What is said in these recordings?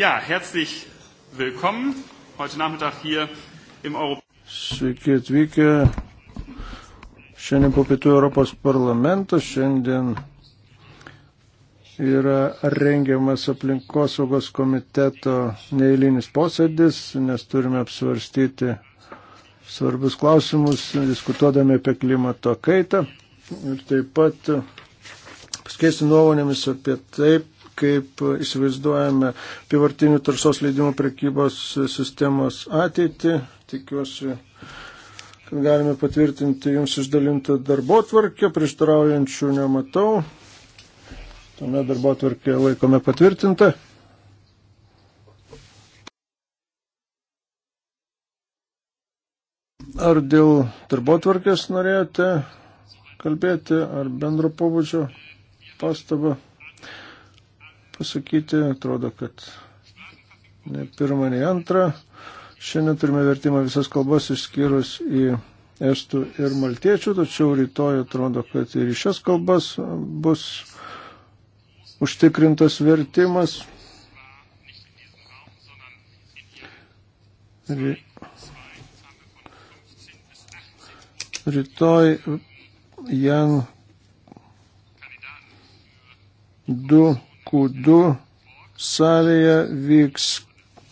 Ja, herzlich willkommen heute Nachmittag hier im Europäischen. Sveiki atvykę. Šiandien po pietų Europos parlamentas, šiandien yra rengiamas aplinkosaugos komiteto neįlinis posėdis, nes turime apsvarstyti svarbius klausimus, diskutuodami apie klimato kaitą. Ir taip pat pasikeisti nuomonėmis apie taip, kaip įsivaizduojame pivartinių taršos leidimų prekybos sistemos ateitį. Tikiuosi, kad galime patvirtinti jums išdalintą darbo tvarkę, prieštaraujančių nematau. Tuomet darbo tvarkė laikome patvirtintą. Ar dėl darbo tvarkės norėjote kalbėti, ar bendro pobūdžio pastabą? pasakyti. Atrodo, kad ne pirmą, ne antrą. Šiandien turime vertimą visas kalbas išskyrus į estų ir maltiečių, tačiau rytoj atrodo, kad ir į šias kalbas bus užtikrintas vertimas. Rytoj Jan 2 Q2 salėje vyks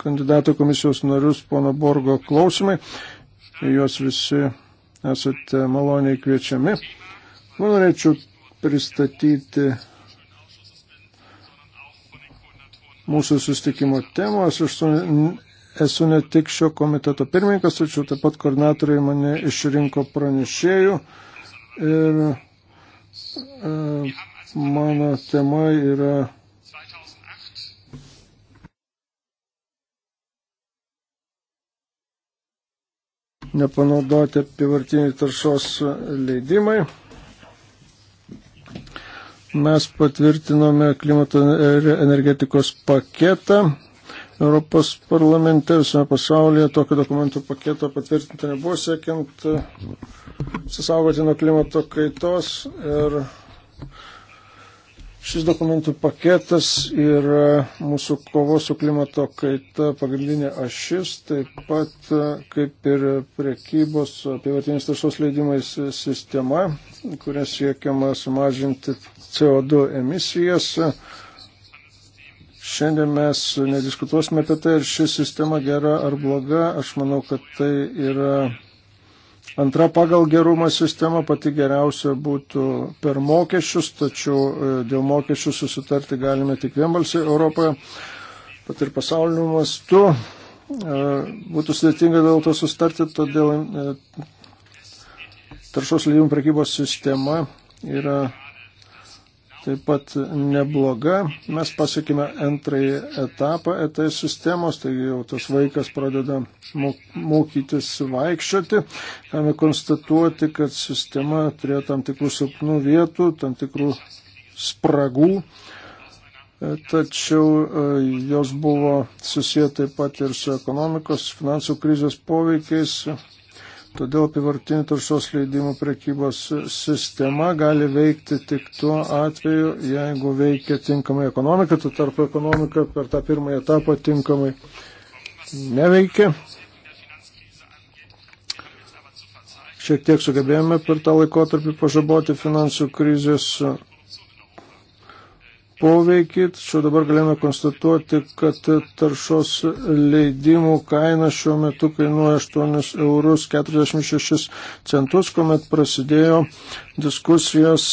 kandidato komisijos narius pono Borgo klausimai. Juos visi esate maloniai kviečiami. Nu, norėčiau pristatyti mūsų sustikimo temos. Aš esu ne tik šio komiteto pirmininkas, tačiau taip pat koordinatoriai mane išrinko pranešėjų. Ir e, mano tema yra nepanaudoti apivartiniai taršos leidimai. Mes patvirtinome klimato ir e, energetikos paketą Europos parlamente, visame pasaulyje. Tokio dokumentų paketo patvirtinta nebuvo siekiant e, susaugoti nuo klimato kaitos ir Šis dokumentų paketas yra mūsų kovos su klimato kaita pagrindinė ašis, taip pat e, kaip ir priekybos apivartinės taršos leidimais sistema, kuria siekiama sumažinti CO2 emisijas. Šiandien mes nediskutuosime apie tai, ar ši sistema gera ar bloga. Aš manau, kad tai yra Antra pagal gerumą sistema pati geriausia būtų per mokesčius, tačiau e, dėl mokesčių susitarti galime tik vienbalsiai Europoje, pat ir pasauliniu mastu. E, būtų sudėtinga dėl to sustarti, todėl e, taršos leidimų prekybos sistema yra taip pat nebloga. Mes pasiekime antrąjį etapą ETS sistemos, taigi jau tas vaikas pradeda mokytis vaikščioti. Galime konstatuoti, kad sistema turėjo tam tikrų silpnų vietų, tam tikrų spragų, e, tačiau e, jos buvo susiję taip pat ir su ekonomikos, finansų krizės poveikiais Todėl apivartinė taršos leidimų prekybos sistema gali veikti tik tuo atveju, jeigu veikia tinkamai ekonomika, tu tarp ekonomika per tą pirmąją etapą tinkamai neveikia. Šiek tiek sugebėjome per tą laikotarpį pažaboti finansų krizės poveikį, tačiau dabar galime konstatuoti, kad taršos leidimų kaina šiuo metu kainuoja 8 eurus 46 centus, kuomet prasidėjo diskusijos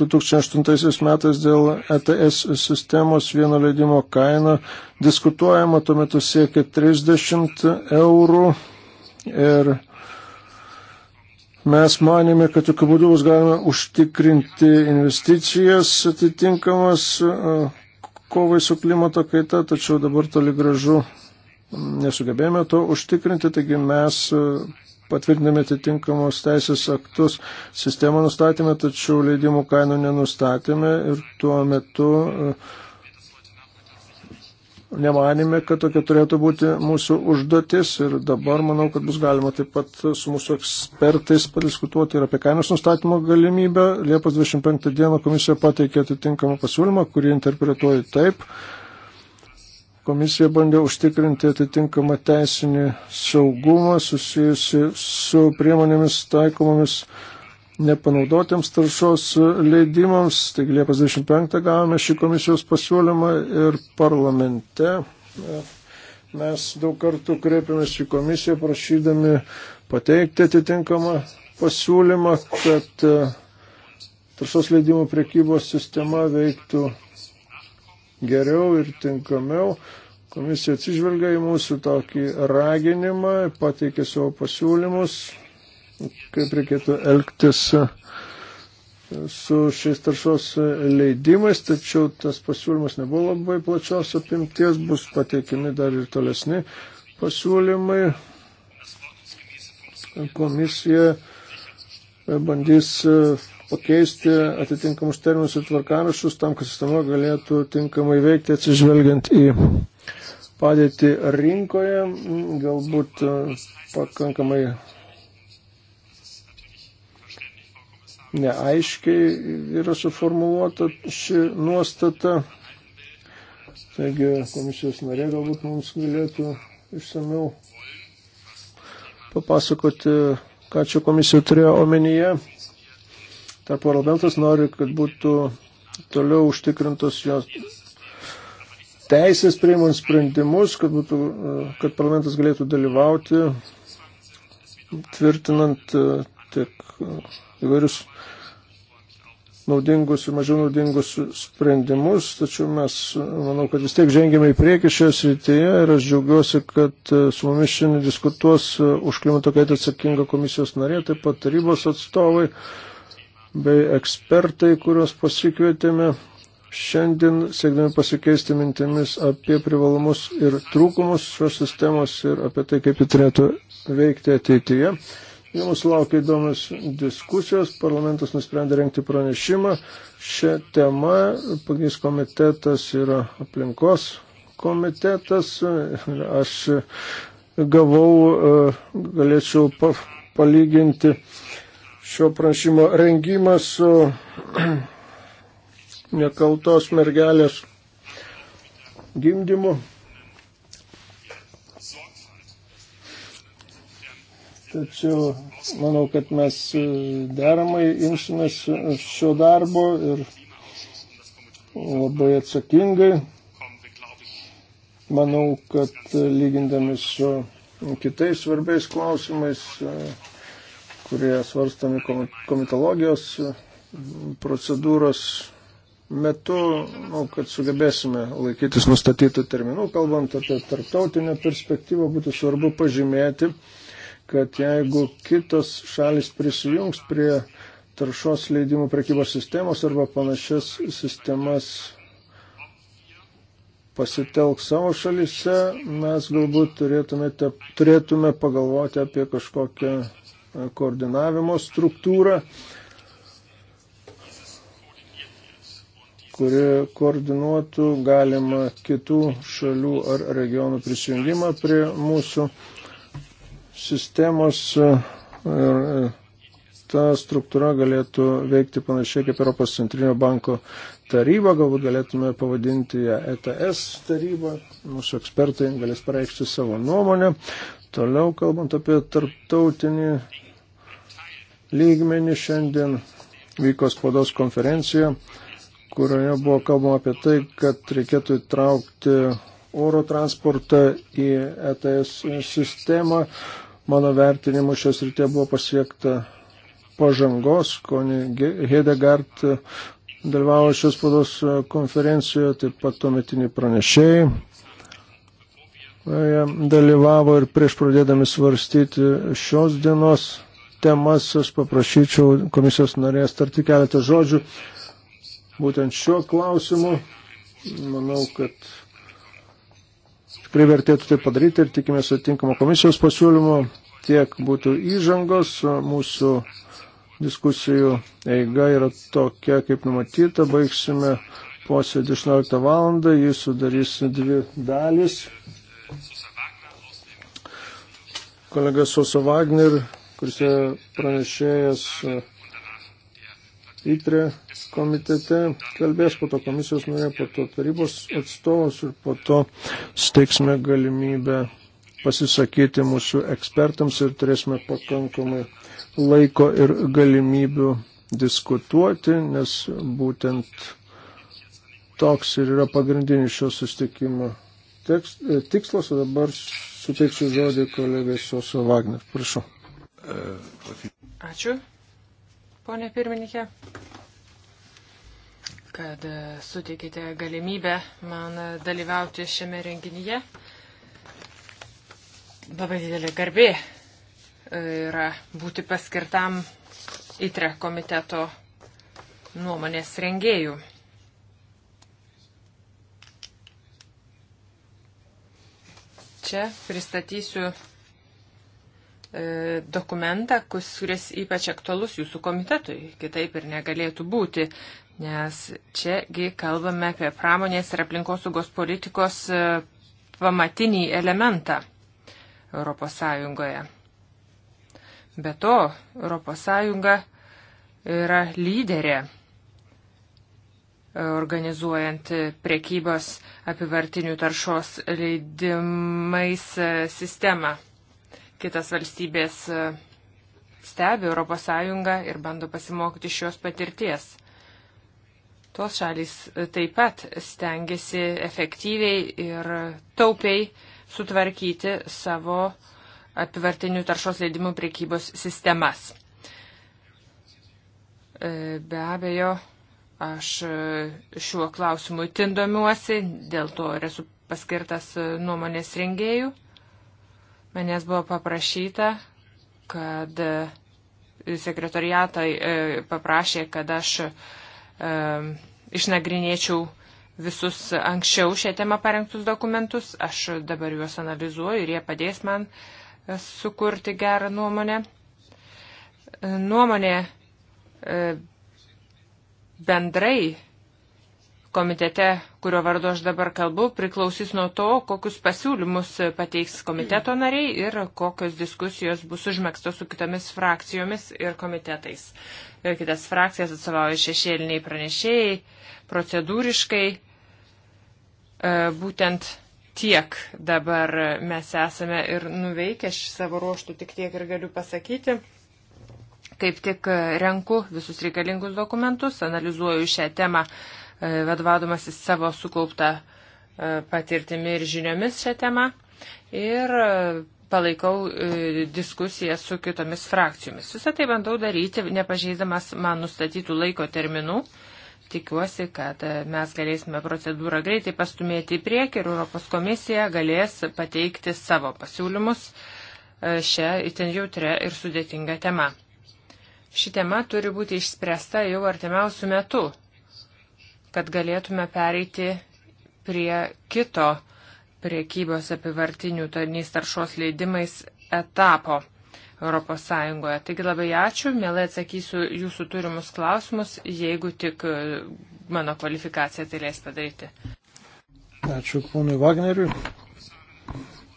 2008 e, metais dėl ETS sistemos vieno leidimo kaina. Diskutuojama tuo metu siekia 30 eurų ir Mes manėme, kad tokiu būdu bus galima užtikrinti investicijas atitinkamas e, kovai su klimato kaita, tačiau dabar toli gražu nesugebėjome to užtikrinti, taigi mes e, patvirtinami atitinkamos teisės aktus sistemą nustatėme, tačiau leidimų kainų nenustatėme ir tuo metu uh, nemanėme, kad tokia turėtų būti mūsų užduotis ir dabar manau, kad bus galima taip pat su mūsų ekspertais padiskutuoti ir apie kainos nustatymo galimybę. Liepos 25 dieną komisija pateikė atitinkamą pasiūlymą, kurį interpretuoju taip. Komisija bandė užtikrinti atitinkamą teisinį saugumą susijusi su priemonėmis taikomomis nepanaudotiems taršos leidimams. Taigi Liepos 25 gavome šį komisijos pasiūlymą ir parlamente. Mes daug kartų kreipėmės į komisiją prašydami pateikti atitinkamą pasiūlymą, kad e, taršos leidimų priekybos sistema veiktų geriau ir tinkamiau. Komisija atsižvelgia į mūsų tokį raginimą, pateikė savo pasiūlymus, kaip reikėtų elgtis e, su šiais taršos leidimais, tačiau tas pasiūlymas nebuvo labai plačios apimties, bus pateikiami dar ir tolesni pasiūlymai. Komisija e, bandys e, pakeisti atitinkamus terminus ir tvarkarašus tam, kad sistema galėtų tinkamai veikti atsižvelgiant į padėtį rinkoje, galbūt pakankamai neaiškiai yra suformuoluota ši nuostata. Taigi komisijos narė galbūt mums galėtų išsameu papasakoti, ką čia komisija turėjo omenyje. Tarp parlamentas nori, kad būtų toliau užtikrintos jos teisės priimant sprendimus, kad, būtų, kad parlamentas galėtų dalyvauti tvirtinant e, tiek įvairius naudingus ir mažiau naudingus sprendimus, tačiau mes, manau, kad vis tiek žengėme į priekį šioje srityje ir aš džiaugiuosi, kad e, su mumis šiandien diskutuos e, už klimato kaitą atsakinga komisijos narė, taip pat tarybos atstovai bei ekspertai, kuriuos pasikvietėme šiandien, siekdami pasikeisti mintimis apie privalumus ir trūkumus šios sistemos ir apie tai, kaip ji turėtų veikti ateityje. Jums laukia įdomus diskusijos. Parlamentas nusprendė renkti pranešimą. Šią temą pagrindinis komitetas yra aplinkos komitetas. Aš gavau, e, galėčiau palyginti šio prašymo rengimą su nekaltos mergelės gimdymu. Tačiau manau, kad mes e, deramai imsimės šio darbo ir labai atsakingai. Manau, kad lygindami su kitais svarbiais klausimais, e, kurie svarstami komitologijos e, procedūros metu, nu, kad sugebėsime laikytis nustatytų terminų, kalbant apie tarptautinę perspektyvą, būtų svarbu pažymėti, kad jeigu kitos šalis prisijungs prie taršos leidimų prekybos sistemos arba panašias sistemas pasitelk savo šalise, mes galbūt turėtume pagalvoti apie kažkokią koordinavimo struktūrą, kuri koordinuotų galima kitų šalių ar regionų prisijungimą prie mūsų sistemos e, ir e, ta struktūra galėtų veikti panašiai kaip Europos centrinio banko taryba, galbūt galėtume pavadinti ją ETS taryba, mūsų ekspertai galės pareikšti savo nuomonę. Toliau, kalbant apie tarptautinį lygmenį, šiandien vyko spaudos konferencija, kurioje buvo kalbama apie tai, kad reikėtų įtraukti oro transportą į ETS sistemą. Mano vertinimu šios rytė buvo pasiekta pažangos, Koni Hedegard e, dalyvavo šios spados e, konferencijoje, taip pat tuometiniai pranešėjai e, dalyvavo ir prieš pradėdami svarstyti šios dienos temas, aš paprašyčiau komisijos norės tarti keletą žodžių būtent šiuo klausimu. Manau, kad privertėtų tai padaryti ir tikimės atitinkamo komisijos pasiūlymo. Tiek būtų įžangos, mūsų diskusijų eiga yra tokia, kaip numatyta. Baigsime posėdį 18 val. Jį sudarys dvi dalis. Kolega Sosa Wagner, kuris yra pranešėjas įtrė komitete, kalbės po to komisijos norė, po to tarybos atstovas ir po to steiksime galimybę pasisakyti mūsų ekspertams ir turėsime pakankamai laiko ir galimybių diskutuoti, nes būtent toks ir yra pagrindinis šio sustikimo tekst, e, tikslas, o dabar suteiksiu žodį kolegai Soso Wagner. Prašau. Ačiū ponė pirmininkė, kad e, sutikite galimybę man dalyvauti šiame renginyje. Labai didelė garbė e, yra būti paskirtam ITRE komiteto nuomonės rengėjų. Čia pristatysiu E, dokumentą, kuris ypač aktualus jūsų komitetui, kitaip ir negalėtų būti, nes čiagi kalbame apie pramonės ir aplinkosaugos politikos e, pamatinį elementą ES. Be to, ES yra lyderė e, organizuojant priekybos apivartinių taršos leidimais sistemą. Kitas valstybės e, stebi ES ir bando pasimokyti šios patirties. Tos šalys e, taip pat stengiasi efektyviai ir taupiai sutvarkyti savo apivartinių taršos leidimų priekybos sistemas. E, be abejo, aš šiuo klausimu tindomiuosi, dėl to esu paskirtas nuomonės rengėjų. Manęs buvo paprašyta, kad sekretariatai e, paprašė, kad aš e, išnagrinėčiau visus anksčiau šią temą parengtus dokumentus. Aš dabar juos analizuoju ir jie padės man e, sukurti gerą nuomonę. Nuomonė bendrai komitete, kurio vardu aš dabar kalbu, priklausys nuo to, kokius pasiūlymus pateiks komiteto nariai ir kokios diskusijos bus užmėgstos su kitomis frakcijomis ir komitetais. Ir e, kitas frakcijas atstovauja šešėliniai pranešėjai, procedūriškai. E, būtent tiek dabar mes esame ir nuveikę, aš savo ruoštų tik tiek ir galiu pasakyti kaip tik renku visus reikalingus dokumentus, analizuoju šią temą E, vadovaudomasis savo sukauptą e, patirtimi ir žiniomis šią temą. Ir e, palaikau diskusiją su kitomis frakcijomis. Visą tai bandau daryti, nepažeidamas man nustatytų laiko terminų. Tikiuosi, kad mes galėsime procedūrą greitai pastumėti į priekį ir Europos komisija galės pateikti savo pasiūlymus šią itin jautrę ir sudėtingą temą. Ši tema turi būti išspręsta jau artimiausių metų, kad galėtume pereiti prie kito priekybos apivartinių tarnys taršos leidimais etapo ES. Taigi labai ačiū, mielai atsakysiu jūsų turimus klausimus, jeigu tik e, mano kvalifikacija tai leis padaryti. Ačiū ponui Wagneriui.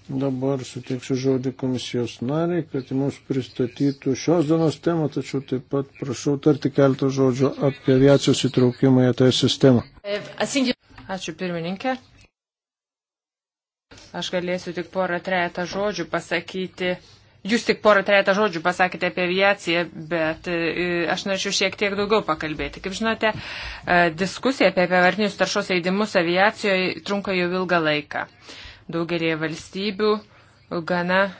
Dabar suteiksiu žodį komisijos nariai, kad mums pristatytų šios dienos temą, tačiau taip pat prašau tarti keltą žodžio apie aviacijos įtraukimą į e tą sistemą. Ačiū pirmininkė. Aš galėsiu tik porą trejata žodžių pasakyti. Jūs tik porą trejata žodžių pasakėte apie aviaciją, bet e, aš norėčiau šiek tiek daugiau pakalbėti. Kaip žinote, e, diskusija apie apivartinius taršos leidimus aviacijoje trunka jau ilgą laiką daugelie valstybių gana e,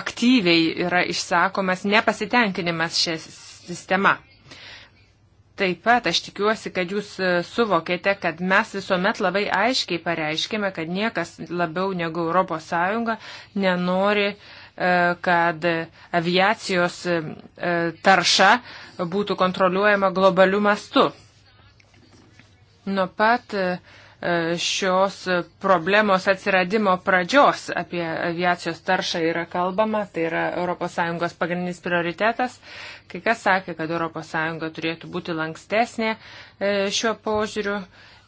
aktyviai yra išsakomas nepasitenkinimas šią sistemą. Taip pat aš tikiuosi, kad jūs e, suvokėte, kad mes visuomet labai aiškiai pareiškėme, kad niekas labiau negu ES nenori, e, kad aviacijos e, tarša būtų kontroliuojama globaliu mastu. Nuo pat uh, šios problemos atsiradimo pradžios apie aviacijos taršą yra kalbama, tai yra ES pagrindinis prioritetas. Kai kas sakė, kad ES turėtų būti lankstesnė e, šiuo požiūriu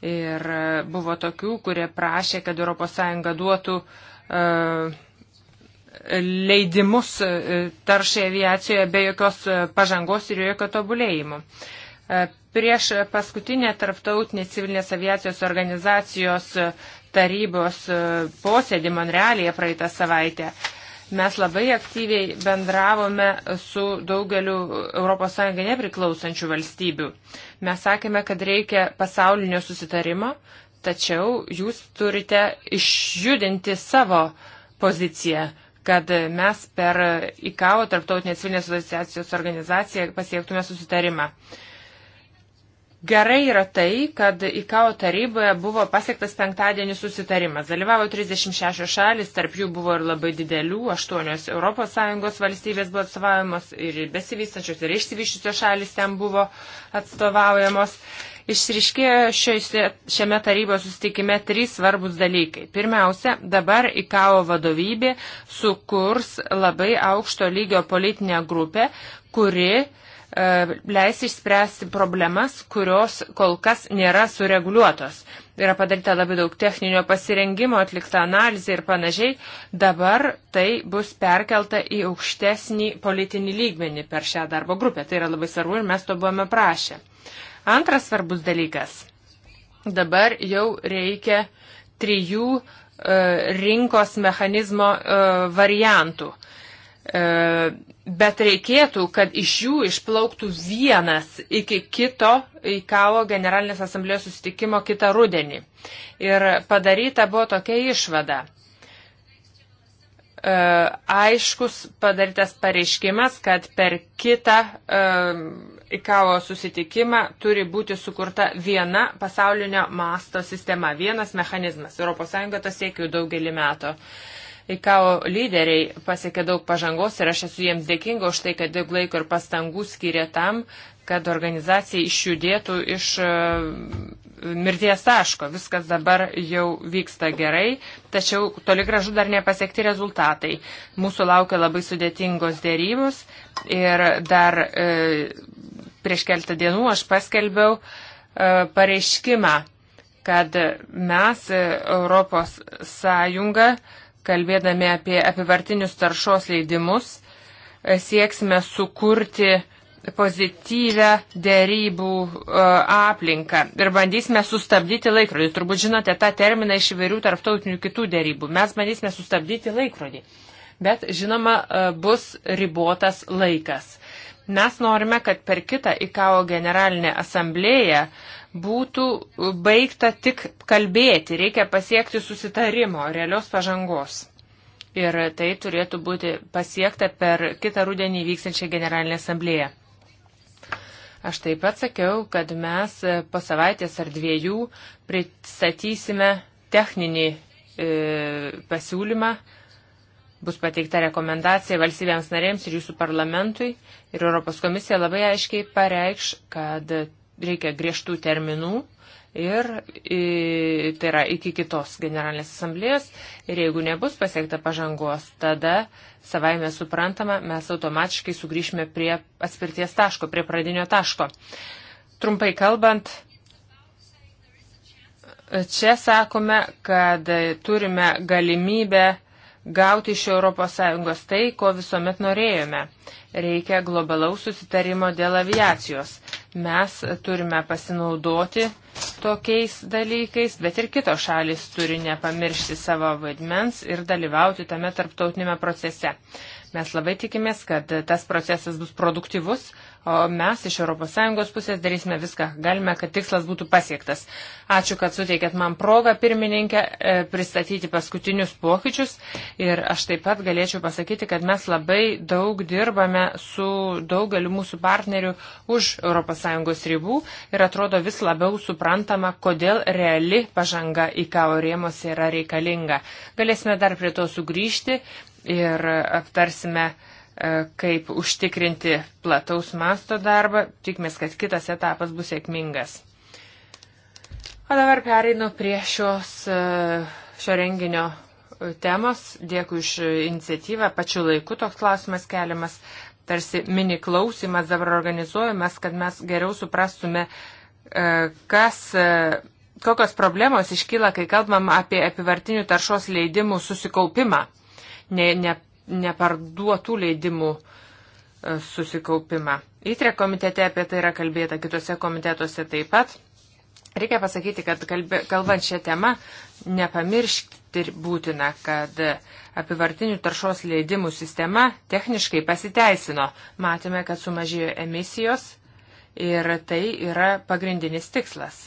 ir e, buvo tokių, kurie prašė, kad ES duotų e, leidimus taršai aviacijoje be jokios pažangos ir jokio tobulėjimo. E, prieš paskutinę tarptautinę civilinės aviacijos organizacijos e, tarybos e, posėdį Monrealėje praeitą savaitę mes labai aktyviai bendravome su daugeliu ES nepriklausančių valstybių. Mes sakėme, kad reikia pasaulinio susitarimo, tačiau jūs turite išjudinti savo poziciją kad mes per ICAO, Tarptautinės civilinės asociacijos organizaciją, pasiektume susitarimą. Uh, Gerai yra tai, kad IKAO taryboje buvo pasiektas penktadienį susitarimas. Dalyvavo 36 šalis, tarp jų buvo ir labai didelių, 8 ES valstybės buvo atstovaujamos ir besivystančios ir išsivyščiusios šalis ten buvo atstovaujamos. Išriškėjo šiose, šiame tarybos susitikime trys svarbus dalykai. Pirmiausia, dabar IKAO vadovybė sukurs labai aukšto lygio politinę grupę, kuri uh, E, leis išspręsti problemas, kurios kol kas nėra sureguliuotos. Yra padaryta labai daug techninio pasirengimo, atlikta analizė ir panašiai. Dabar tai bus perkelta į aukštesnį politinį lygmenį per šią darbo grupę. Tai yra labai svarbu ir mes to buvome prašę. Antras svarbus dalykas. Dabar jau reikia trijų e, rinkos mechanizmo e, variantų. E, Bet reikėtų, kad iš jų išplauktų vienas iki kito IKAO generalinės asamblėjos susitikimo kitą rudenį. Ir padaryta buvo tokia išvada. E, aiškus padarytas pareiškimas, kad per kitą e, IKAO susitikimą turi būti sukurta viena pasaulinio masto sistema, vienas mechanizmas. ES to siekiu daugelį metų. E, IKAO lyderiai pasiekė daug pažangos ir aš esu jiems dėkinga už tai, kad daug laiko ir pastangų skiria tam, kad organizacija išjudėtų iš e, mirties taško. Viskas dabar jau vyksta gerai, tačiau toli gražu dar nepasiekti rezultatai. Mūsų laukia labai sudėtingos dėrybos ir dar e, prieš keltą dienų aš paskelbiau e, pareiškimą, kad mes, e, Europos Sąjunga, e, kalbėdami apie apivartinius taršos leidimus, e, sieksime sukurti pozityvę dėrybų e, aplinką ir bandysime sustabdyti laikrodį. Turbūt žinote tą terminą iš įvairių tarptautinių kitų dėrybų. Mes bandysime sustabdyti laikrodį. Bet, žinoma, e, bus ribotas laikas. Mes norime, kad per kitą IKAO generalinę asamblėją būtų baigta tik kalbėti, reikia pasiekti susitarimo, realios pažangos. Ir tai turėtų būti pasiekta per kitą rudenį vyksančią generalinę asamblėją. Aš taip pat sakiau, kad mes po savaitės ar dviejų pristatysime techninį e, pasiūlymą, bus pateikta rekomendacija valstybėms narėms ir jūsų parlamentui. Ir Europos komisija labai aiškiai pareikš, kad reikia griežtų terminų ir tai yra iki kitos generalinės asamblėjos ir jeigu nebus pasiekta pažangos, tada savaime suprantama, mes automatiškai sugrįšime prie atspirties taško, prie pradinio taško. Trumpai kalbant, čia sakome, kad turime galimybę gauti iš ES tai, ko visuomet norėjome. Reikia globalaus susitarimo dėl aviacijos. Mes turime pasinaudoti tokiais dalykais, bet ir kitos šalis turi nepamiršti savo vaidmens ir dalyvauti tame tarptautinėme procese. Mes labai tikimės, kad tas procesas bus produktyvus, o mes iš ES pusės darysime viską, galime, kad tikslas būtų pasiektas. Ačiū, kad suteikėt man progą pirmininkę e, pristatyti paskutinius pokyčius ir aš taip pat galėčiau pasakyti, kad mes labai daug dirbame su daugeliu mūsų partnerių už ES ribų ir atrodo vis labiau suprantama, kodėl reali pažanga į KAO rėmose yra reikalinga. Galėsime dar prie to sugrįžti ir aptarsime, e, kaip užtikrinti plataus masto darbą. Tikimės, kad kitas etapas bus sėkmingas. O dabar pereinu prie šios, e, šio renginio e, temos. Dėkui už iniciatyvą. Pačiu laiku toks klausimas keliamas. Tarsi mini klausimas dabar organizuojamas, kad mes geriau suprastume, kas kokios problemos iškyla, kai kalbam apie apivartinių taršos leidimų susikaupimą ne, ne, neparduotų leidimų e, susikaupimą. Įtrė komitete apie tai yra kalbėta, kitose komitetuose taip pat. Reikia pasakyti, kad kalbė, kalbant šią temą, nepamiršti būtina, kad apivartinių taršos leidimų sistema techniškai pasiteisino. Matėme, kad sumažėjo emisijos ir tai yra pagrindinis tikslas.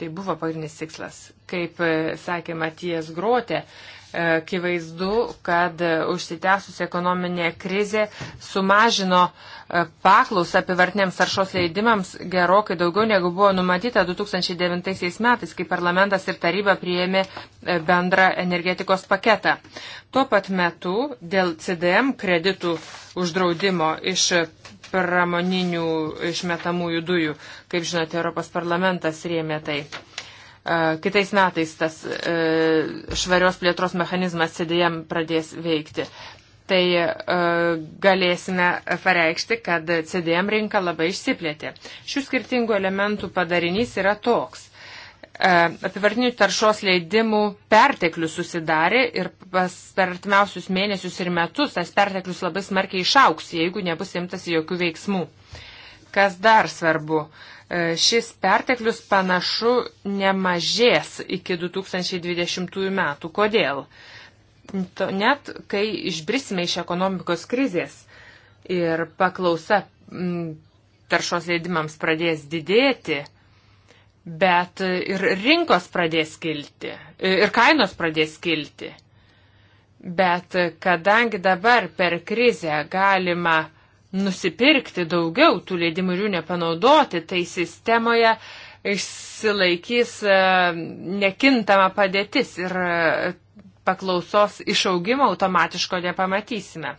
Tai buvo pagrindinis tikslas. Kaip e, sakė Matijas Grotė, Kivaizdu, kad e, užsitęsus ekonominė krizė sumažino e, paklausą apivartiniams taršos leidimams gerokai daugiau negu buvo numatyta 2009 metais, kai parlamentas ir taryba priėmė e, bendrą energetikos paketą. Tuo pat metu dėl CDM kreditų uždraudimo iš pramoninių išmetamųjų dujų, kaip žinote, Europos parlamentas rėmė tai. Kitais metais tas e, švarios plėtros mechanizmas CDM pradės veikti. Tai e, galėsime pareikšti, kad CDM rinka labai išsiplėtė. Šių skirtingų elementų padarinys yra toks e, apivartinių taršos leidimų perteklius susidarė ir pas, per artimiausius mėnesius ir metus tas perteklius labai smarkiai išauks, jeigu nebus imtasi jokių veiksmų. Kas dar svarbu? Uh, E, šis perteklius panašu nemažės iki 2020 metų. Kodėl? Net kai išbrisime iš ekonomikos krizės ir paklausa taršos leidimams pradės didėti, bet ir rinkos pradės kilti, e, ir kainos pradės kilti. Bet kadangi dabar per krizę galima nusipirkti daugiau tų leidimų ir jų nepanaudoti, tai sistemoje išsilaikys e, nekintama padėtis ir e, paklausos išaugimo automatiško nepamatysime.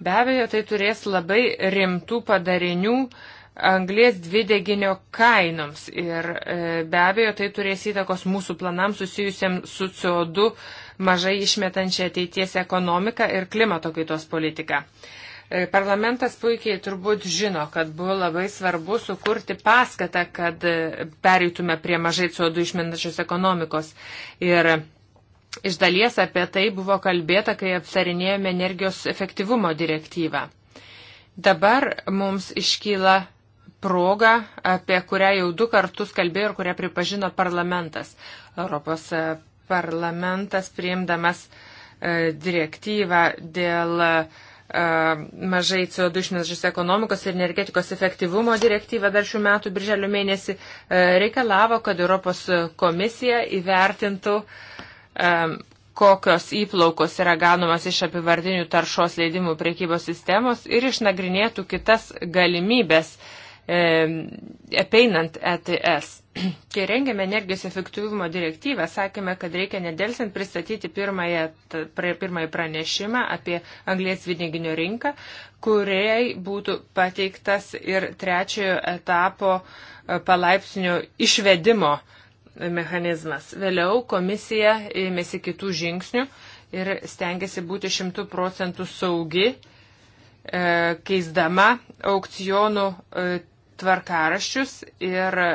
Be abejo, tai turės labai rimtų padarinių anglės dvideginio kainoms ir e, be abejo, tai turės įtakos mūsų planam susijusiam su CO2 mažai išmetančia ateities ekonomika ir klimato kaitos politika. E, parlamentas puikiai turbūt žino, kad buvo labai svarbu sukurti paskatą, kad e, pereitume prie mažai CO2 išminančios ekonomikos. Ir iš dalies apie tai buvo kalbėta, kai aptarinėjome energijos efektyvumo direktyvą. Dabar mums iškyla proga, apie kurią jau du kartus kalbėjo ir kurią pripažino parlamentas. Europos e, parlamentas priimdamas direktyvą dėl uh, mažai CO2 išnešančios ekonomikos ir energetikos efektyvumo direktyva dar šių metų birželio mėnesį reikalavo, kad Europos komisija įvertintų, kokios įplaukos yra ganomas iš apivartinių taršos leidimų priekybos sistemos ir išnagrinėtų kitas galimybės uh, apeinant ETS. Kai rengėme energijos efektyvumo direktyvą, sakėme, kad reikia nedelsint pristatyti pirmąją, pirmąjį pranešimą apie anglės vineginio rinką, kuriai būtų pateiktas ir trečiojo etapo e, palaipsnio išvedimo mechanizmas. Vėliau komisija ėmėsi kitų žingsnių ir stengiasi būti šimtų procentų saugi, e, keisdama aukcionų e, tvarkaraščius ir e,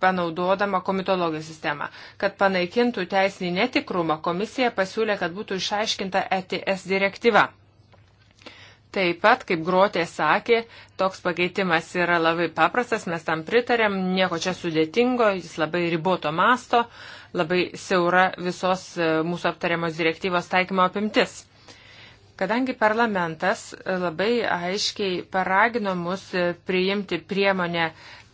panaudodama komitologijos sistemą. Kad panaikintų teisinį netikrumą, komisija pasiūlė, kad būtų išaiškinta ETS direktyva. Taip pat, kaip Grotė sakė, toks pakeitimas yra labai paprastas, mes tam pritarėm, nieko čia sudėtingo, jis labai riboto masto, labai siaura visos e, mūsų aptariamos direktyvos taikymo apimtis. Kadangi parlamentas e, labai aiškiai paragino mus e, priimti priemonę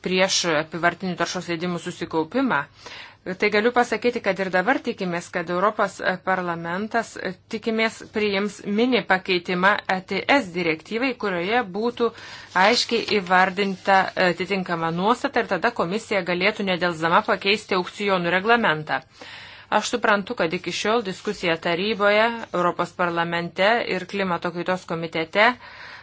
prieš apivartinių taršos leidimų susikaupimą, e, tai galiu pasakyti, kad ir dabar tikimės, kad Europos parlamentas tikimės priims mini pakeitimą ATS direktyvai, kurioje būtų aiškiai įvardinta atitinkama nuostata ir tada komisija galėtų nedelsdama pakeisti aukcijonų reglamentą. Aš suprantu, kad iki šiol diskusija taryboje, Europos parlamente ir klimato kaitos komitete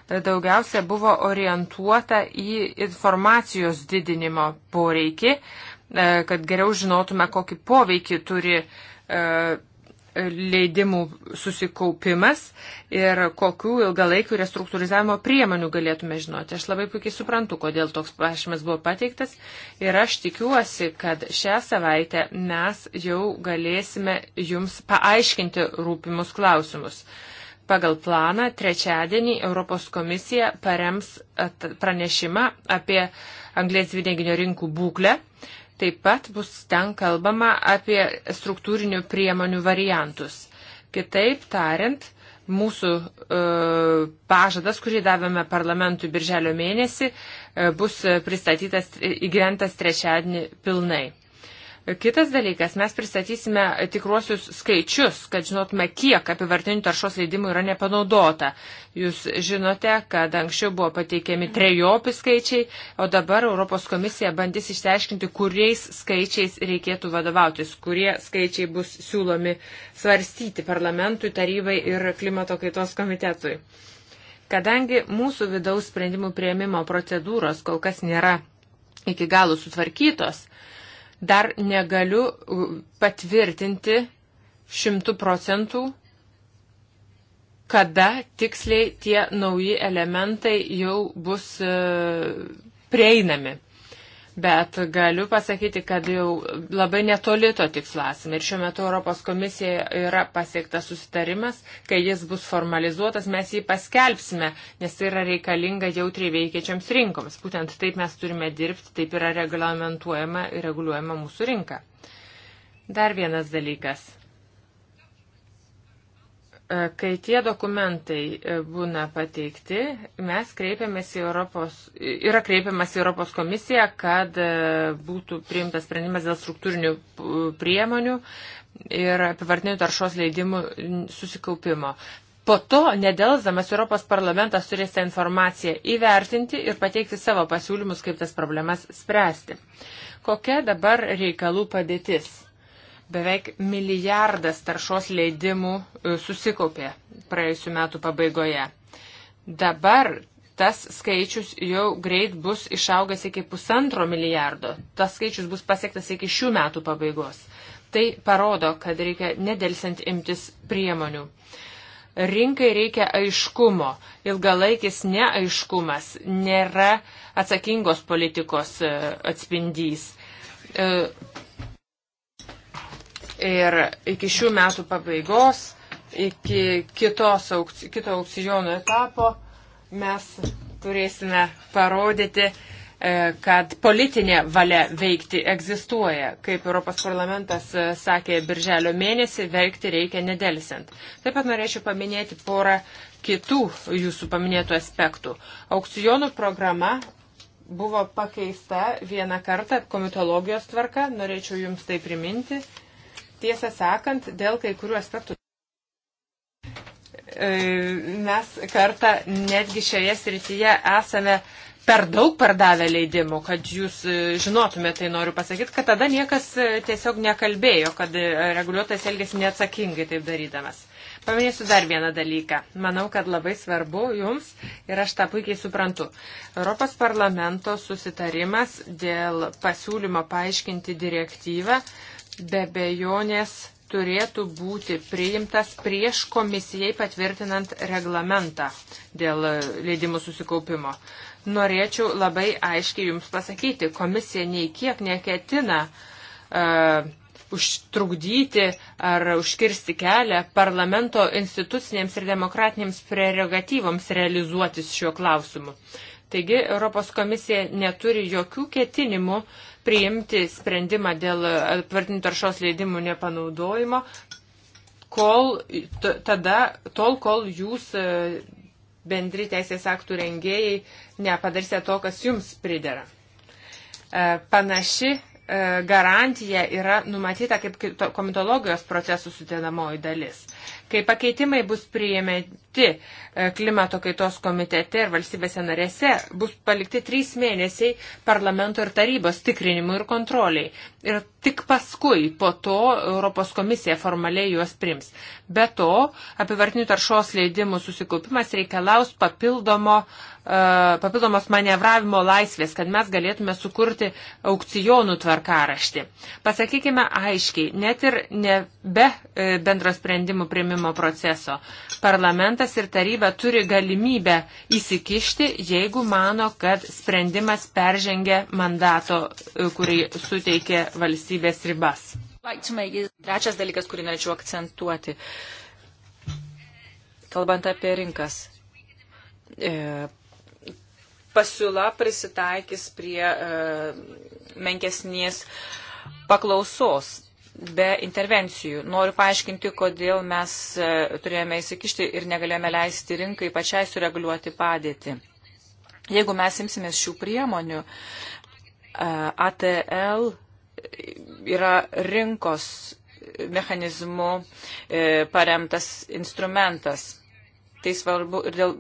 daugiausia buvo orientuota į informacijos didinimo poreikį, e, kad geriau žinotume, kokį poveikį turi e, leidimų susikaupimas ir kokių ilgalaikių restruktūrizavimo priemonių galėtume žinoti. Aš labai puikiai suprantu, kodėl toks prašymas buvo pateiktas ir aš tikiuosi, kad šią savaitę mes jau galėsime jums paaiškinti rūpimus klausimus. Pagal planą trečiadienį Europos komisija parems pranešimą apie anglės dvideginio rinkų būklę Taip pat bus ten kalbama apie struktūrinių priemonių variantus. Kitaip tariant, mūsų e, pažadas, kurį davėme parlamentui birželio mėnesį, e, bus pristatytas įgyventas trečiadienį pilnai. Kitas dalykas, mes pristatysime tikruosius skaičius, kad žinotume, kiek apivartinių taršos leidimų yra nepanaudota. Jūs žinote, kad anksčiau buvo pateikiami trejopi skaičiai, o dabar Europos komisija bandys išsiaiškinti, kuriais skaičiais reikėtų vadovautis, kurie skaičiai bus siūlomi svarstyti parlamentui, tarybai ir klimato kaitos komitetui. Kadangi mūsų vidaus sprendimų prieimimo procedūros kol kas nėra iki galo sutvarkytos, dar negaliu uh, patvirtinti šimtų procentų, kada tiksliai tie nauji elementai jau bus uh, prieinami. Bet galiu pasakyti, kad jau labai netoli to tikslasime. Ir šiuo metu Europos komisija yra pasiektas susitarimas. Kai jis bus formalizuotas, mes jį paskelbsime, nes tai yra reikalinga jautriai veikiačiams rinkoms. Būtent taip mes turime dirbti, taip yra reglamentuojama ir reguliuojama mūsų rinka. Dar vienas dalykas. E, kai tie dokumentai e, būna pateikti, mes kreipiamės į Europos, e, yra kreipiamas į Europos komisiją, kad būtų priimtas sprendimas dėl struktūrinių priemonių ir apivartinių taršos leidimų susikaupimo. Po to, nedelsdamas, Europos parlamentas turės tą informaciją įvertinti ir pateikti savo pasiūlymus, kaip tas problemas spręsti. Kokia dabar reikalų padėtis? Beveik milijardas taršos leidimų e, susikaupė praėjusiu metu pabaigoje. Dabar tas skaičius jau greit bus išaugęs iki pusantro milijardo. Tas skaičius bus pasiektas iki šių metų pabaigos. Tai parodo, kad reikia nedelsiant imtis priemonių. Rinkai reikia aiškumo. Ilgalaikis neaiškumas nėra atsakingos politikos e, atspindys. E, Ir iki šių metų pabaigos, iki kitos, kito aukcijono etapo mes turėsime parodyti, e, kad politinė valia veikti egzistuoja. Kaip Europos parlamentas e, sakė birželio mėnesį, veikti reikia nedelsiant. Taip pat norėčiau paminėti porą kitų jūsų paminėtų aspektų. Aukcijonų programa buvo pakeista vieną kartą komitologijos tvarka, norėčiau jums tai priminti, tiesą sakant, dėl kai kurių aspektų e, mes kartą netgi šioje srityje esame per daug pardavę leidimų, kad jūs e, žinotumėte, tai noriu pasakyti, kad tada niekas e, tiesiog nekalbėjo, kad reguliuotojas elgėsi neatsakingai taip darydamas. Paminėsiu dar vieną dalyką. Manau, kad labai svarbu jums ir aš tą puikiai suprantu. Europos parlamento susitarimas dėl pasiūlymo paaiškinti direktyvą be bejonės turėtų būti priimtas prieš komisijai patvirtinant reglamentą dėl leidimų susikaupimo. Norėčiau labai aiškiai Jums pasakyti, komisija nei kiek neketina uh, užtrukdyti ar užkirsti kelią parlamento institucinėms ir demokratinėms prerogatyvoms realizuotis šiuo klausimu. Taigi Europos komisija neturi jokių ketinimų uh, priimti sprendimą dėl tvartinių taršos leidimų nepanaudojimo, kol, tada, tol, kol jūs e, bendri teisės aktų rengėjai nepadarysite to, kas jums pridera. E, panaši e, garantija yra numatyta kaip komitologijos procesų sudėdamoji dalis. Kai pakeitimai bus priėmėti e, klimato kaitos komitete ir valstybėse narėse, bus palikti trys mėnesiai parlamento ir tarybos tikrinimui ir kontroliai. Ir tik paskui po to Europos komisija formaliai juos prims. Be to, apivartinių taršos leidimų susikaupimas reikalaus papildomo e, papildomos manevravimo laisvės, kad mes galėtume sukurti aukcijonų tvarkaraštį. Pasakykime aiškiai, net ir ne be e, bendro sprendimų primimo proceso. Parlamentas ir taryba turi galimybę įsikišti, jeigu mano, kad sprendimas peržengia mandato, e, kurį suteikė valstybės ribas. Trečias dalykas, kurį norėčiau akcentuoti, kalbant apie rinkas. E, pasiūla prisitaikys prie e, menkesnės paklausos be intervencijų. Noriu paaiškinti, kodėl mes e, turėjome įsikišti ir negalėjome leisti rinkai pačiai sureguliuoti padėtį. Jeigu mes imsimės šių priemonių, e, ATL yra rinkos mechanizmu e, paremtas instrumentas tai svarbu ir dėl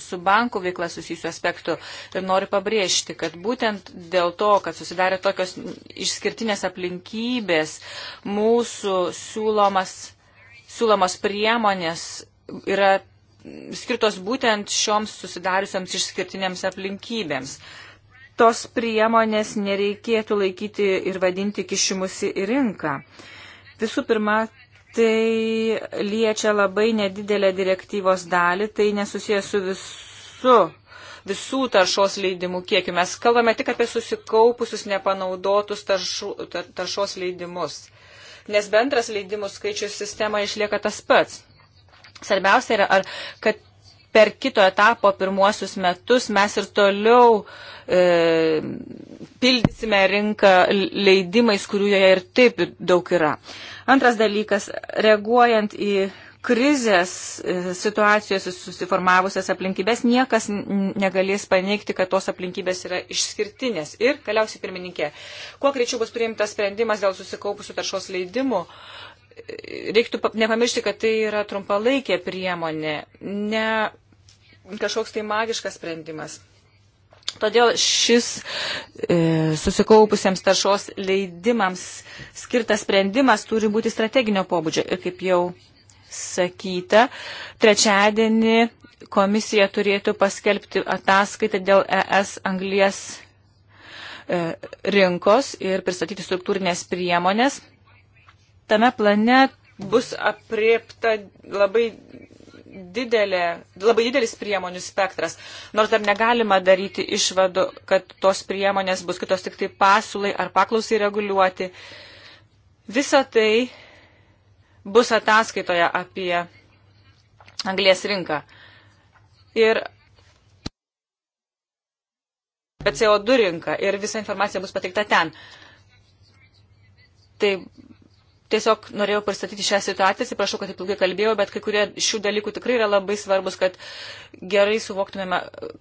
su bankų veikla susijusių aspektų. Ir noriu pabrėžti, kad būtent dėl to, kad susidarė tokios išskirtinės aplinkybės, mūsų siūlomas, siūlomas priemonės yra skirtos būtent šioms susidariusiams išskirtinėms aplinkybėms. Tos priemonės nereikėtų laikyti ir vadinti kišimusi į rinką. Visų pirma, tai liečia labai nedidelę direktyvos dalį, tai nesusijęs su visu, visų taršos leidimų kiekiu. Mes kalbame tik apie susikaupusius nepanaudotus taršu, tar, taršos leidimus, nes bendras leidimų skaičius sistema išlieka tas pats. Svarbiausia yra, ar, kad per kito etapo pirmuosius metus mes ir toliau e, pildysime rinką leidimais, kurių joje ir taip daug yra. E, Antras dalykas, reaguojant į krizės e, situacijos susiformavusias aplinkybės, niekas negalės paneigti, kad tos aplinkybės yra išskirtinės. Ir, galiausiai, pirmininkė, kuo greičiau bus priimtas sprendimas dėl susikaupusių taršos leidimų, e, reiktų nepamiršti, kad tai yra trumpalaikė priemonė, ne kažkoks tai magiškas sprendimas. Todėl šis e, susikaupusiems taršos leidimams skirtas sprendimas turi būti strateginio pobūdžio. Ir kaip jau sakyta, trečiadienį komisija turėtų paskelbti ataskaitą dėl ES anglies e, rinkos ir pristatyti struktūrinės priemonės. Tame plane bus apriepta labai didelė, labai didelis priemonių spektras. Nors dar negalima daryti išvadų, kad tos priemonės bus kitos tik tai pasiūlai ar paklausai reguliuoti. Visa tai bus ataskaitoje apie anglės rinką. Ir apie CO2 rinką ir visa informacija bus pateikta ten. Tai Tiesiog norėjau pristatyti šią situaciją, atsiprašau, kad taip ilgai kalbėjau, bet kai kurie šių dalykų tikrai yra labai svarbus, kad gerai suvoktumėme,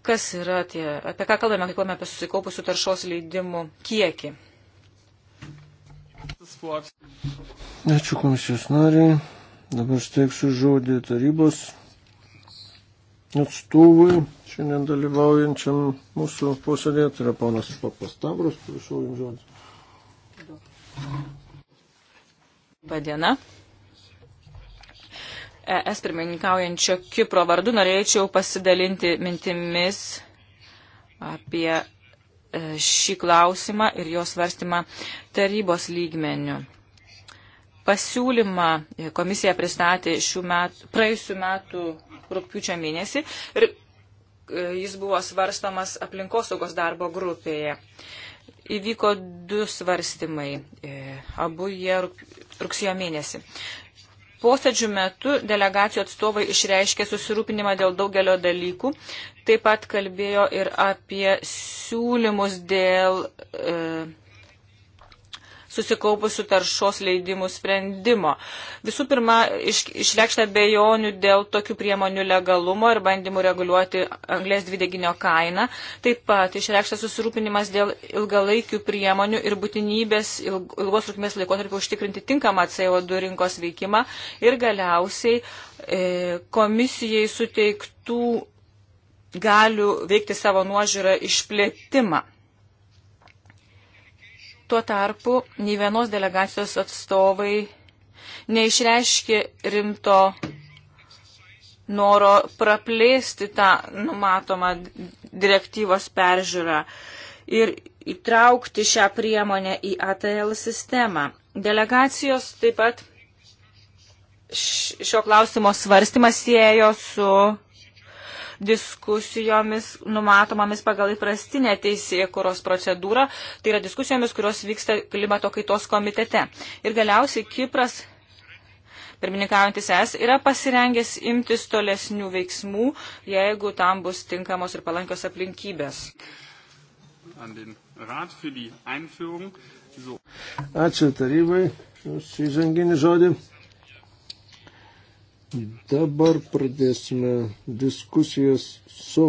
kas yra tie, apie ką kalbame, kai kalbame apie susikaupusių taršos leidimų kiekį. Ačiū komisijos nariai. Dabar steiksiu žodį tarybos atstovui, šiandien dalyvaujančiam mūsų posėdėje, tai yra ponas Papastavros, prašau jums žodį. Thank you. Padiena. ES pirmininkaujančio Kipro vardu norėčiau pasidalinti mintimis apie e, šį klausimą ir jo svarstymą tarybos lygmenių. Pasiūlymą e, komisija pristatė met, praėjusiu metu rūpiučio mėnesį ir e, jis buvo svarstamas aplinkosaugos darbo grupėje įvyko du svarstymai, e, abu jie rugsėjo mėnesį. Posėdžių metu delegacijų atstovai išreiškė susirūpinimą dėl daugelio dalykų, taip pat kalbėjo ir apie siūlymus dėl e, susikaupusių taršos leidimų sprendimo. Visų pirma, iš, išreikšta bejonių dėl tokių priemonių legalumo ir bandymų reguliuoti anglės dvideginio kainą. Taip pat išreikšta susirūpinimas dėl ilgalaikių priemonių ir būtinybės ilgos trukmės laikotarpį užtikrinti tinkamą CO2 rinkos veikimą ir galiausiai e, komisijai suteiktų galių veikti savo nuožiūrą išplėtimą. Tuo tarpu nei vienos delegacijos atstovai neišreiškė rimto noro praplėsti tą numatomą direktyvos peržiūrą ir įtraukti šią priemonę į ATL sistemą. Delegacijos taip pat šio klausimo svarstymas siejo su diskusijomis numatomomis pagal įprastinę teisėkuros procedūrą, tai yra diskusijomis, kurios vyksta klimato kaitos komitete. Ir galiausiai Kipras pirmininkaujantis es yra pasirengęs imtis tolesnių veiksmų, jeigu tam bus tinkamos ir palankios aplinkybės. Ačiū tarybai už įžanginį žodį. Dabar pradėsime diskusijas su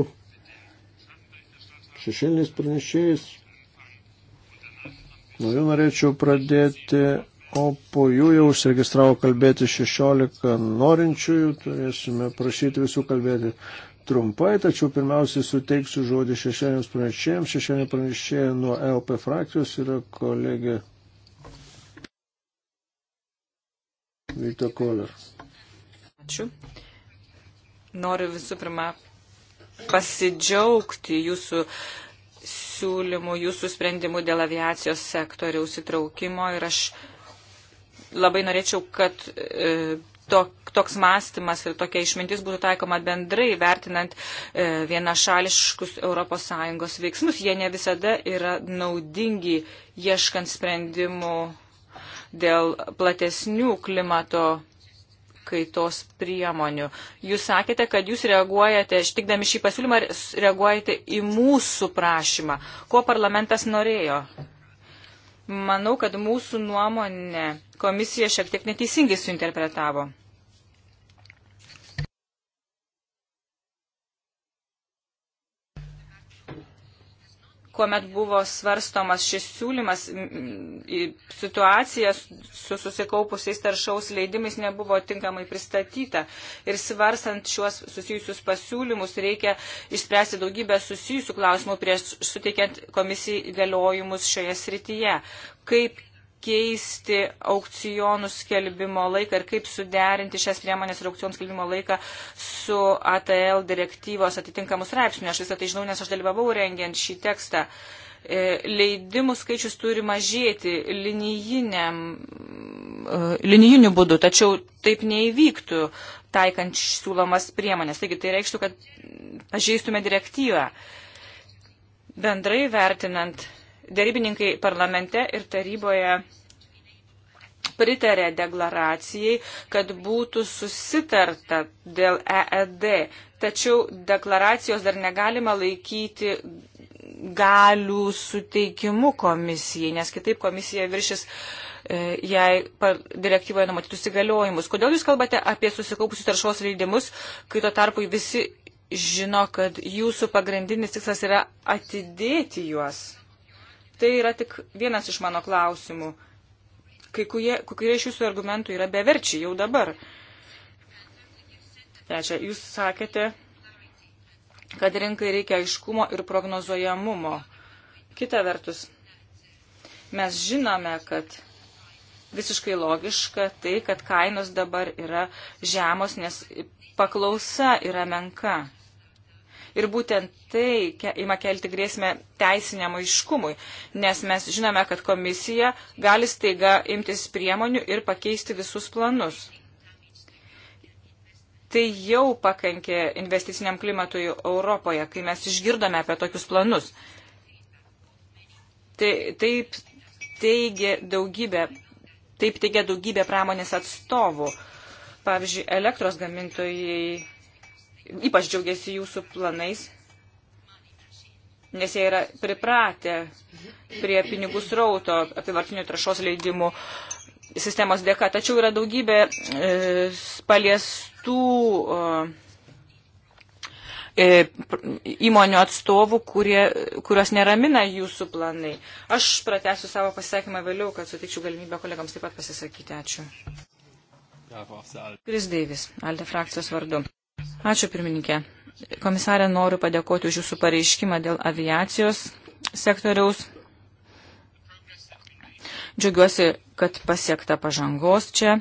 šešėliniais pranešėjais. Nuo jų norėčiau pradėti, o po jų jau užsiregistravo kalbėti 16 norinčiųjų. Turėsime prašyti visų kalbėti trumpai, tačiau pirmiausiai suteiksiu žodį šešėliniams pranešėjams. Šešėlinė pranešėja nuo e LP frakcijos yra kolegė Vita Koler. Ačiū. Noriu visų pirma pasidžiaugti jūsų siūlymų, jūsų sprendimų dėl aviacijos sektoriaus įtraukimo ir aš labai norėčiau, kad e, to, toks mąstymas ir tokia išmintis būtų taikoma bendrai, vertinant e, vienašališkus ES veiksmus. Jie ne visada yra naudingi, ieškant sprendimų dėl platesnių klimato kaitos priemonių. Jūs sakėte, kad jūs reaguojate, štikdami šį pasiūlymą, reaguojate į mūsų prašymą. Ko parlamentas norėjo? Manau, kad mūsų nuomonė komisija šiek tiek neteisingai suinterpretavo. kuomet buvo svarstomas šis siūlymas, situacija su susikaupusiais taršaus leidimais nebuvo tinkamai pristatyta. Ir svarstant šiuos susijusius pasiūlymus reikia išspręsti daugybę susijusių klausimų prieš suteikiant komisijai galiojimus šioje srityje. Kaip keisti aukcionų skelbimo laiką ir kaip suderinti šias priemonės ir aukcionų skelbimo laiką su ATL direktyvos atitinkamus straipsnius. Aš visą tai žinau, nes aš dalyvavau rengiant šį tekstą. E, leidimų skaičius turi mažėti e, linijiniu būdu, tačiau taip neįvyktų taikant siūlomas priemonės. Taigi tai reikštų, kad pažeistume direktyvą. Bendrai vertinant Darybininkai parlamente ir taryboje pritarė deklaracijai, kad būtų susitarta dėl EED, tačiau deklaracijos dar negalima laikyti galių suteikimu komisijai, nes kitaip komisija viršis e, jei direktyvoje numatytus įgaliojimus. Kodėl Jūs kalbate apie susikaupusius taršos leidimus, kai tuo tarpu visi žino, kad Jūsų pagrindinis tikslas yra atidėti juos? Tai yra tik vienas iš mano klausimų. Kai kurie, kurie iš jūsų argumentų yra beverčiai jau dabar. Trečia, jūs sakėte, kad rinkai reikia aiškumo ir prognozuojamumo. Kita vertus, mes žinome, kad visiškai logiška tai, kad kainos dabar yra žemos, nes paklausa yra menka. Ir būtent tai ima kelti grėsmę teisiniam aiškumui, nes mes žinome, kad komisija gali staiga imtis priemonių ir pakeisti visus planus. Tai jau pakenkė investiciniam klimatui Europoje, kai mes išgirdome apie tokius planus. Tai, taip teigia daugybė, taip teigia daugybė pramonės atstovų. Pavyzdžiui, elektros gamintojai ypač džiaugiasi jūsų planais, nes jie yra pripratę prie pinigų srauto apivartinių trašos leidimų sistemos dėka. Tačiau yra daugybė e, paliestų e, e įmonių atstovų, kurie, kurios neramina jūsų planai. Aš pratęsiu savo pasisakymą vėliau, kad sutikčiau galimybę kolegams taip pat pasisakyti. Ačiū. Kris Deivis, Alde frakcijos vardu. Ačiū pirmininkė. Komisarė, noriu padėkoti už Jūsų pareiškimą dėl aviacijos sektoriaus. Džiaugiuosi, kad pasiekta pažangos čia.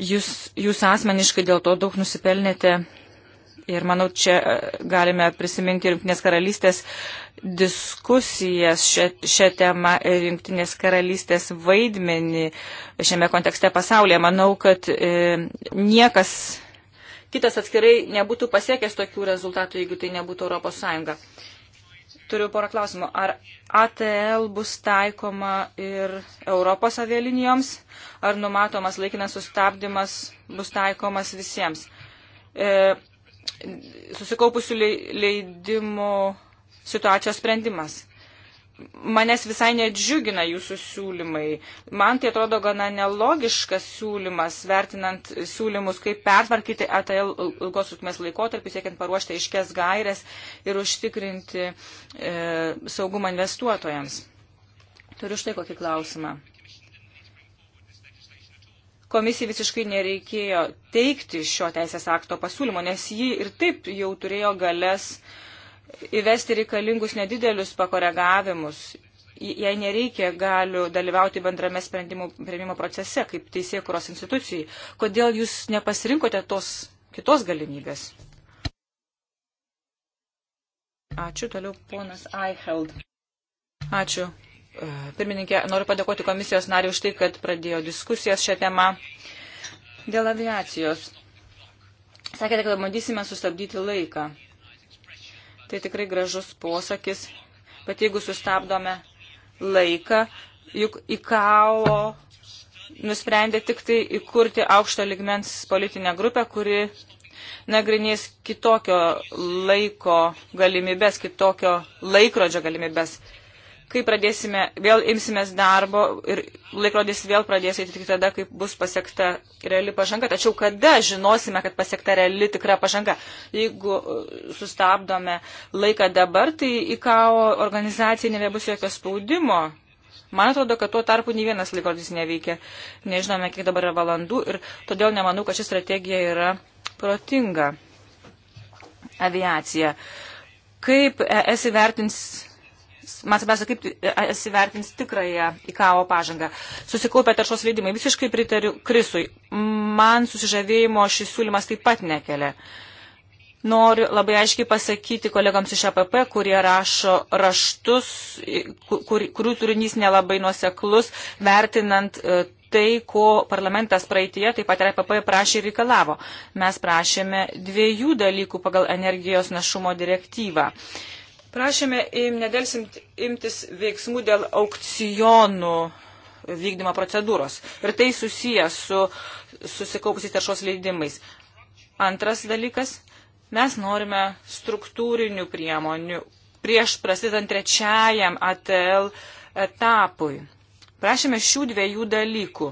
Jūs, jūs asmeniškai dėl to daug nusipelnėte ir manau, čia e, galime prisiminti ir Junktinės karalystės diskusijas šią, šią temą ir Junktinės karalystės vaidmenį šiame kontekste pasaulyje. Manau, kad e, niekas kitas atskirai nebūtų pasiekęs tokių rezultatų, jeigu tai nebūtų Europos Sąjunga. Turiu porą klausimų. Ar ATL bus taikoma ir Europos avialinijoms, ar numatomas laikinas sustabdymas bus taikomas visiems? E, susikaupusių leidimų situacijos sprendimas manęs visai nedžiugina jūsų siūlymai. Man tai atrodo gana nelogiškas siūlymas, vertinant siūlymus, kaip pertvarkyti ATL ilgos trukmės laikotarpį, siekiant paruošti aiškės gairias ir užtikrinti e, saugumą investuotojams. Turiu štai kokį klausimą. Komisijai visiškai nereikėjo teikti šio teisės akto pasiūlymo, nes ji ir taip jau turėjo galės uh, įvesti reikalingus nedidelius pakoregavimus. Jei nereikia, galiu dalyvauti bendrame sprendimų prieimimo procese kaip teisėkuros institucijai. Kodėl jūs nepasirinkote tos kitos galimybės? Ačiū, toliau ponas Eicheld. Ačiū. E, pirmininkė, noriu padėkoti komisijos nariu už tai, kad pradėjo diskusijas šią temą dėl aviacijos. Sakėte, kad bandysime sustabdyti laiką. Tai tikrai gražus posakis, bet jeigu sustabdome laiką, juk IKAO nusprendė tik tai įkurti aukšto ligmens politinę grupę, kuri nagrinės kitokio laiko galimybės, kitokio laikrodžio galimybės kai pradėsime, vėl imsimės darbo ir laikrodis vėl pradės eiti tik tada, kai bus pasiekta reali pažanga. Tačiau kada žinosime, kad pasiekta reali tikra pažanga? Jeigu uh, sustabdome laiką dabar, tai į ką organizacija nebebus jokio spaudimo. Man atrodo, kad tuo tarpu nei vienas laikrodis neveikia. Nežinome, kiek dabar yra valandų ir todėl nemanau, kad ši strategija yra protinga. Aviacija. Kaip ES įvertins Man svarbiausia, kaip įsivertins e, tikrąją IKAO pažangą. Susikaupę taršos leidimai. Visiškai pritariu Krisui. Man susižavėjimo šis siūlymas taip pat nekelia. Noriu labai aiškiai pasakyti kolegams iš APP, kurie rašo raštus, kur, kurių turinys nelabai nuoseklus, vertinant e, tai, ko parlamentas praeitie, taip pat ir APP prašė ir reikalavo. Mes prašėme dviejų dalykų pagal energijos našumo direktyvą. Uh, Prašėme nedelsimt imtis veiksmų dėl aukcijonų vykdymo procedūros. Ir tai susijęs su susikaupusiais taršos leidimais. Antras dalykas, mes norime struktūrinių priemonių prieš prasidant trečiajam ATL etapui. Prašėme šių dviejų dalykų.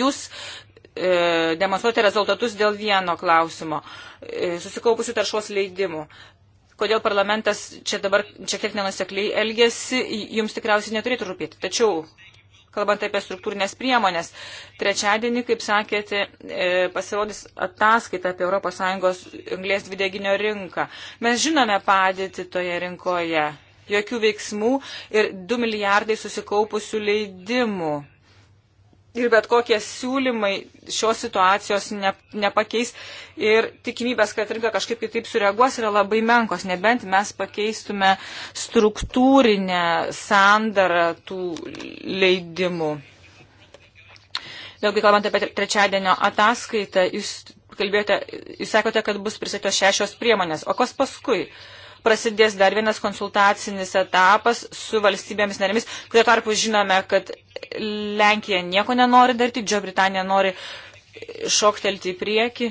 Jūs e, demonstruoti rezultatus dėl vieno klausimo e, - susikaupusių taršos leidimų kodėl parlamentas čia dabar šiek tiek nenusekliai elgesi, jums tikriausiai neturėtų rūpėti. Tačiau, kalbant apie struktūrinės priemonės, trečiadienį, kaip sakėte, e, pasirodys ataskaita apie ES anglės dvideginio rinką. Mes žinome padėti toje rinkoje jokių veiksmų ir 2 milijardai susikaupusių leidimų ir bet kokie siūlymai šios situacijos ne, nepakeis ir tikimybės, kad rinka kažkaip kitaip sureaguos, yra labai menkos, nebent mes pakeistume struktūrinę sandarą tų leidimų. Vėlgi, kalbant apie trečiadienio ataskaitą, jūs kalbėjote, jūs sakote, kad bus pristatytos šešios priemonės, o kas paskui? Uh, prasidės dar vienas konsultacinis etapas su valstybėmis narėmis. Tuo tarpu žinome, kad Lenkija nieko nenori daryti, Džio Britanija nori šoktelti į priekį.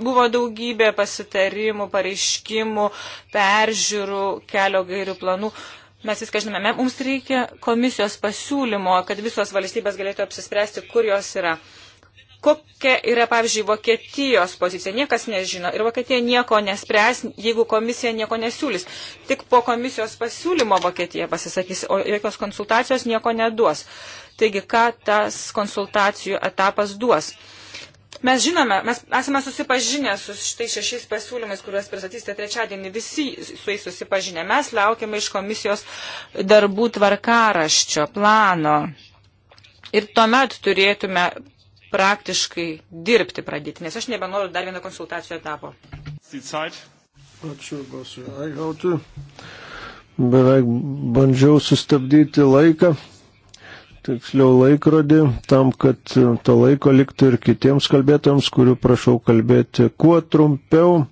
Buvo daugybė pasitarimų, pareiškimų, peržiūrų, kelio gairių planų. Mes viską žinome. Mums reikia komisijos pasiūlymo, kad visos valstybės galėtų apsispręsti, kur jos yra. Kokia yra, pavyzdžiui, Vokietijos pozicija? Niekas nežino. Ir Vokietija nieko nespręs, jeigu komisija nieko nesiūlys. Tik po komisijos pasiūlymo Vokietija pasisakys, o jokios konsultacijos nieko neduos. Taigi, ką tas konsultacijų etapas duos? Mes žinome, mes esame susipažinę su štai šešiais pasiūlymais, kuriuos pristatysite trečiadienį. Visi su jais susipažinę. Mes laukiame iš komisijos darbų tvarkaraščio plano. Ir tuomet turėtume praktiškai dirbti pradėti, nes aš nebenoriu dar vieno konsultacijų etapo. Ačiū, Bosui Aigautui. Beveik bandžiau sustabdyti laiką, tiksliau laikrodį, tam, kad to laiko liktų ir kitiems kalbėtams, kurių prašau kalbėti kuo trumpiau.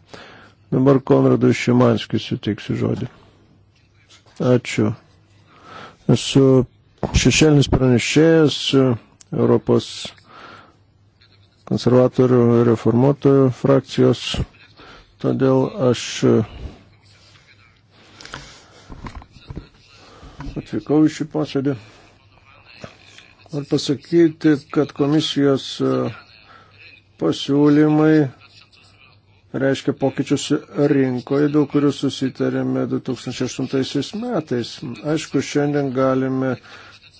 Dabar Konradui Šimanskis suteiksiu žodį. Ačiū. Esu šešėlinis pranešėjas Europos konservatorių reformuotojų frakcijos. Todėl aš e, atvykau į šį posėdį. Ar pasakyti, kad komisijos e, pasiūlymai reiškia pokyčius rinkoje, dėl kurių susitarėme 2008 metais. Aišku, šiandien galime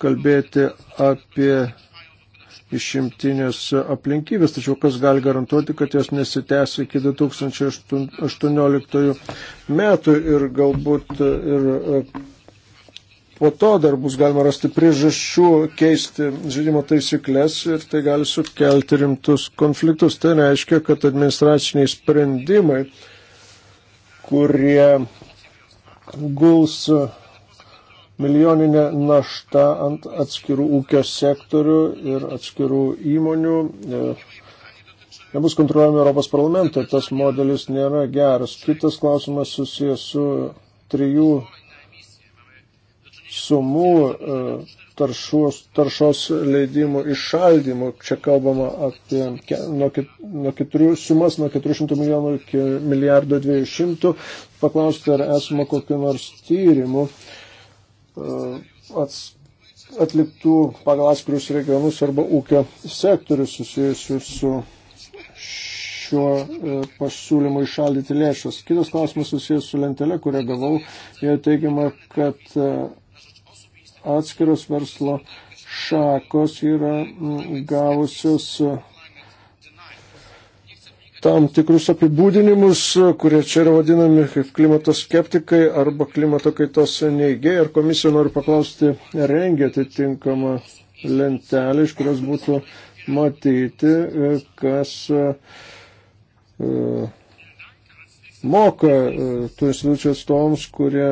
kalbėti apie išimtinės aplinkybės, tačiau kas gali garantuoti, kad jos nesitęs iki 2018 metų ir galbūt ir e, po to dar bus galima rasti priežasčių keisti žaidimo taisyklės ir tai gali sukelti rimtus konfliktus. Tai reiškia, kad administraciniai sprendimai, kurie guls milijoninė našta ant atskirų ūkio sektorių ir atskirų įmonių e, nebus kontroliuojami Europos parlamento ir tas modelis nėra geras. Kitas klausimas susijęs su trijų sumų e, taršos, taršos leidimų išaldymu. Čia kalbama apie nuo, ket, nuo keturių, sumas nuo 400 milijonų iki milijardo 200. Paklausti, ar esama kokiu nors tyrimu E, atliktų pagal atskirius regionus arba ūkio sektorius susijusius su šiuo e, pasiūlymu išaldyti lėšas. Kitas klausimas susijęs su lentelė, kurią gavau. Jie teigiama, kad e, atskiros verslo šakos yra gavusios tam tikrus apibūdinimus, kurie čia yra vadinami kaip klimato skeptikai arba klimato kaitos neigėjai. Ar komisija nori paklausti, rengia atitinkamą lentelę, iš kurios būtų matyti, e, kas e, e, moka tų institucijų atstovams, kurie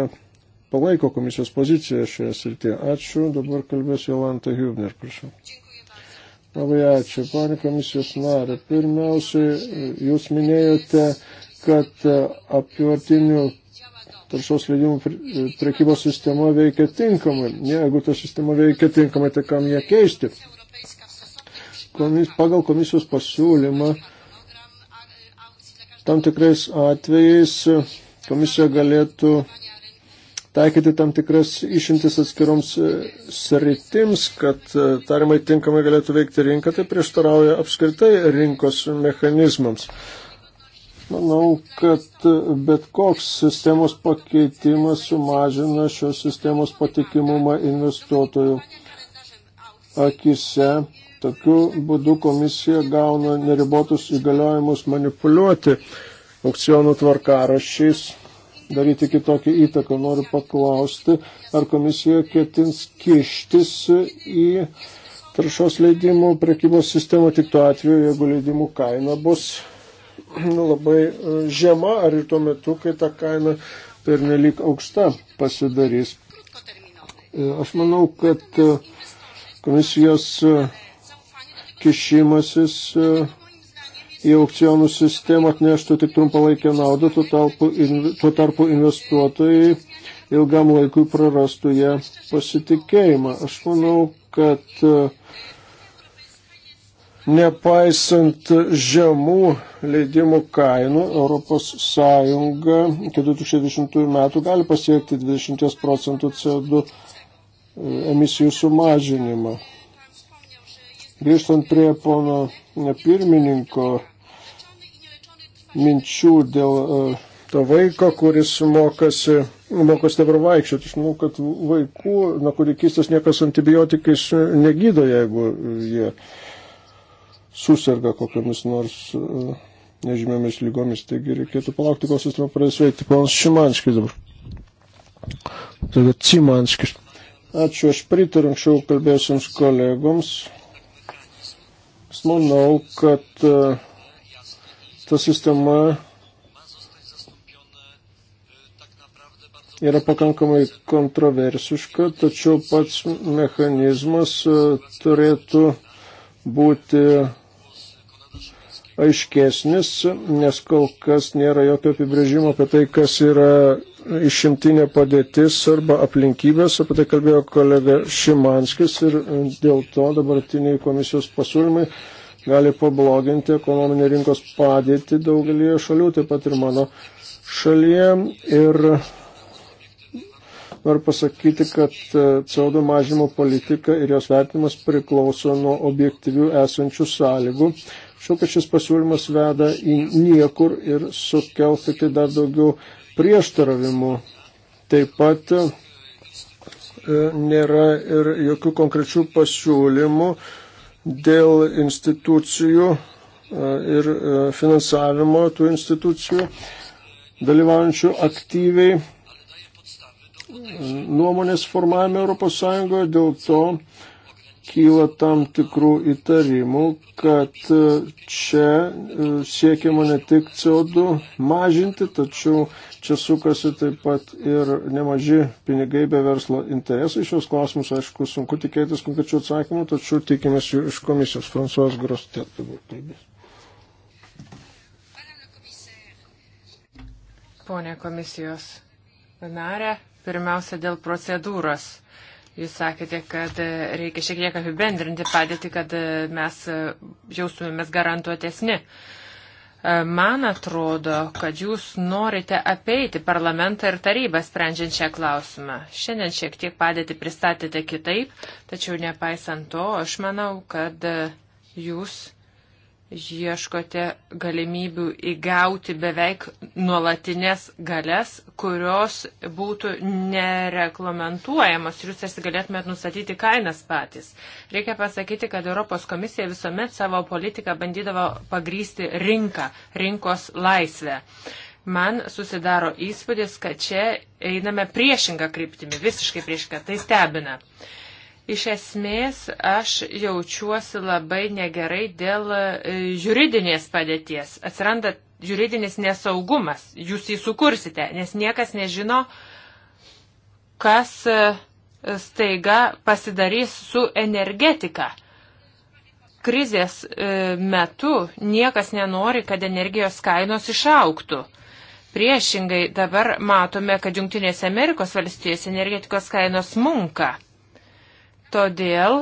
palaiko komisijos poziciją šioje srityje. Ačiū. Dabar kalbės Jolanta Hübner, prašau. Labai ačiū, ponė komisijos narė. Pirmiausiai, jūs minėjote, kad apivartinių taršos leidimų prekybos sistema veikia tinkamai. Jeigu ta sistema veikia tinkamai, tai kam ją keisti? Komis, pagal komisijos pasiūlymą tam tikrais atvejais komisija galėtų taikyti tam tikras išimtis atskiroms e, sritims, kad e, tariamai tinkamai galėtų veikti rinka, tai prieštarauja apskritai rinkos mechanizmams. Manau, kad e, bet koks sistemos pakeitimas sumažina šios sistemos patikimumą investuotojų akise. Tokiu būdu komisija gauna neribotus įgaliojimus manipuliuoti aukcionų tvarkarašiais daryti kitokį įtaką. Noriu paklausti, ar komisija ketins kištis į taršos leidimų prekybos sistemą tik tuo atveju, jeigu leidimų kaina bus labai e, žema, ar ir tuo metu, kai ta kaina per nelik aukšta pasidarys. E, aš manau, kad e, komisijos kišimasis į aukcionų sistemą atneštų tik trumpalaikę naudą, tuo tarpu, in, tuo tarpu investuotojai ilgam laikui prarastų ją pasitikėjimą. Aš manau, kad e, nepaisant žemų leidimų kainų, ES iki 2020 metų gali pasiekti 20 procentų CO2 e, emisijų sumažinimą. Grįžtant prie pono pirmininko minčių dėl e, to vaiko, kuris mokosi, mokosi dabar vaikščioti. Aš manau, kad vaikų nuo kūdikystės niekas antibiotikais negydo, jeigu jie susirga kokiamis nors e, nežymėmis lygomis. Taigi reikėtų palaukti, kol sistema pradės veikti. Ponas Šimanskis dabar. Tada Cimanskis. Ačiū, aš pritariu anksčiau kalbėsiams kolegoms. Manau, kad uh, ta sistema yra pakankamai kontroversiška, tačiau pats mechanizmas e, turėtų būti aiškesnis, nes kol kas nėra jokio apibrėžimo apie tai, kas yra išimtinė padėtis arba aplinkybės, apie tai kalbėjo kolega Šimanskis ir e, dėl to dabartiniai komisijos pasiūlymai gali pabloginti ekonominę rinkos padėtį daugelį šalių, taip pat ir mano šalyje. Ir noriu pasakyti, kad e, CO2 mažimo politika ir jos vertimas priklauso nuo objektyvių esančių sąlygų. Šiuo, kad šis pasiūlymas veda į niekur ir sukels tik dar daugiau prieštaravimų. Taip pat e, nėra ir jokių konkrečių pasiūlymų, dėl institucijų e, ir e, finansavimo tų institucijų dalyvaujančių aktyviai e, nuomonės formavime ES, dėl to kyla tam tikrų įtarimų, kad e, čia e, siekiama ne tik CO2 mažinti, tačiau čia sukasi taip pat ir nemaži pinigai be verslo interesai. Šios klausimus, aišku, sunku tikėtis konkrečių atsakymų, tačiau tikimės jų iš komisijos. Fransuos Grostėt dabar kalbės. Pone komisijos narė, pirmiausia dėl procedūros Jūs sakėte, kad e, reikia šiek tiek apibendrinti padėtį, kad e, mes e, jaustumėmės garantuotesni. Man atrodo, kad jūs norite apeiti parlamentą ir tarybą sprendžiant šią klausimą. Šiandien šiek tiek padėtį pristatėte kitaip, tačiau nepaisant to, aš manau, kad jūs ieškote galimybių įgauti beveik nuolatinės galės, kurios būtų nereglamentuojamos ir jūs tarsi galėtumėt nustatyti kainas patys. Reikia pasakyti, kad Europos komisija visuomet savo politiką bandydavo pagrysti rinką, rinkos laisvę. Man susidaro įspūdis, kad čia einame priešingą kryptimį, visiškai priešingą, tai stebina. Uh, Iš esmės, aš jaučiuosi labai negerai dėl e, juridinės padėties. Atsiranda juridinis nesaugumas. Jūs jį sukursite, nes niekas nežino, kas e, staiga pasidarys su energetika. Krizės e, metu niekas nenori, kad energijos kainos išauktų. Priešingai dabar matome, kad Junktinėse Amerikos valstijose energetikos kainos munka. Todėl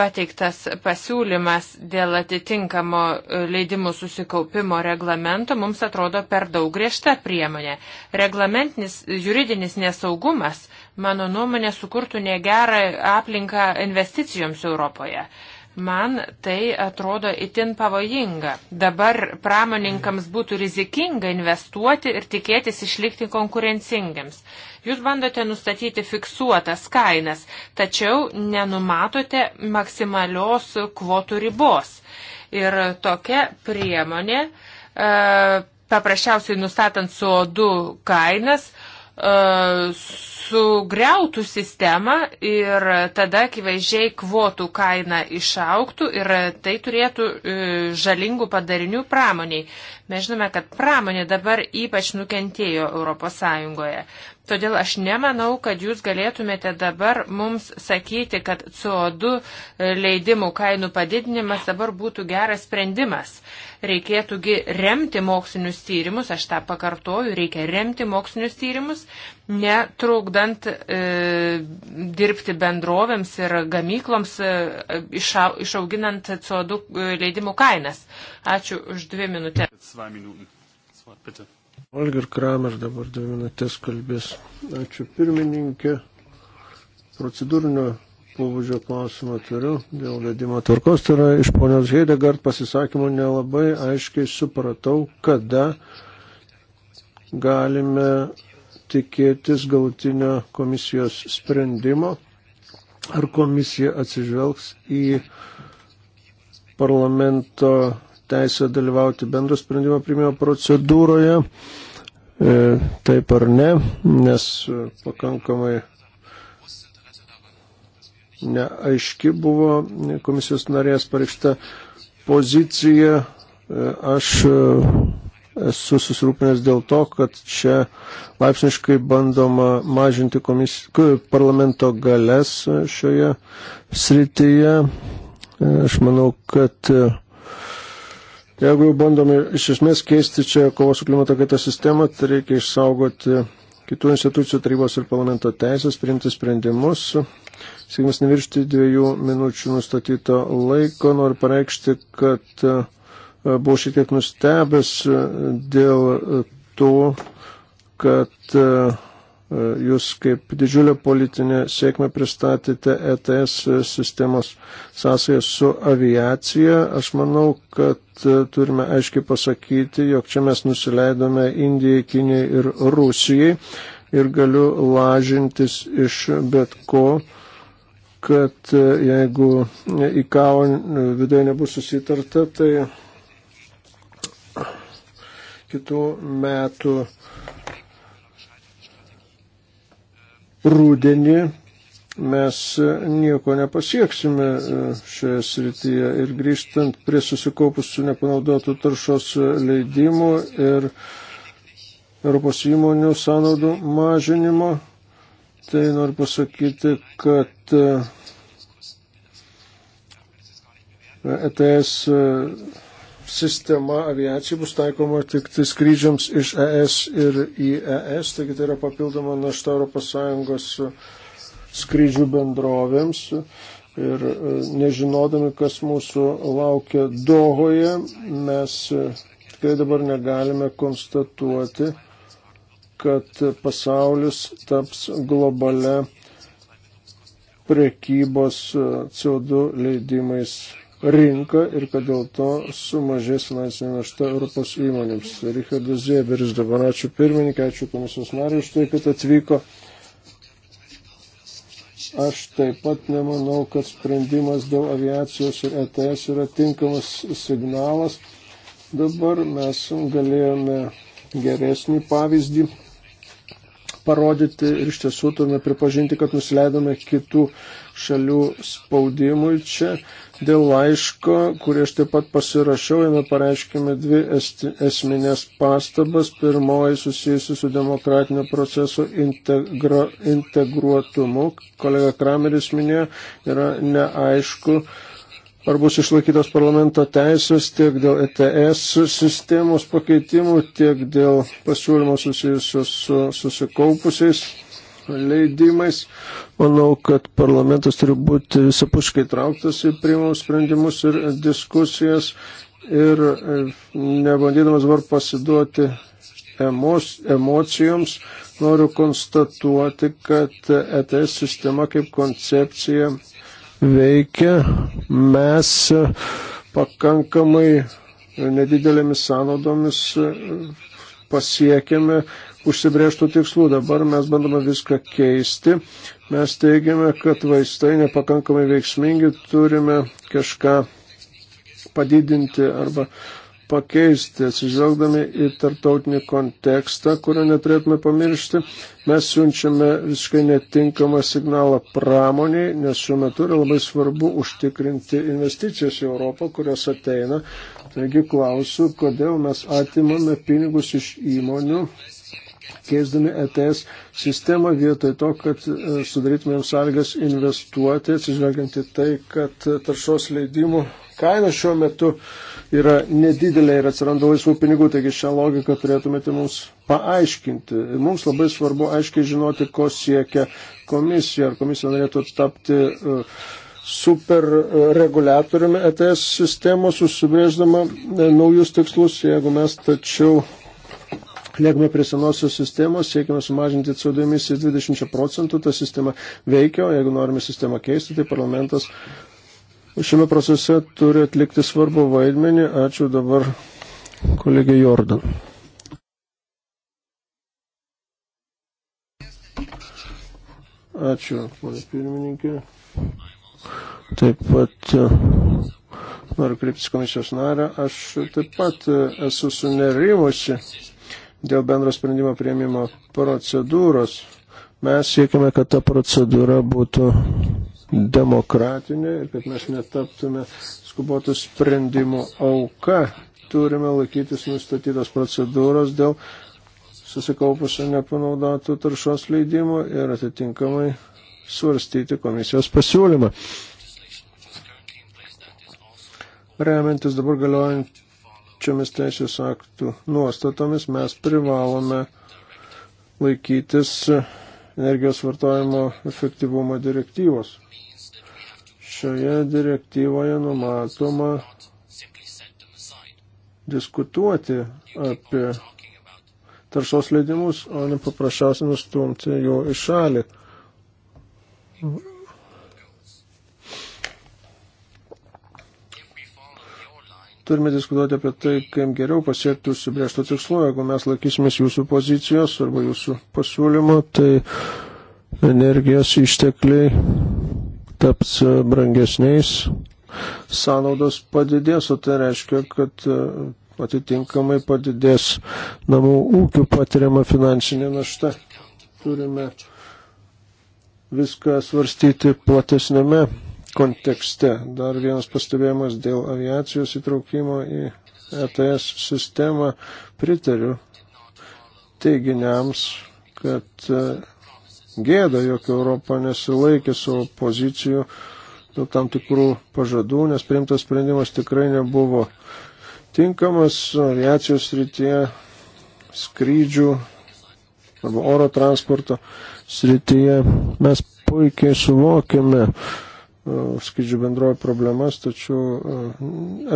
pateiktas pasiūlymas dėl atitinkamo e, leidimų susikaupimo reglamento mums atrodo per daug griežta priemonė. Reglamentinis juridinis nesaugumas, mano nuomonė, sukurtų negerą aplinką investicijoms Europoje. Man tai atrodo itin pavojinga. Dabar pramoninkams būtų rizikinga investuoti ir tikėtis išlikti konkurencingiams. Jūs bandote nustatyti fiksuotas kainas, tačiau nenumatote maksimalios kvotų ribos. Ir tokia priemonė, e, paprasčiausiai nustatant CO2 kainas, sugriautų sistemą ir tada akivaizdžiai kvotų kaina išauktų ir tai turėtų e, žalingų padarinių pramoniai. Mes žinome, kad pramonė dabar ypač nukentėjo ES. Todėl aš nemanau, kad jūs galėtumėte dabar mums sakyti, kad CO2 e, leidimų kainų padidinimas dabar būtų geras sprendimas. Uh, Reikėtųgi remti mokslinius tyrimus, aš tą pakartoju, reikia remti mokslinius tyrimus, netrukdant e, dirbti bendrovėms ir gamykloms, e, iša, išauginant CO2 e, leidimų kainas. Ačiū už dvi minutės. Olger Kramer dabar dvi minutės kalbės. Ačiū pirmininkė. Procedūrinio pobūdžio klausimą turiu dėl vedimo tvarkos. Tai yra iš ponios Heidegard pasisakymų nelabai aiškiai supratau, kada galime tikėtis gautinio komisijos sprendimo, ar komisija atsižvelgs į parlamento teisę dalyvauti bendro sprendimo primimo procedūroje, e, taip ar ne, nes pakankamai neaiški buvo komisijos narės pareikšta pozicija. Aš e, esu susirūpinęs dėl to, kad čia laipsniškai bandoma mažinti komis... parlamento galės šioje srityje. E, aš manau, kad e, jeigu jau bandome iš esmės keisti čia kovos su klimato kaita sistemą, tai reikia išsaugoti kitų institucijų tarybos ir parlamento teisės priimti sprendimus, siekimas neviršti dviejų minučių nustatyto laiko. Noriu pareikšti, kad e, buvau šiek tiek nustebęs e, dėl to, kad e, jūs kaip didžiulę politinę sėkmę pristatėte ETS sistemos sąsąją su aviacija. Aš manau, kad turime aiškiai pasakyti, jog čia mes nusileidome Indijai, Kinijai ir Rusijai ir galiu lažintis iš bet ko kad e, jeigu į kavo viduje nebus susitarta, tai kitų metų rūdienį mes nieko nepasieksime e, šioje srityje ir grįžtant prie susikaupusių nepanaudotų taršos leidimų ir Europos įmonių sąnaudų mažinimo tai noriu pasakyti, kad ETS e e, sistema aviacijai bus taikoma tik tai skrydžiams iš ES ir į ES, taigi tai yra papildoma našta ES e, skrydžių bendrovėms. Ir nežinodami, kas mūsų laukia Dohoje, mes tikrai dabar negalime konstatuoti, kad pasaulis taps globale prekybos e, CO2 leidimais rinka ir kad dėl to sumažės finansinė našta Europos įmonėms. Richardas Zieberis dabar ačiū pirmininkai, ačiū komisijos nariai už tai, kad atvyko. Aš taip pat nemanau, kad sprendimas dėl aviacijos ir ETS yra tinkamas signalas. Dabar mes galėjome geresnį pavyzdį parodyti ir iš tiesų turime pripažinti, kad nusileidome kitų šalių spaudimui čia. Dėl laiško, kurį aš taip pat pasirašiau, jame pareiškime dvi esminės pastabas. Pirmoji susijusi su demokratinio proceso integra, integruotumu. Kolega Krameris minėjo, yra neaišku ar bus išlaikytos parlamento teisės tiek dėl ETS sistemos pakeitimų, tiek dėl pasiūlymo susijusios su susikaupusiais leidimais. Manau, kad parlamentas turi būti visapuškai trauktas į priimamus sprendimus ir diskusijas ir e, nebandydamas dabar pasiduoti emos, emocijoms, noriu konstatuoti, kad ETS sistema kaip koncepcija veikia, mes pakankamai nedidelėmis sąnaudomis pasiekėme užsibrėžtų tikslų. Dabar mes bandome viską keisti. Mes teigiame, kad vaistai nepakankamai veiksmingi, turime kažką padidinti arba pakeisti, atsižvelgdami į tarptautinį kontekstą, kurio neturėtume pamiršti. Mes siunčiame visiškai netinkamą signalą pramoniai, nes šiuo metu yra labai svarbu užtikrinti investicijas į Europą, kurios ateina. Taigi klausiu, kodėl mes atimame pinigus iš įmonių keisdami ETS sistemą vietoj to, kad e, sudarytumėm sąlygas investuoti, atsižvelgiant į tai, kad e, taršos leidimų kaina šiuo metu uh, yra nedidelė ir atsiranda laisvų pinigų, taigi šią logiką turėtumėte mums paaiškinti. Ir mums labai svarbu aiškiai žinoti, ko siekia komisija, ar komisija norėtų tapti uh, superreguliatoriumi uh, ETS sistemos, užsibrėždama uh, naujus tikslus, jeigu mes tačiau liekame prie senosios sistemos, siekime sumažinti CO2 emisijas 20 procentų, ta sistema veikia, o jeigu norime sistemą keisti, tai parlamentas šiame procese turi atlikti svarbu vaidmenį. Ačiū dabar kolegė Jordan. Ačiū, ponė pirmininkė. Taip pat e, noriu kreiptis komisijos narę. Aš taip pat e, esu sunerimusi dėl bendro sprendimo prieimimo procedūros. Mes siekime, kad ta procedūra būtų demokratinė ir kad mes netaptume skubotų sprendimų auka. Turime laikytis nustatytos procedūros dėl susikaupusio nepanaudotų taršos leidimų ir atitinkamai svarstyti komisijos pasiūlymą. Remiantis dabar galiojančiomis teisės aktų nuostatomis, mes privalome laikytis energijos vartojimo efektyvumo direktyvos šioje direktyvoje numatoma diskutuoti apie taršos leidimus, o ne paprasčiausiai nustumti jų į šalį. Turime diskutuoti apie tai, kaip geriau pasiekti užsibriežto tikslo. Jeigu mes laikysimės jūsų pozicijos arba jūsų pasiūlymo, tai energijos ištekliai taps e, brangesniais, sąnaudos padidės, o tai reiškia, kad e, atitinkamai padidės namų ūkių patiriama finansinė našta. Turime viską svarstyti platesnėme kontekste. Dar vienas pastebėjimas dėl aviacijos įtraukimo į ETS sistemą. Pritariu teiginiams, kad e, gėda, jog Europa nesilaikė savo pozicijų dėl nu, tam tikrų pažadų, nes priimtas sprendimas tikrai nebuvo tinkamas aviacijos rytyje, skrydžių arba oro transporto srityje. Mes puikiai suvokiame e, skrydžių bendrojo problemas, tačiau e,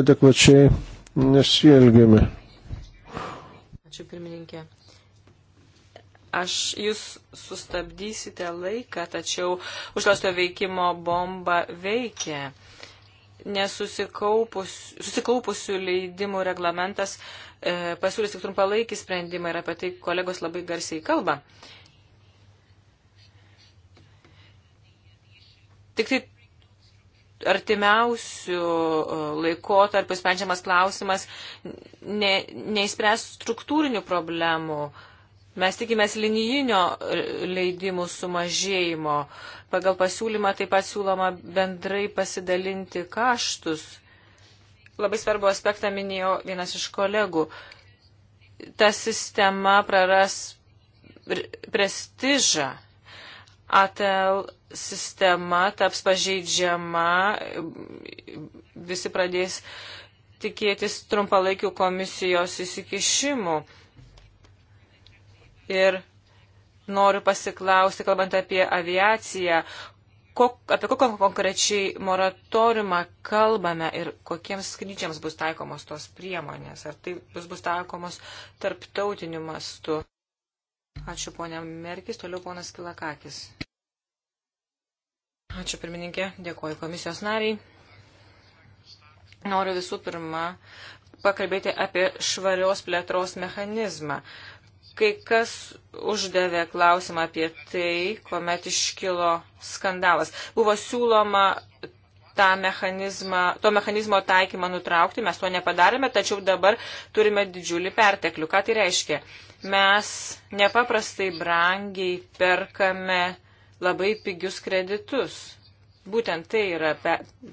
adekvačiai nesielgėme. Ačiū pirmininkė. Aš jūs sustabdysite laiką, tačiau užlausto veikimo bomba veikia. Nesusikaupusių leidimų reglamentas e, pasiūlys tik trumpalaikį sprendimą ir apie tai kolegos labai garsiai kalba. Tik tai artimiausių e, laikotarpių sprendžiamas klausimas ne, neįspręs struktūrinių problemų. E, Mes tikimės linijinio leidimų sumažėjimo. Pagal pasiūlymą taip pat siūloma bendrai pasidalinti kaštus. Labai svarbu aspektą minėjo vienas iš kolegų. Ta sistema praras prestižą. ATL sistema taps pažeidžiama, visi pradės tikėtis trumpalaikių komisijos įsikišimų. Ir noriu pasiklausti, kalbant apie aviaciją, kok, apie kokią konkrečiai moratoriumą kalbame ir kokiems skrydžiams bus taikomos tos priemonės. Ar tai bus, bus taikomos tarptautiniu mastu? Ačiū ponia Merkis, toliau ponas Kilakakis. Ačiū pirmininkė, dėkoju komisijos nariai. Noriu visų pirma pakalbėti apie švarios plėtros mechanizmą. Uh, Kai kas uždavė klausimą apie tai, kuomet iškilo skandalas. Buvo siūloma tą mechanizmą, to mechanizmo taikymą nutraukti, mes to nepadarėme, tačiau dabar turime didžiulį perteklių. Ką tai reiškia? Mes nepaprastai brangiai perkame labai pigius kreditus. Būtent tai yra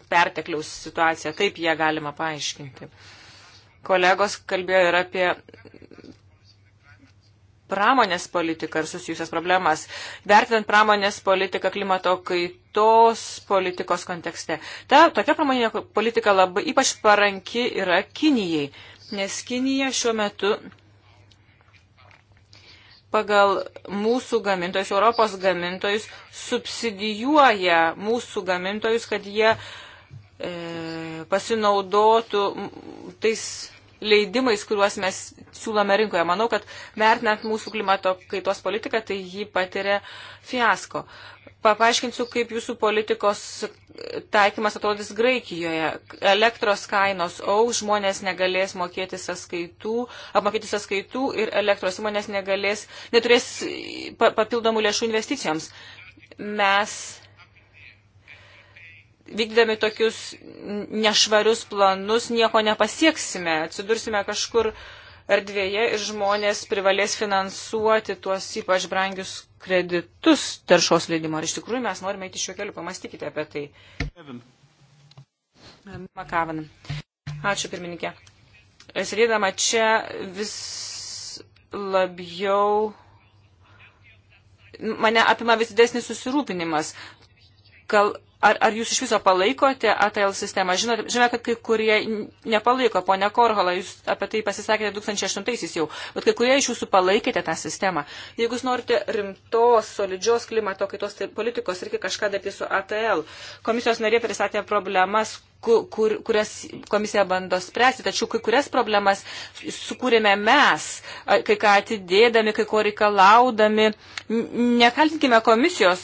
pertekliaus situacija, taip ją galima paaiškinti. Kolegos kalbėjo ir apie pramonės politiką ir susijusias problemas, vertinant pramonės politiką klimato kaitos politikos kontekste. Ta, tokia pramoninė politika labai ypač paranki yra Kinijai, nes Kinija šiuo metu pagal mūsų gamintojus, Europos gamintojus, subsidijuoja mūsų gamintojus, kad jie e, pasinaudotų tais leidimais, kuriuos mes siūlome rinkoje. Manau, kad vertinant mūsų klimato kaitos politiką, tai jį patiria fiasko. Papaiškinsiu, kaip jūsų politikos taikymas atrodys Graikijoje. Elektros kainos auž, žmonės negalės mokėti sąskaitų, apmokėti sąskaitų ir elektros įmonės negalės, neturės papildomų lėšų investicijoms. Mes vykdami tokius nešvarius planus nieko nepasieksime, atsidursime kažkur erdvėje ir žmonės privalės finansuoti tuos ypač brangius kreditus taršos leidimo. Ar iš tikrųjų mes norime eiti šiuo keliu, pamastykite apie tai. Makavan. Ačiū pirmininkė. Sėdėdama čia vis labiau mane apima vis didesnis susirūpinimas. Kal, Ar, ar jūs iš viso palaikote ATL sistemą? Žinote, žinome, kad kai kurie nepalaiko, ponia Korhola, jūs apie tai pasisakėte 2008-aisiais jau, bet kai kurie iš jūsų palaikėte tą sistemą. Jeigu jūs norite rimtos, solidžios klimato kaitos tai politikos, reikia kažką daryti su ATL. Komisijos narė pristatė problemas, kur, kurias komisija bando spręsti, tačiau kai kurias problemas sukūrėme mes, kai ką atidėdami, kai ko reikalaudami. Nekaltinkime komisijos,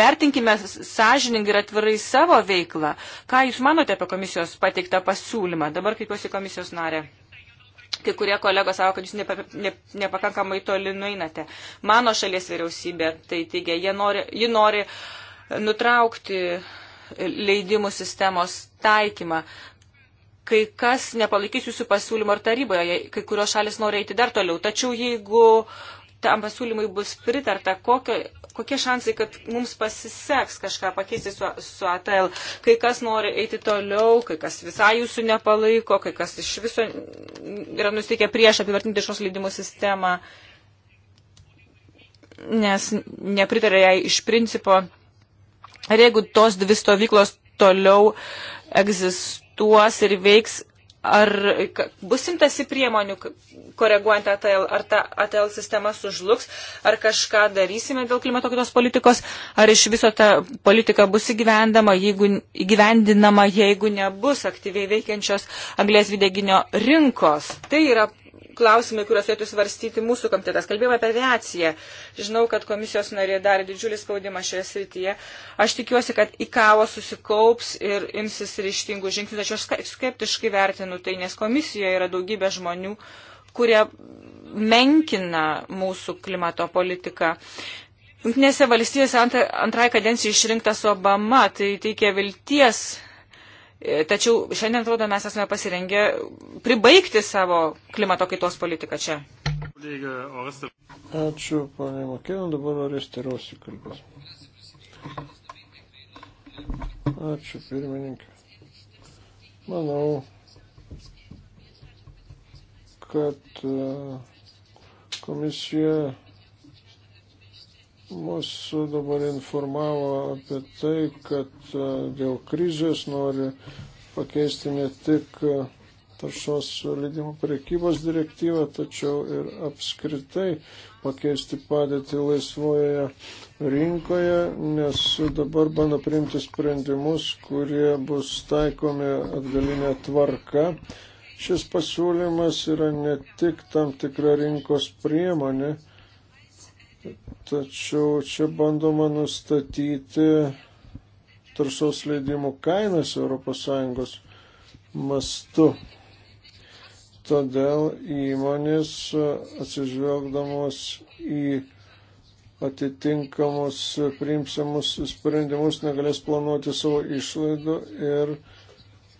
vertinkime sąžiningai ir atvirai savo veiklą. Ką Jūs manote apie komisijos pateiktą pasiūlymą? Dabar kreipiuosi komisijos narė. Kai kurie kolegos savo, kad jūs nepa, ne, nepakankamai toli nuinate. Mano šalies vyriausybė, tai teigia, nori, ji nori nutraukti uh, leidimų sistemos taikymą. Kai kas nepalaikys jūsų pasiūlymo ir taryboje, kai kurios šalis nori eiti dar toliau. Tačiau jeigu tam pasiūlymui bus pritarta, kokio, kokie šansai, kad mums pasiseks kažką pakeisti su, su ATL. Kai kas nori eiti toliau, kai kas visai jūsų nepalaiko, kai kas iš viso yra nusteikę prieš apivartinti šios leidimų sistemą, nes nepritarė jai iš principo. Ir jeigu tos dvi stovyklos toliau egzistuos ir veiks, ar bus imtasi priemonių, koreguojant ATL, ar ta ATL sistema sužlugs, ar kažką darysime dėl klimato kitos politikos, ar iš viso ta politika bus įgyvendama, jeigu, įgyvendinama, jeigu nebus aktyviai veikiančios anglės videginio rinkos. Tai yra klausimai, kuriuos turėtų svarstyti mūsų komitetas. Kalbėjome apie aviaciją. Žinau, kad komisijos narė darė didžiulį spaudimą šioje srityje. Aš tikiuosi, kad IKAO susikaups ir imsis ryštingų žingsnių, tačiau aš skeptiškai vertinu tai, nes komisijoje yra daugybė žmonių, kurie menkina mūsų klimato politiką. Junktinėse valstijose antrai kadencijai išrinktas Obama, tai teikia vilties E, tačiau šiandien, atrodo, mes esame pasirengę pribaigti savo klimato kaitos politiką čia. Ačiū, panė Makėna, dabar Oresterosi kalbės. Ačiū, pirmininkė. Manau, kad e, komisija mūsų dabar informavo apie tai, kad e, dėl krizės nori pakeisti ne tik e, taršos leidimų prekybos direktyvą, tačiau ir apskritai pakeisti padėtį laisvoje rinkoje, nes dabar bando priimti sprendimus, kurie bus taikomi atgalinė tvarka. Šis pasiūlymas yra ne tik tam tikra rinkos priemonė, Tačiau čia bandoma nustatyti taršos leidimų kainas ES mastu. Todėl įmonės atsižvelgdamos į atitinkamus priimsiamus sprendimus negalės planuoti savo išlaidų ir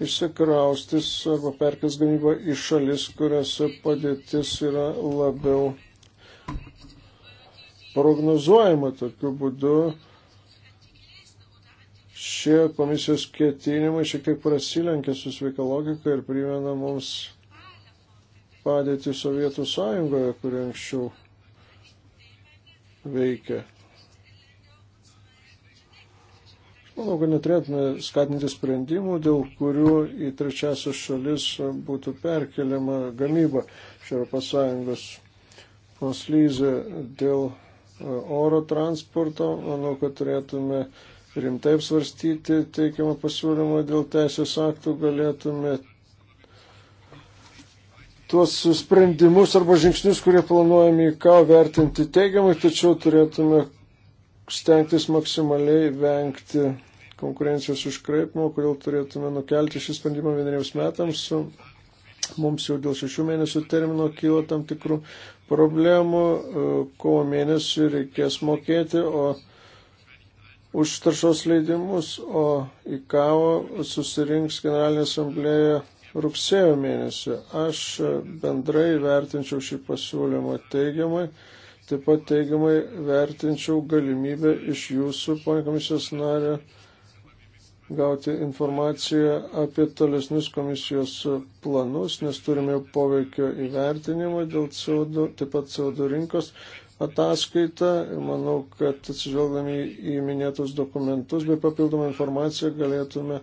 išsikraustis arba perkės gamybą į šalis, kuriuose padėtis yra labiau prognozuojama tokiu būdu. Šie komisijos ketinimai šiek tiek prasilenkia su sveika logika ir primena mums padėti Sovietų sąjungoje, kuri anksčiau veikia. Manau, kad neturėtume skatinti sprendimų, dėl kurių į trečiasias šalis būtų perkeliama gamyba iš ES. Poslyzė dėl oro transporto. Manau, kad turėtume rimtai apsvarstyti teikiamą pasiūlymą dėl teisės aktų, galėtume tuos sprendimus arba žingsnius, kurie planuojami į ką vertinti teigiamai, tačiau turėtume stengtis maksimaliai vengti konkurencijos iškraipimo, kodėl turėtume nukelti šį sprendimą vieneriems metams. Mums jau dėl šešių mėnesių termino kyla tam tikrų problemų, e, kovo mėnesį reikės mokėti, o už taršos leidimus, o į kavo susirinks generalinė asamblėja rugsėjo mėnesį. Aš e, bendrai vertinčiau šį pasiūlymą teigiamai, taip pat teigiamai vertinčiau galimybę iš jūsų, ponė komisijos narė, gauti informaciją apie tolesnius komisijos planus, nes turime poveikio įvertinimą dėl CO2, taip pat CO2 rinkos ataskaitą ir manau, kad atsižvelgdami į minėtus dokumentus bei papildomą informaciją galėtume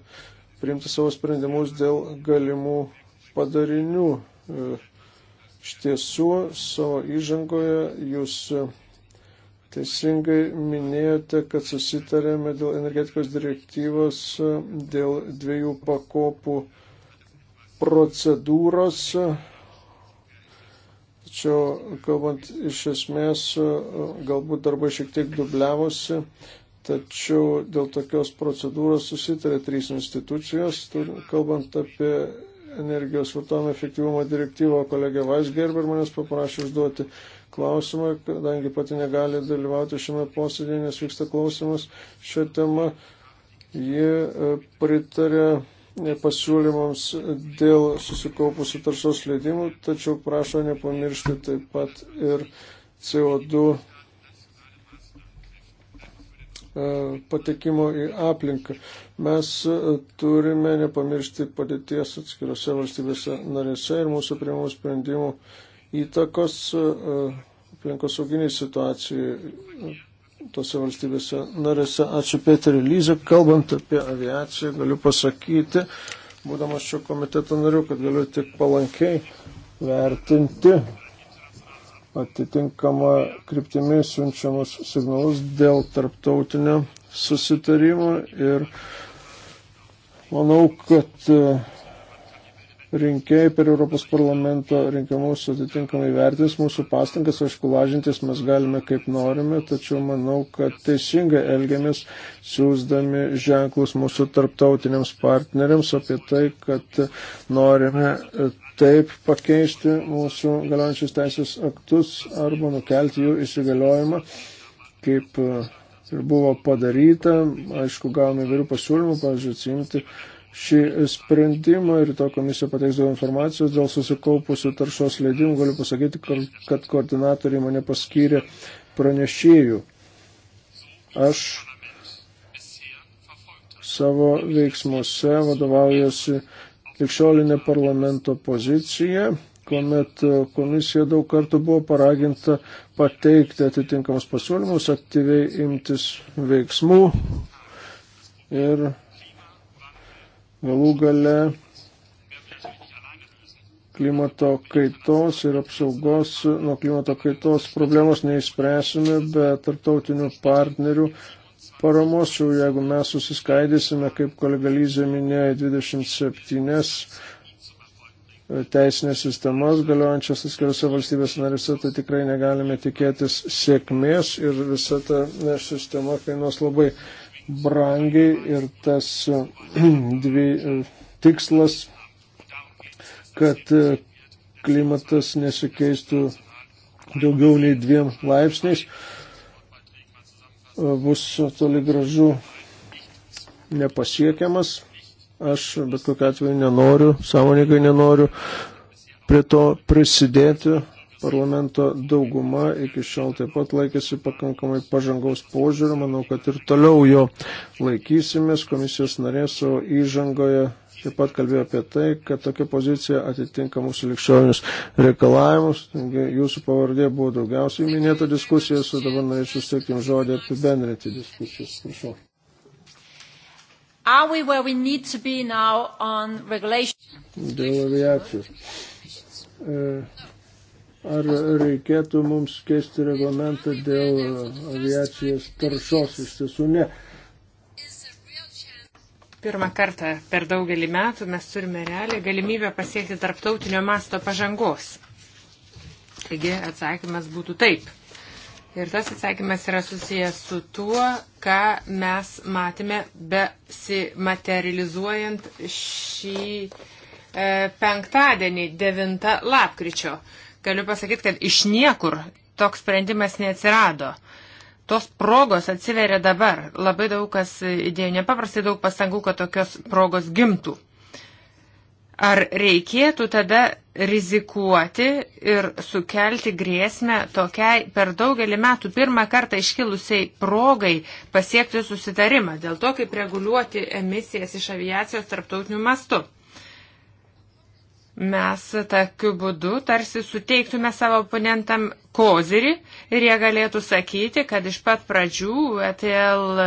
priimti savo sprendimus dėl galimų padarinių. Iš tiesų, savo įžangoje jūs Teisingai minėjote, kad susitarėme dėl energetikos direktyvos, dėl dviejų pakopų procedūros. Tačiau, kalbant iš esmės, galbūt darbai šiek tiek dubliavosi, tačiau dėl tokios procedūros susitarė trys institucijos, kalbant apie energijos vartojimo efektyvumo direktyvą, kolegė Vaisgerber manęs paprašė užduoti klausimą, kadangi pati negali dalyvauti šiame posėdėje, nes vyksta klausimas šią temą. Ji e, pritarė e, pasiūlymams dėl susikaupusių taršos leidimų, tačiau prašo nepamiršti taip pat ir CO2 e, patekimo į aplinką. Mes turime nepamiršti padėties atskirose valstybėse narėse ir mūsų priemų sprendimų įtakos e, aplinkosauginiai situacijai e, tose valstybėse narėse. Ačiū Peterį Lyzę. Kalbant apie aviaciją, galiu pasakyti, būdamas šio komiteto nariu, kad galiu tik palankiai vertinti atitinkamą kryptimį siunčiamus signalus dėl tarptautinio susitarimo ir manau, kad e, rinkėjai per Europos parlamento rinkimus atitinkamai vertins mūsų pastangas, aišku, lažintis mes galime kaip norime, tačiau manau, kad teisingai elgiamės siūsdami ženklus mūsų tarptautiniams partneriams apie tai, kad norime taip pakeisti mūsų galiojančius teisės aktus arba nukelti jų įsigaliojimą, kaip ir buvo padaryta. Aišku, gavome vairių pasiūlymų, pavyzdžiui, atsimti šį sprendimą ir to komisija pateiks daug informacijos dėl susikaupusių taršos leidimų. Galiu pasakyti, kad koordinatoriai mane paskyrė pranešėjų. Aš savo veiksmuose vadovaujuosi likščiolinė parlamento pozicija, kuomet komisija daug kartų buvo paraginta pateikti atitinkamus pasiūlymus, aktyviai imtis veiksmų ir Galų gale klimato kaitos ir apsaugos nuo klimato kaitos problemos neįspręsime be tarptautinių partnerių paramos, jau jeigu mes susiskaidysime, kaip kolega Lyzė minėjo, 27 e, teisinės sistemas galiojančias atskirose valstybės narise, tai tikrai negalime tikėtis sėkmės ir visa ta e, sistema kainuos labai brangiai ir tas dvi e, tikslas, kad e, klimatas nesikeistų daugiau nei dviem laipsniais, e, bus toli gražu nepasiekiamas. Aš bet kokiu atveju nenoriu, sąmoningai nenoriu prie to prisidėti parlamento dauguma iki šiol taip pat laikėsi pakankamai pažangaus požiūrio, manau, kad ir toliau jo laikysimės. Komisijos narė savo įžangoje taip pat kalbėjo apie tai, kad tokia pozicija atitinka mūsų likščionius reikalavimus. Taigi, jūsų pavardė buvo daugiausiai minėta diskusijose, dabar norėčiau suteikti jums žodį apibendrinti diskusijas. Prašau. Are we where we need to be now on regulation? Dėl aviacijos. E, ar reikėtų mums keisti reglamentą dėl aviacijos taršos. Iš tiesų ne. Pirmą kartą per daugelį metų mes turime realią galimybę pasiekti tarptautinio masto pažangos. Taigi atsakymas būtų taip. Ir tas atsakymas yra susijęs su tuo, ką mes matėme besimaterializuojant šį e, penktadienį, 9 lapkričio. E, Galiu pasakyti, kad iš niekur toks sprendimas neatsirado. Tos progos atsiveria dabar. Labai daug kas įdėjo nepaprastai daug pastangų, kad tokios progos gimtų. Ar reikėtų tada rizikuoti ir sukelti grėsmę tokiai per daugelį metų pirmą kartą iškilusiai progai pasiekti susitarimą dėl to, kaip reguliuoti emisijas iš aviacijos tarptautiniu mastu? mes tokiu būdu tarsi suteiktume savo oponentam kozirį ir jie galėtų sakyti, kad iš pat pradžių ETL e,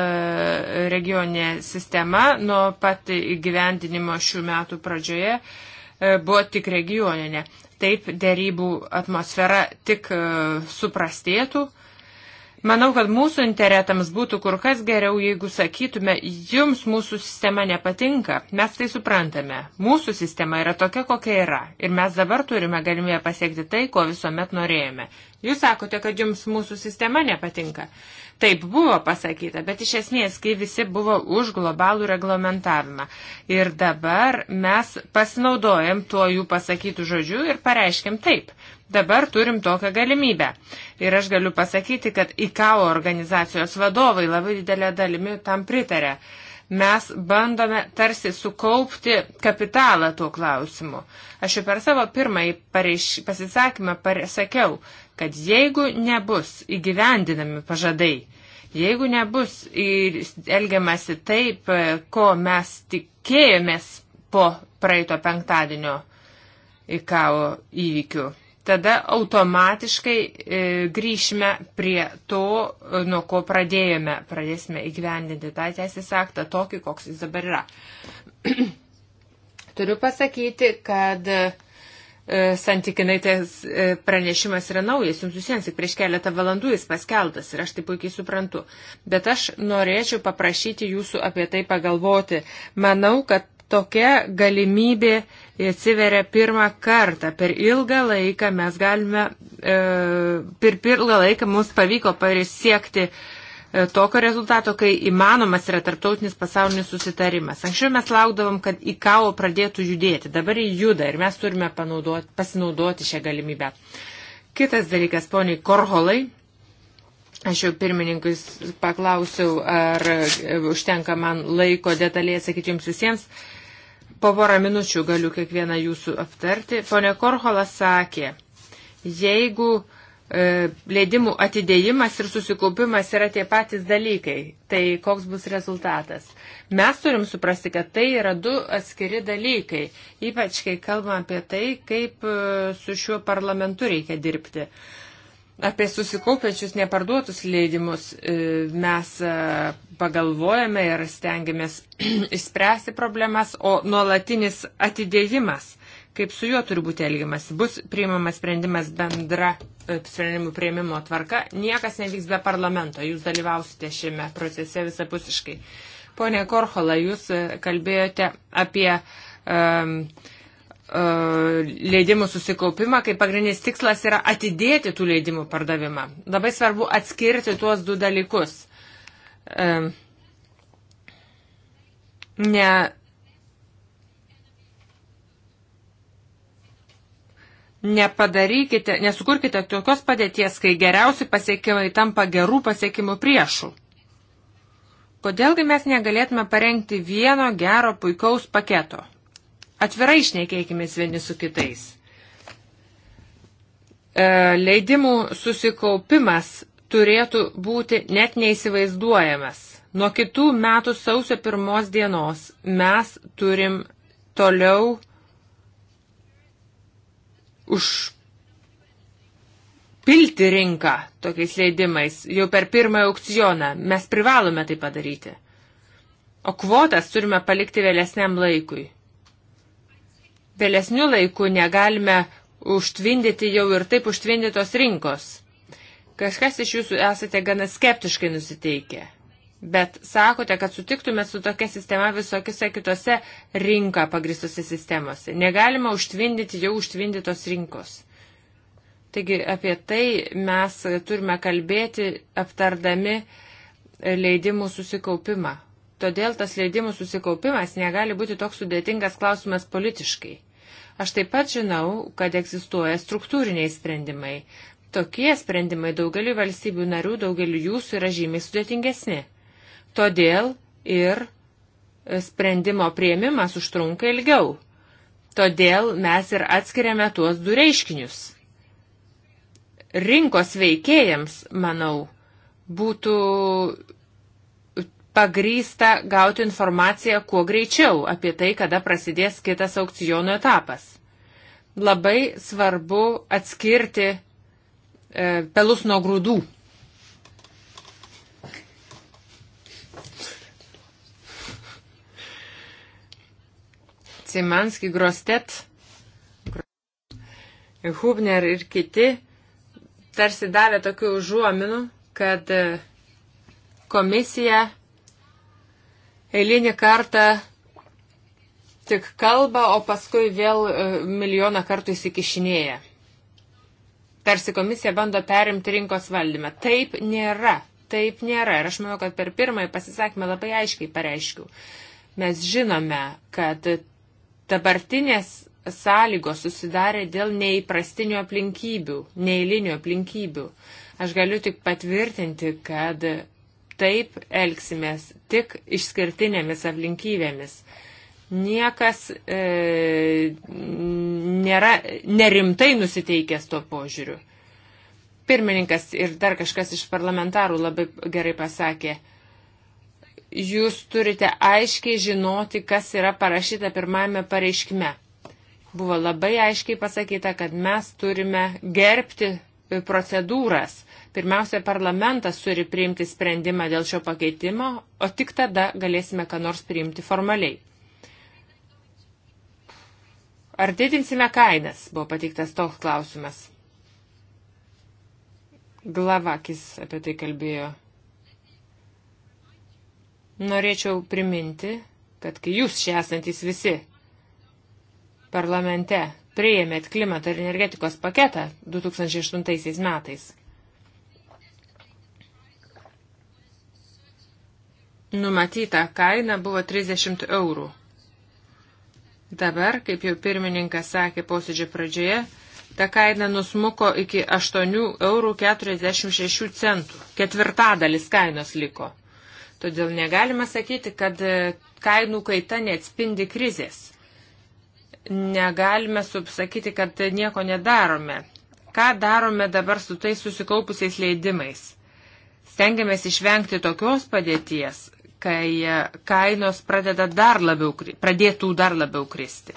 regionė sistema nuo pat įgyvendinimo šių metų pradžioje e, buvo tik regioninė. Taip dėrybų atmosfera tik e, suprastėtų Manau, kad mūsų interetams būtų kur kas geriau, jeigu sakytume, jums mūsų sistema nepatinka, mes tai suprantame. Mūsų sistema yra tokia, kokia yra. Ir mes dabar turime galimybę pasiekti tai, ko visuomet norėjome. Jūs sakote, kad jums mūsų sistema nepatinka. Taip buvo pasakyta, bet iš esmės, kai visi buvo už globalų reglamentavimą. Ir dabar mes pasinaudojam tuo jų pasakytų žodžiu ir pareiškiam taip. Dabar turim tokią galimybę. Ir aš galiu pasakyti, kad IKAO organizacijos vadovai labai didelė dalimi tam pritarė. Mes bandome tarsi sukaupti kapitalą tuo klausimu. Aš jau per savo pirmąjį pareiš, pasisakymą pasakiau, kad jeigu nebus įgyvendinami pažadai, jeigu nebus elgiamasi taip, ko mes tikėjomės po praeito penktadienio IKAO įvykių, tada automatiškai e, grįšime prie to, e, nuo ko pradėjome. Pradėsime įgyvendinti tą teisės aktą tokį, koks jis dabar yra. Turiu pasakyti, kad e, santykinai tas e, pranešimas yra naujas, jums visiems tik prieš keletą valandų jis paskeltas ir aš tai puikiai suprantu. Bet aš norėčiau paprašyti jūsų apie tai pagalvoti. Manau, kad Tokia galimybė atsiveria pirmą kartą. Per ilgą laiką mes galime, e, per ilgą laiką mums pavyko pasiekti e, tokio rezultato, kai įmanomas yra tarptautinis pasaulinis susitarimas. Anksčiau mes laukdavom, kad IKAO pradėtų judėti, dabar jį juda ir mes turime panaudoti, pasinaudoti šią galimybę. Kitas dalykas, poniai Korholai, Aš jau pirmininkus paklausiau, ar e, užtenka man laiko detaliai atsakyti jums visiems. Uh, Po porą minučių galiu kiekvieną jūsų aptarti. Pone Korholas sakė, jeigu e, leidimų atidėjimas ir susikaupimas yra tie patys dalykai, tai koks bus rezultatas? Mes turim suprasti, kad tai yra du atskiri dalykai, ypač kai kalbam apie tai, kaip e, su šiuo parlamentu reikia dirbti. E, Apie susikaupiančius neparduotus leidimus e, mes e, pagalvojame ir stengiamės išspręsti problemas, o nuolatinis atidėjimas, kaip su juo turi būti elgiamas, bus priimamas sprendimas bendra e, sprendimų prieimimo tvarka, niekas nevyks be parlamento, jūs dalyvausite šiame procese visapusiškai. Pone Korhola, jūs kalbėjote apie um, E, leidimų susikaupimą, kai pagrindinis tikslas yra atidėti tų leidimų pardavimą. Labai svarbu atskirti tuos du dalykus. E, ne. Nepadarykite, nesukurkite tokios padėties, kai geriausi pasiekimai tampa gerų pasiekimų priešų. Kodėlgi mes negalėtume parengti vieno gero puikaus paketo? Atvirai išneikėkime vieni su kitais. E, leidimų susikaupimas turėtų būti net neįsivaizduojamas. Nuo kitų metų sausio pirmos dienos mes turim toliau užpilti rinką tokiais leidimais jau per pirmąją aukcioną. Mes privalome tai padaryti. O kvotas turime palikti vėlesniam laikui vėlesnių laikų negalime užtvindyti jau ir taip užtvindytos rinkos. Kažkas iš jūsų esate gana skeptiškai nusiteikę, bet sakote, kad sutiktumėt su tokia sistema visokiose kitose rinka pagristose sistemose. Negalima užtvindyti jau užtvindytos rinkos. Taigi apie tai mes turime kalbėti aptardami leidimų susikaupimą. Todėl tas leidimų susikaupimas negali būti toks sudėtingas klausimas politiškai. Aš taip pat žinau, kad egzistuoja struktūriniai sprendimai. Tokie sprendimai daugeliu valstybių narių, daugeliu jūsų yra žymiai sudėtingesni. Todėl ir sprendimo prieimimas užtrunka ilgiau. Todėl mes ir atskiriame tuos du reiškinius. Rinkos veikėjams, manau, būtų pagrysta gauti informaciją kuo greičiau apie tai, kada prasidės kitas aukciono etapas. Labai svarbu atskirti e, pelus nuo grūdų. Simanski, Grostet, Hubner ir kiti tarsi davė tokių užuominų, kad e, komisija eilinį kartą tik kalba, o paskui vėl e, milijoną kartų įsikišinėja. Tarsi komisija bando perimti rinkos valdymą. Taip nėra. Taip nėra. Ir aš manau, kad per pirmąjį pasisakymą labai aiškiai pareiškiau. Mes žinome, kad dabartinės sąlygos susidarė dėl neįprastinių aplinkybių, neįlinių aplinkybių. Aš galiu tik patvirtinti, kad taip elgsimės tik išskirtinėmis aplinkybėmis. Niekas e, nėra nerimtai nusiteikęs tuo požiūriu. Pirmininkas ir dar kažkas iš parlamentarų labai gerai pasakė, jūs turite aiškiai žinoti, kas yra parašyta pirmajame pareiškime. Buvo labai aiškiai pasakyta, kad mes turime gerbti procedūras Pirmiausia, parlamentas turi priimti sprendimą dėl šio pakeitimo, o tik tada galėsime ką nors priimti formaliai. Ar didinsime kainas, buvo pateiktas toks klausimas. Glavakis apie tai kalbėjo. Norėčiau priminti, kad kai jūs čia esantis visi parlamente prieėmėt klimato ir energetikos paketą 2008 metais, numatyta kaina buvo 30 eurų. Dabar, kaip jau pirmininkas sakė posėdžio pradžioje, ta kaina nusmuko iki 8,46 eurų, ketvirtadalis kainos liko. Todėl negalima sakyti, kad e, kainų kaita neatspindi krizės. Negalime subsakyti, kad nieko nedarome. Ką darome dabar su tais susikaupusiais leidimais? Stengiamės išvengti tokios padėties, kai e, kainos pradeda dar labiau, pradėtų dar labiau kristi.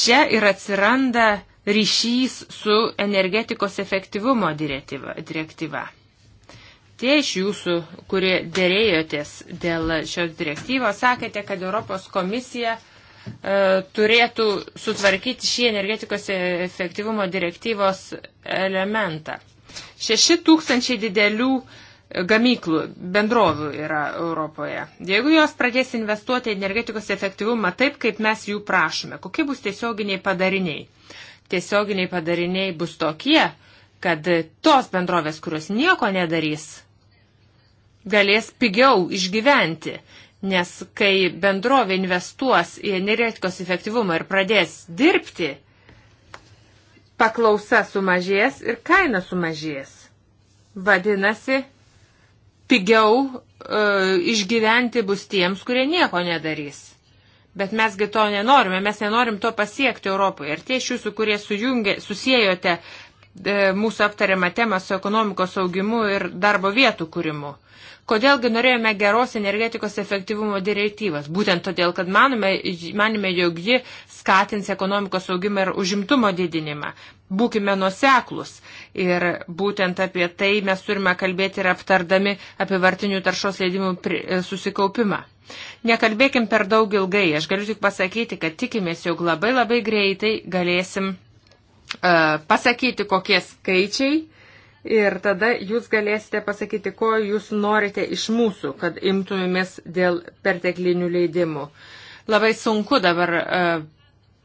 Čia ir atsiranda ryšys su energetikos efektyvumo direktyva. direktyva. Tie iš jūsų, kurie dėrėjotės dėl šios direktyvos, sakėte, kad Europos komisija e, turėtų sutvarkyti šį energetikos e, efektyvumo direktyvos elementą. 6000 didelių e, gamyklų bendrovių yra Europoje. Jeigu jos pradės investuoti į energetikos efektyvumą taip, kaip mes jų prašome, kokie bus tiesioginiai padariniai? Tiesioginiai padariniai bus tokie, kad tos bendrovės, kurios nieko nedarys, galės pigiau išgyventi, nes kai bendrovė investuos į energetikos efektyvumą ir pradės dirbti, paklausa sumažės ir kaina sumažės. Vadinasi, pigiau e, išgyventi bus tiems, kurie nieko nedarys. Bet mesgi to nenorime, mes nenorim to pasiekti Europoje. Ir tie iš jūsų, kurie sujungė, susijote e, mūsų aptariamą temą su ekonomikos augimu ir darbo vietų kūrimu. Kodėlgi norėjome geros energetikos efektyvumo direktyvas? Būtent todėl, kad manome, manime, jog ji skatins ekonomikos augimą ir užimtumo didinimą. Būkime nuseklus. Ir būtent apie tai mes turime kalbėti ir aptardami apie vartinių taršos leidimų e, susikaupimą. Nekalbėkim per daug ilgai. Aš galiu tik pasakyti, kad tikimės, jog labai labai greitai galėsim uh, pasakyti, kokie skaičiai ir tada jūs galėsite pasakyti, ko jūs norite iš mūsų, kad imtumėmės dėl perteklinių leidimų. Labai sunku dabar e,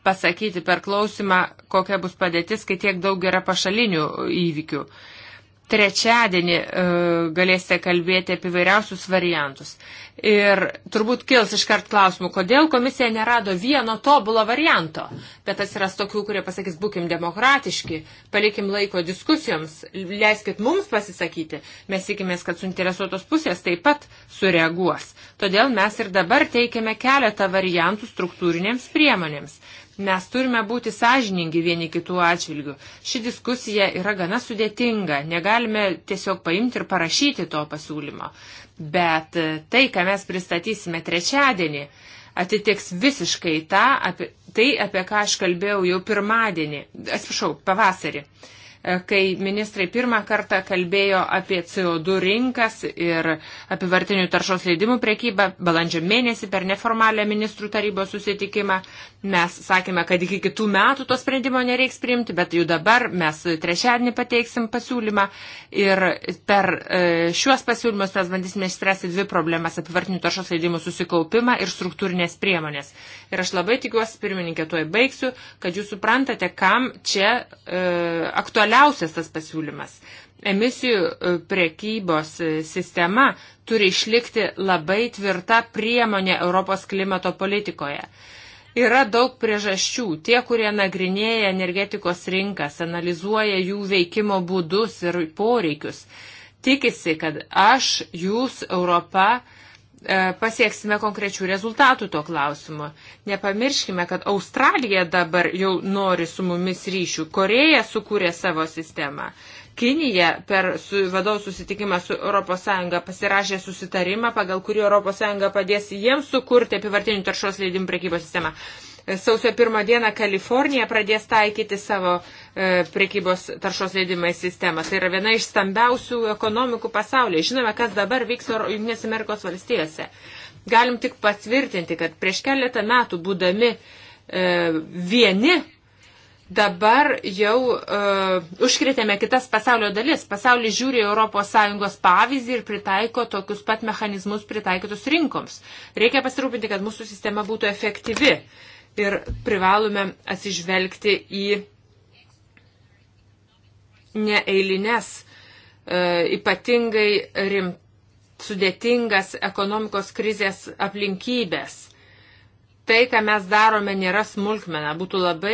pasakyti per klausimą, kokia bus padėtis, kai tiek daug yra pašalinių įvykių. E, trečiadienį e, galėsite kalbėti apie vairiausius variantus. Ir turbūt kils iškart klausimų, kodėl komisija nerado vieno tobulo varianto. Bet atsiras tokių, kurie pasakys, būkim demokratiški, palikim laiko diskusijoms, leiskit mums pasisakyti. Mes tikimės, kad suinteresuotos pusės taip pat sureaguos. Todėl mes ir dabar teikiame keletą variantų struktūrinėms priemonėms. Mes turime būti sąžiningi vieni kitų atžvilgių. Ši diskusija yra gana sudėtinga, negalime tiesiog paimti ir parašyti to pasiūlymo. Bet tai, ką mes pristatysime trečiadienį, atitiks visiškai tą, apie, tai, apie ką aš kalbėjau jau pirmadienį, atsiprašau, pavasarį. Uh, kai ministrai pirmą kartą kalbėjo apie CO2 rinkas ir apivartinių taršos leidimų priekybą. Balandžio mėnesį per neformalę ministrų tarybos susitikimą mes sakėme, kad iki kitų metų to sprendimo nereiks priimti, bet jau dabar mes trečiadienį pateiksim pasiūlymą ir per e, šiuos pasiūlymus mes bandysime išspręsti dvi problemas - apivartinių taršos leidimų susikaupimą ir struktūrinės priemonės. Ir aš labai tikiuosi, pirmininkė, tuoj baigsiu, kad jūs suprantate, kam čia e, aktualiausias tas pasiūlymas. Emisijų e, priekybos e, sistema turi išlikti labai tvirta priemonė Europos klimato politikoje yra daug priežasčių. Tie, kurie nagrinėja energetikos rinkas, analizuoja jų veikimo būdus ir poreikius, tikisi, kad aš, jūs, Europa, E, pasieksime konkrečių rezultatų tuo klausimu. Nepamirškime, kad Australija dabar jau nori su mumis ryšių, Koreja sukūrė savo sistemą. Kinija per su, vadovų susitikimą su ES pasirašė susitarimą, pagal kurį ES padės jiems sukurti apivartinių taršos leidimų prekybos sistemą. E, sausio pirmą dieną Kalifornija pradės taikyti savo uh, E, prekybos taršos leidimai sistemą. Tai yra viena iš stambiausių ekonomikų pasaulyje. Žinome, kas dabar vyks Junktinės Amerikos valstijose. Galim tik patvirtinti, kad prieš keletą metų būdami e, vieni dabar jau uh, e, užkretėme kitas pasaulio dalis. Pasaulis žiūri ES pavyzdį ir pritaiko tokius pat mechanizmus pritaikytus rinkoms. Reikia pasirūpinti, kad mūsų sistema būtų efektyvi ir privalome atsižvelgti į neeilines, e, ypatingai rimt, sudėtingas ekonomikos krizės aplinkybės. Tai, ką mes darome, nėra smulkmena. Būtų labai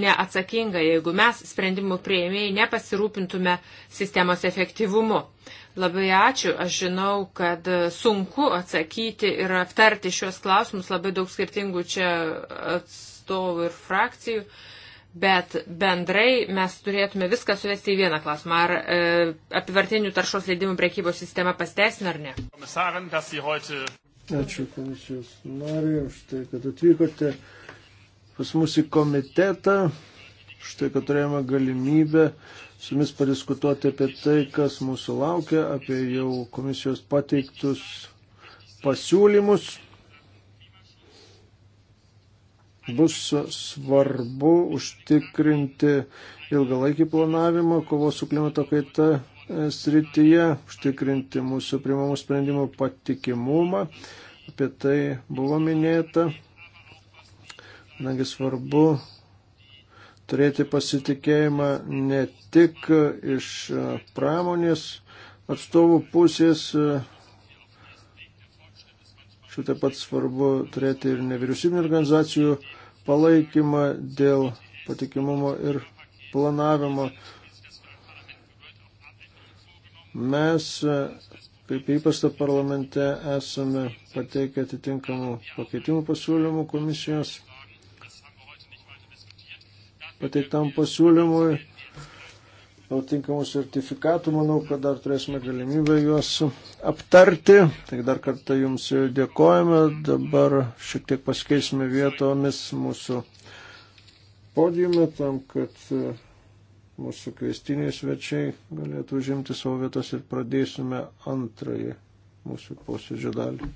neatsakinga, jeigu mes sprendimų prieimėjai nepasirūpintume sistemos efektyvumu. Labai ačiū. Aš žinau, kad sunku atsakyti ir aptarti šios klausimus. Labai daug skirtingų čia atstovų ir frakcijų. Uh, Bet bendrai mes turėtume viską suvesti į vieną klausimą. Ar e, apivartinių taršos leidimų priekybos sistema pasteisina ar ne? Ačiū komisijos nariai už tai, kad atvykote pas mus į komitetą, už tai, kad turėjome galimybę su jumis padiskutuoti apie tai, kas mūsų laukia, apie jau komisijos pateiktus pasiūlymus bus svarbu užtikrinti ilgalaikį planavimą, kovos su klimato kaita e, srityje, užtikrinti mūsų primamų sprendimų patikimumą. Apie tai buvo minėta. Nagi svarbu turėti pasitikėjimą ne tik iš e, pramonės atstovų pusės, e, šiuo taip pat svarbu turėti ir nevyriausybinio organizacijų palaikymą dėl patikimumo ir planavimo. Mes, kaip įprasta parlamente, esame pateikę atitinkamų pakeitimų pasiūlymų komisijos pateiktam pasiūlymui atitinkamų sertifikatų, manau, kad dar turėsime galimybę juos aptarti. Tai dar kartą Jums dėkojame. Dabar šiek tiek pasikeisime vietomis mūsų podiume tam, kad e, mūsų kvestiniai svečiai galėtų užimti savo vietas ir pradėsime antrąjį mūsų posėdžio dalį.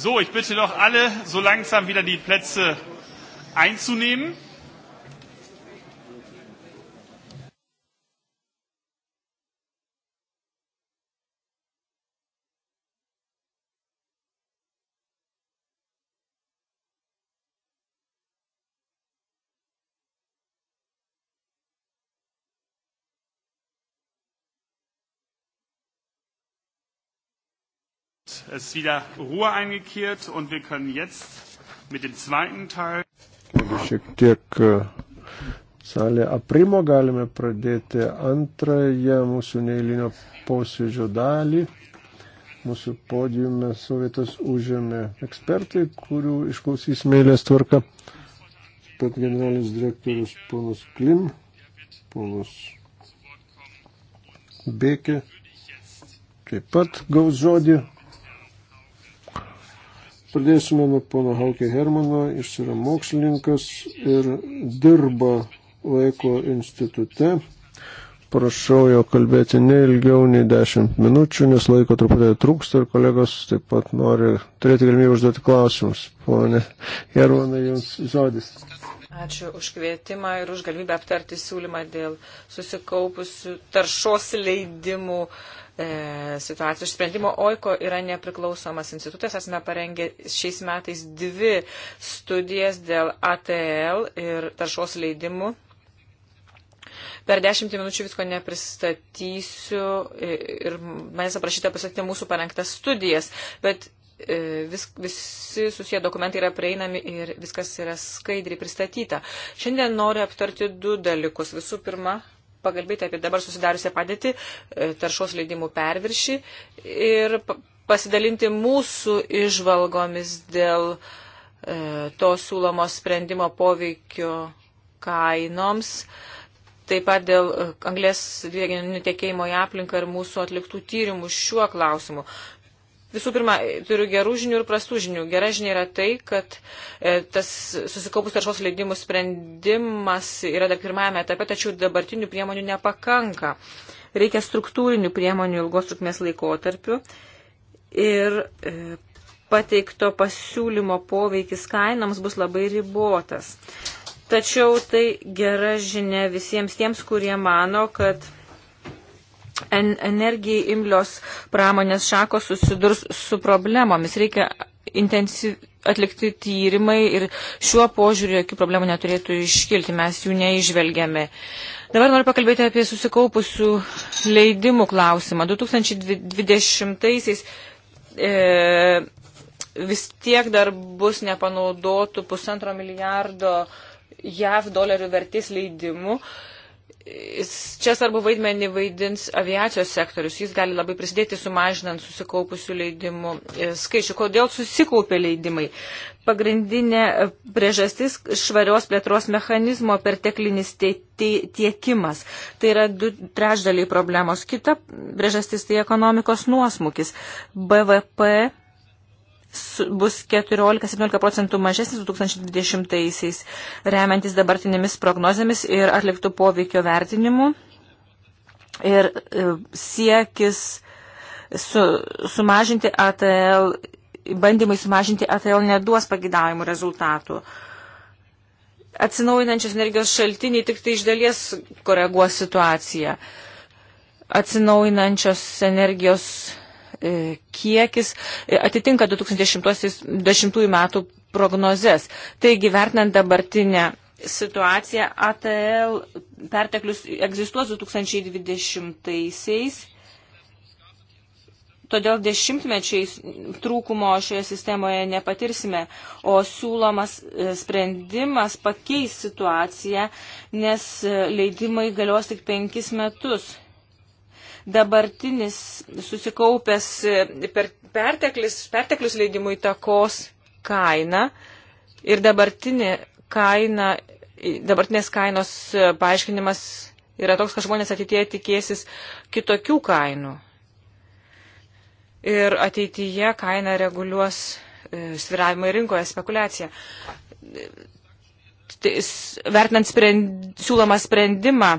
So, ich bitte doch alle, so langsam wieder die Plätze einzunehmen. Es ist wieder Ruhe eingekehrt und wir können jetzt mit dem zweiten Teil. Šiek tiek e, salė aprimo, galime pradėti antrąją mūsų neįlinio posėdžio dalį. Mūsų podiume sovietas užėmė ekspertai, kurių išklausysime eilės tvarka. Tad generalinis direktorius ponas Klim, ponas Bėkė taip pat gaus žodį Pradėsime nuo pono Halkė Hermano, jis yra mokslininkas ir dirba laiko institute. Prašau jo kalbėti ne ilgiau nei 10 minučių, nes laiko truputį trūksta ir kolegos taip pat nori turėti galimybę užduoti klausimus. Pone Hermanai, jums žodis. Ačiū už kvietimą ir už galimybę aptarti siūlymą dėl susikaupusių taršos leidimų uh, e, situacijų išsprendimo. OIKO yra nepriklausomas institutas. Esame parengę šiais metais dvi studijas dėl ATL ir taršos leidimų. Per dešimtį minučių visko nepristatysiu ir manęs aprašyta pasakyti mūsų parengtas studijas, bet e, vis, visi susiję dokumentai yra prieinami ir viskas yra skaidriai pristatyta. Šiandien noriu aptarti du dalykus. Visų pirma, pagalbėti apie dabar susidariusią padėtį, e, taršos leidimų perviršį ir pasidalinti mūsų išvalgomis dėl e, to siūlomo sprendimo poveikio kainoms, taip pat dėl e, anglės dvieginių tekėjimo į aplinką ir mūsų atliktų tyrimų šiuo klausimu. Visų pirma, turiu gerų žinių ir prastų žinių. Gera žinia yra tai, kad e, tas susikaupus taršos leidimų sprendimas yra dar pirmajame etape, tačiau dabartinių priemonių nepakanka. Reikia struktūrinių priemonių ilgos trukmės laikotarpių ir e, pateikto pasiūlymo poveikis kainams bus labai ribotas. Tačiau tai gera žinia visiems tiems, kurie mano, kad energijai imlios pramonės šakos susidurs su problemomis. Reikia intensyv, atlikti tyrimai ir šiuo požiūriu jokių problemų neturėtų iškilti, mes jų neižvelgiame. Dabar noriu pakalbėti apie susikaupusių leidimų klausimą. 2020-aisiais e, vis tiek dar bus nepanaudotų pusantro milijardo JAV dolerių vertės leidimų. E, Čia svarbu vaidmenį vaidins aviacijos sektorius. Jis gali labai prisidėti sumažinant susikaupusių leidimų e, skaičių. Kodėl susikaupė leidimai? Pagrindinė priežastis švarios plėtros mechanizmo perteklinis tiekimas. Tai yra du trečdaliai problemos. Kita priežastis tai ekonomikos nuosmukis. BVP bus 14-17 procentų mažesnis 2020-aisiais, remiantis dabartinėmis prognozėmis ir atliktų poveikio vertinimu. Ir e, siekis su, sumažinti ATL, bandymai sumažinti ATL neduos pagidavimų rezultatų. Atsinaujinančios energijos šaltiniai tik tai iš dalies koreguos situaciją. Atsinaujinančios energijos E, kiekis e, atitinka 2010 metų prognozes. Taigi, vertinant dabartinę situaciją, ATL perteklius egzistuos 2020-aisiais. Todėl dešimtmečiais trūkumo šioje sistemoje nepatirsime, o siūlomas e, sprendimas pakeis situaciją, nes leidimai galios tik penkis metus dabartinis susikaupęs e, per perteklis, perteklius leidimų įtakos kainą ir dabartinė kaina, dabartinės kainos e, paaiškinimas yra toks, kad žmonės ateityje tikėsis kitokių kainų. Ir ateityje kainą reguliuos e, sviravimai rinkoje, spekulacija. Tai vertinant sprend, siūlomą sprendimą,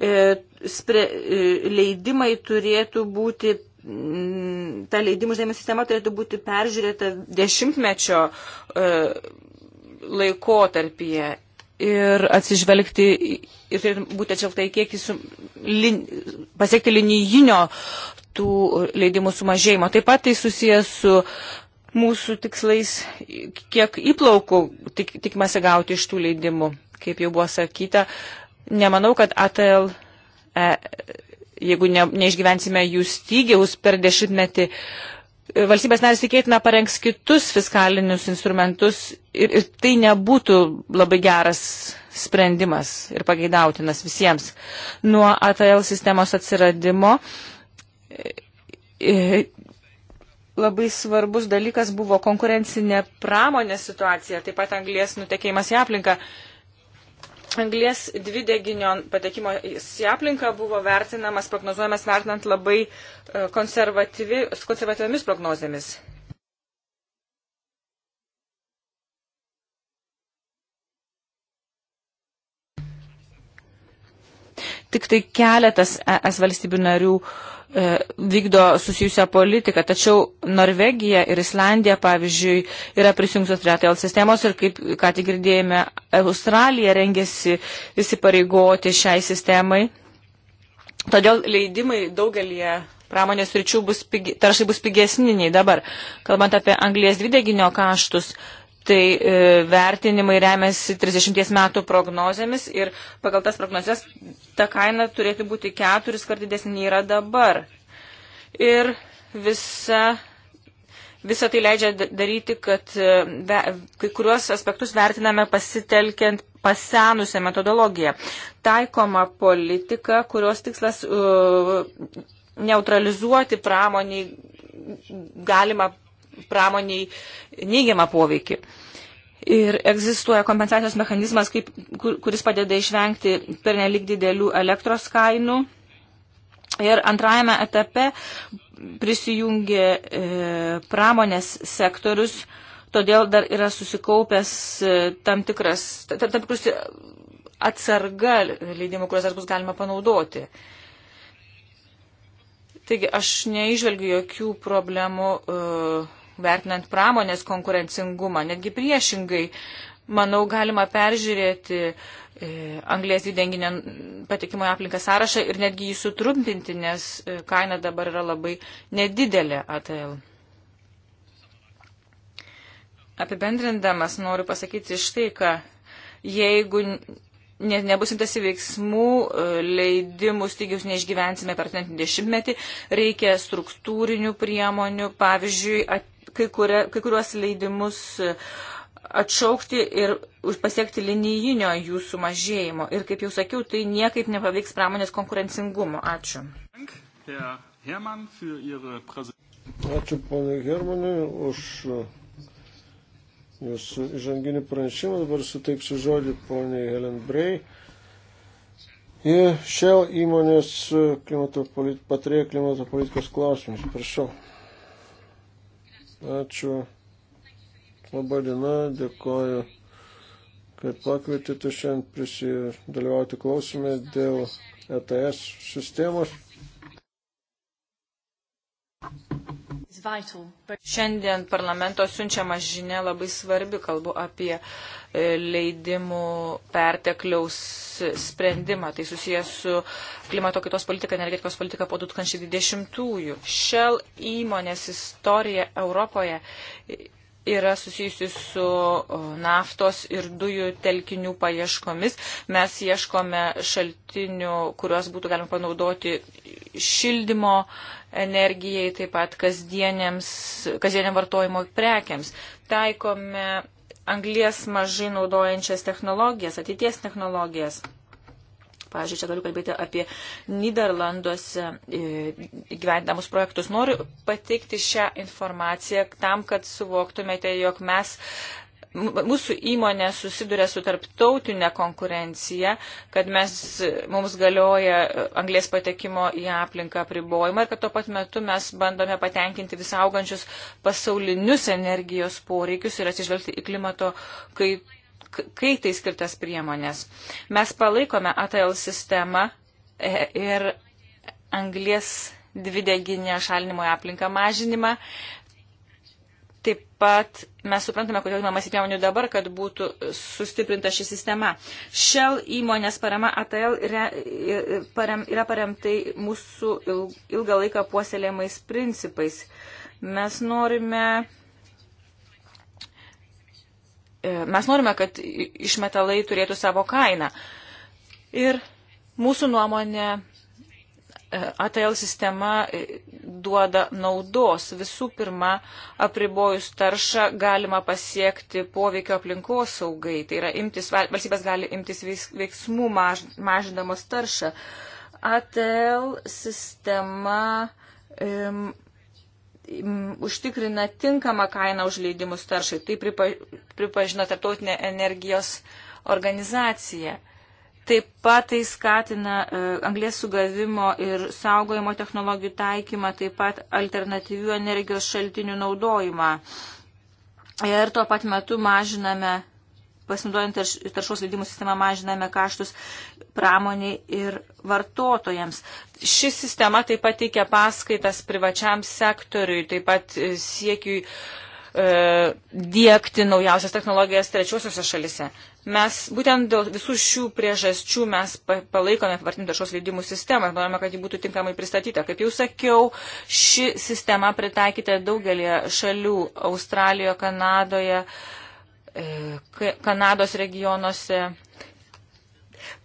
E, spre, e, leidimai turėtų būti, ta leidimų uždėmė sistema turėtų būti peržiūrėta dešimtmečio e, laikotarpyje ir atsižvelgti ir tai būti atšvelgta į kiekį su, lin, pasiekti linijinio tų leidimų sumažėjimo. Taip pat tai susijęs su mūsų tikslais, kiek įplaukų tik, tikimasi gauti iš tų leidimų. Kaip jau buvo sakyta, nemanau, kad ATL, e, jeigu ne, neišgyvensime jų stygiaus per dešimtmetį, e, valstybės narys tikėtina parengs kitus fiskalinius instrumentus ir, ir tai nebūtų labai geras sprendimas ir pageidautinas visiems. Nuo ATL sistemos atsiradimo e, e, labai svarbus dalykas buvo konkurencinė pramonės situacija, taip pat anglies nutekėjimas į aplinką anglės dvideginio patekimo į aplinką buvo vertinamas, prognozuojamas vertinant labai e, konservatyvi, konservatyviamis prognozėmis. Tik tai keletas es valstybių narių uh, E, vykdo susijusią politiką. Tačiau Norvegija ir Islandija, pavyzdžiui, yra prisijungusios prie ATL sistemos ir, kaip ką tik girdėjome, Australija rengėsi įsipareigoti šiai sistemai. Todėl leidimai daugelie pramonės ryčių bus pigi, taršai bus pigesni nei dabar. Kalbant apie anglės dvideginio kaštus, uh, Tai e, vertinimai remiasi 30 metų prognozėmis ir pagal tas prognozes ta kaina turėtų būti keturis kart didesnė nei yra dabar. Ir visa Visą tai leidžia daryti, kad e, ve, kai kuriuos aspektus vertiname pasitelkiant pasenusią metodologiją. Taikoma politika, kurios tikslas uh, neutralizuoti pramoniai galima pramoniai neigiamą poveikį. Ir egzistuoja kompensacijos mechanizmas, kaip, kur, kuris padeda išvengti pernelik didelių elektros kainų. Ir antrajame etape prisijungė e, pramonės sektorius, todėl dar yra susikaupęs e, tam tikras, tam, tam tikrus atsarga leidimų, kurias dar bus galima panaudoti. Taigi aš neižvelgiu jokių problemų. Uh, e, vertinant pramonės konkurencingumą. Netgi priešingai, manau, galima peržiūrėti e, anglės dvidenginio patekimo į aplinką sąrašą ir netgi jį sutrumpinti, nes e, kaina dabar yra labai nedidelė ATL. Apibendrindamas noriu pasakyti štai, ką jeigu ne, nebus imtasi veiksmų, e, leidimų stygius neišgyvensime per 10 dešimtmetį, reikia struktūrinių priemonių, pavyzdžiui, at, kai, kuria, kai kuriuos leidimus atšaukti ir pasiekti linijinio jų sumažėjimo. Ir kaip jau sakiau, tai niekaip nepaveiks pramonės konkurencingumo. Ačiū. Ačiū ponai Hermanui už jūsų įžanginį pranešimą. Dabar suteiksiu žodį poniai Helen Bray. Jie šią įmonės klimato polit, patarėjo klimato politikos klausimus. Prašau. Ačiū. Labai diena, dėkoju, kad pakvietėte šiandien prisidalyvauti klausimai dėl ETS sistemos. Šiandien parlamento siunčiama žinia labai svarbi, kalbu apie e, leidimų pertekliaus sprendimą. Tai susijęs su klimato kaitos politika, energetikos politika po 2020-ųjų. Shell įmonės istorija Europoje yra susijusi su naftos ir dujų telkinių paieškomis. Mes ieškome šaltinių, kuriuos būtų galima panaudoti šildymo energijai, taip pat kasdieniam vartojimo prekiams. Taikome anglies mažai naudojančias technologijas, ateities technologijas. Pavyzdžiui, čia galiu kalbėti apie Niderlanduose e, gyvendamus projektus. Noriu pateikti šią informaciją tam, kad suvoktumėte, jog mes mūsų įmonė susiduria su tarptautinė konkurencija, kad mes, mums galioja anglės patekimo į aplinką pribojimą ir kad tuo pat metu mes bandome patenkinti vis augančius pasaulinius energijos poreikius ir atsižvelgti į klimato kaitą kai tai skirtas priemonės. Mes palaikome ATL sistemą e, ir anglės dvideginę šalinimo aplinką mažinimą. Taip pat mes suprantame, kodėl įmamas į priemonių dabar, kad būtų sustiprinta ši sistema. Shell įmonės parama ATL yra, yra paremtai mūsų ilgą laiką puoselėjimais principais. Mes norime E, mes norime, kad išmetalai turėtų savo kainą. Ir mūsų nuomonė, e, ATL sistema e, duoda naudos. Visų pirma, apribojus taršą galima pasiekti poveikio aplinkos saugai. Tai yra, imtis, valstybės gali imtis veiksmų maž, mažindamos taršą. ATL sistema um, užtikrina tinkamą kainą už leidimus taršai. Tai pripa, pripažino Tartautinė energijos organizacija. Taip pat tai skatina e, anglės sugavimo ir saugojimo technologijų taikymą, taip pat alternatyvių energijos šaltinių naudojimą. Ir tuo pat metu mažiname pasinaudojant taršos leidimų sistemą mažiname kaštus pramoniai ir vartotojams. Ši sistema taip pat teikia paskaitas privačiam sektoriui, taip pat e, siekiui e, dėkti naujausias technologijas trečiosiuose šalise. Mes būtent dėl visų šių priežasčių mes palaikome vartinių taršos leidimų sistemą ir norime, kad ji būtų tinkamai pristatyta. Kaip jau sakiau, ši sistema pritaikyta daugelį šalių - Australijoje, Kanadoje, uh, E, Kanados regionuose.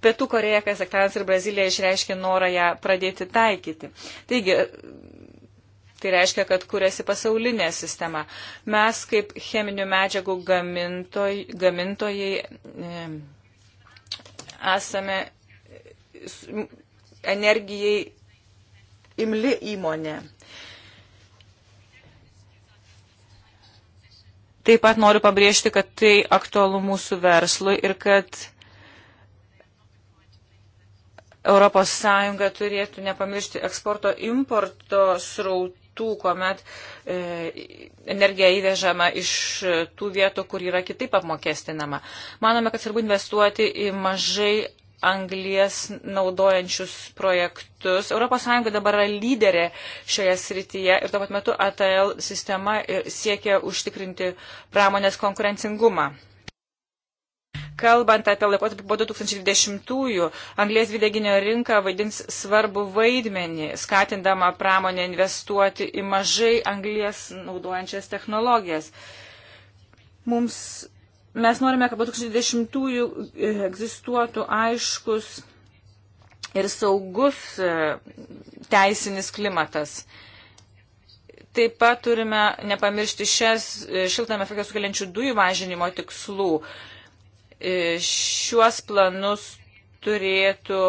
Pietų Koreja, Kazakstanas ir Brazilija išreiškė norą ją pradėti taikyti. Taigi, tai reiškia, kad kuriasi pasaulinė sistema. Mes kaip cheminių medžiagų gamintoj, gamintojai e, esame energijai imli įmonė. Taip pat noriu pabrėžti, kad tai aktualu mūsų verslui ir kad ES turėtų nepamiršti eksporto importo srautų, kuomet e, energija įvežama iš tų vietų, kur yra kitaip apmokestinama. Manome, kad svarbu investuoti į mažai anglies naudojančius projektus. ES dabar yra lyderė šioje srityje ir tuo pat metu ATL sistema e, siekia užtikrinti pramonės konkurencingumą. Kalbant apie laikotarpį po 2020-ųjų, anglės dvideginio rinka vaidins svarbu vaidmenį, skatindama pramonę investuoti į mažai anglės naudojančias technologijas. Mums Mes norime, kad po 2010-ųjų e, egzistuotų aiškus ir saugus e, teisinis klimatas. Taip pat turime nepamiršti šias e, šiltame efektą sukeliančių dujų mažinimo tikslų. Šiuos planus turėtų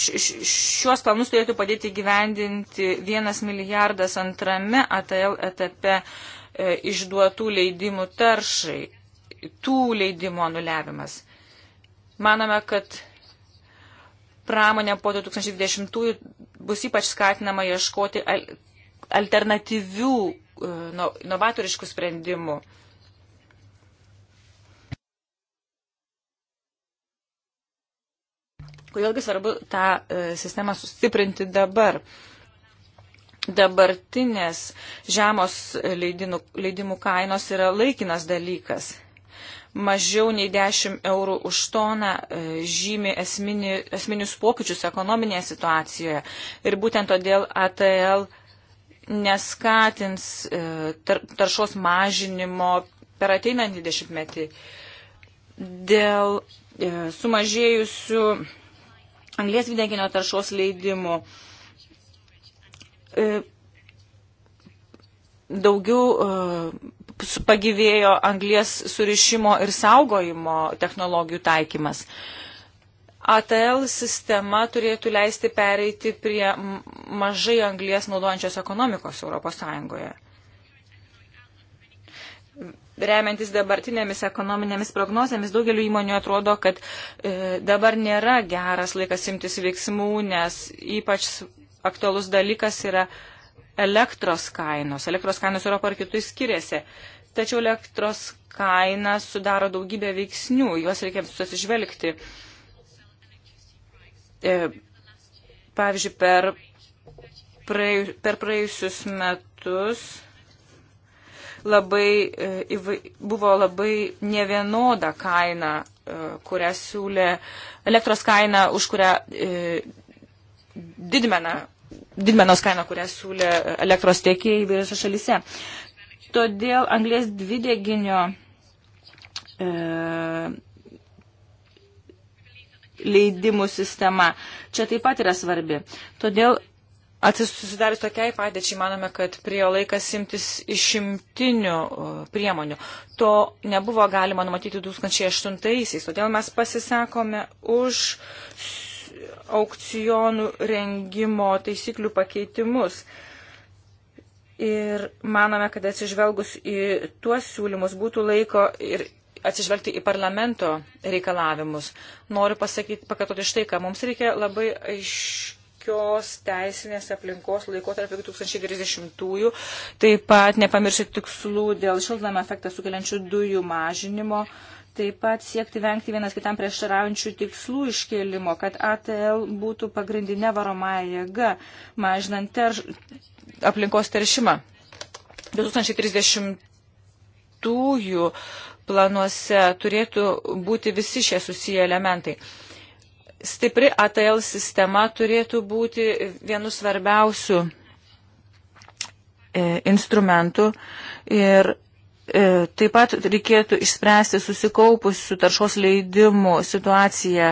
šiuos planus turėtų padėti gyvendinti vienas milijardas antrame ATL etape E, išduotų leidimų taršai, tų leidimų anuliavimas. Manome, kad pramonė po 2020-ųjų bus ypač skatinama ieškoti alternatyvių, e, novatoriškų sprendimų. Kodėlgi svarbu tą e, sistemą sustiprinti dabar? dabartinės žemos leidinų, leidimų kainos yra laikinas dalykas. Mažiau nei 10 eurų už toną e, žymi esmini, esminius pokyčius ekonominėje situacijoje. Ir būtent todėl ATL neskatins e, tar, taršos mažinimo per ateinantį dešimtmetį. Dėl e, sumažėjusių anglės dvideginio taršos leidimų E, daugiau e, pagyvėjo anglies surišimo ir saugojimo technologijų taikymas. ATL sistema turėtų leisti pereiti prie mažai anglies naudojančios ekonomikos ES. Remiantis dabartinėmis ekonominėmis prognozėmis, daugeliu įmonių atrodo, kad e, dabar nėra geras laikas imtis veiksmų, nes ypač aktualus dalykas yra elektros kainos. Elektros kainos Europoje ir kitur skiriasi. Tačiau elektros kaina sudaro daugybę veiksnių, juos reikia susižvelgti. E, pavyzdžiui, per, praėjus, per praėjusius metus labai, e, buvo labai nevienoda kaina, e, kurią siūlė elektros kaina, už kurią didmeną, didmenos kainą, kurią siūlė elektros tiekėjai įvairiose šalise. Todėl anglės dvideginio e, leidimų sistema čia taip pat yra svarbi. Todėl Atsisusidarius tokiai padėčiai, manome, kad priejo laikas imtis išimtinių e, priemonių. To nebuvo galima numatyti 2008-aisiais, todėl mes pasisakome už aukcionų rengimo taisyklių pakeitimus. Ir manome, kad atsižvelgus į tuos siūlymus būtų laiko ir atsižvelgti į parlamento reikalavimus. Noriu pasakyti, pakartoti štai, ką mums reikia labai aiškios teisinės aplinkos laikotarpį 2030-ųjų, taip pat nepamiršti tikslų dėl šiltnamio efektą sukeliančių dujų mažinimo. Uh, Taip pat siekti vengti vienas kitam prieštaraujančių tikslų iškėlimo, kad ATL būtų pagrindinė varomąją jėga, mažinant terž... aplinkos teršimą. 2030-ųjų planuose turėtų būti visi šie susiję elementai. Stipri ATL sistema turėtų būti vienu svarbiausių e, instrumentų ir E, taip pat reikėtų išspręsti susikaupusių taršos leidimų situaciją,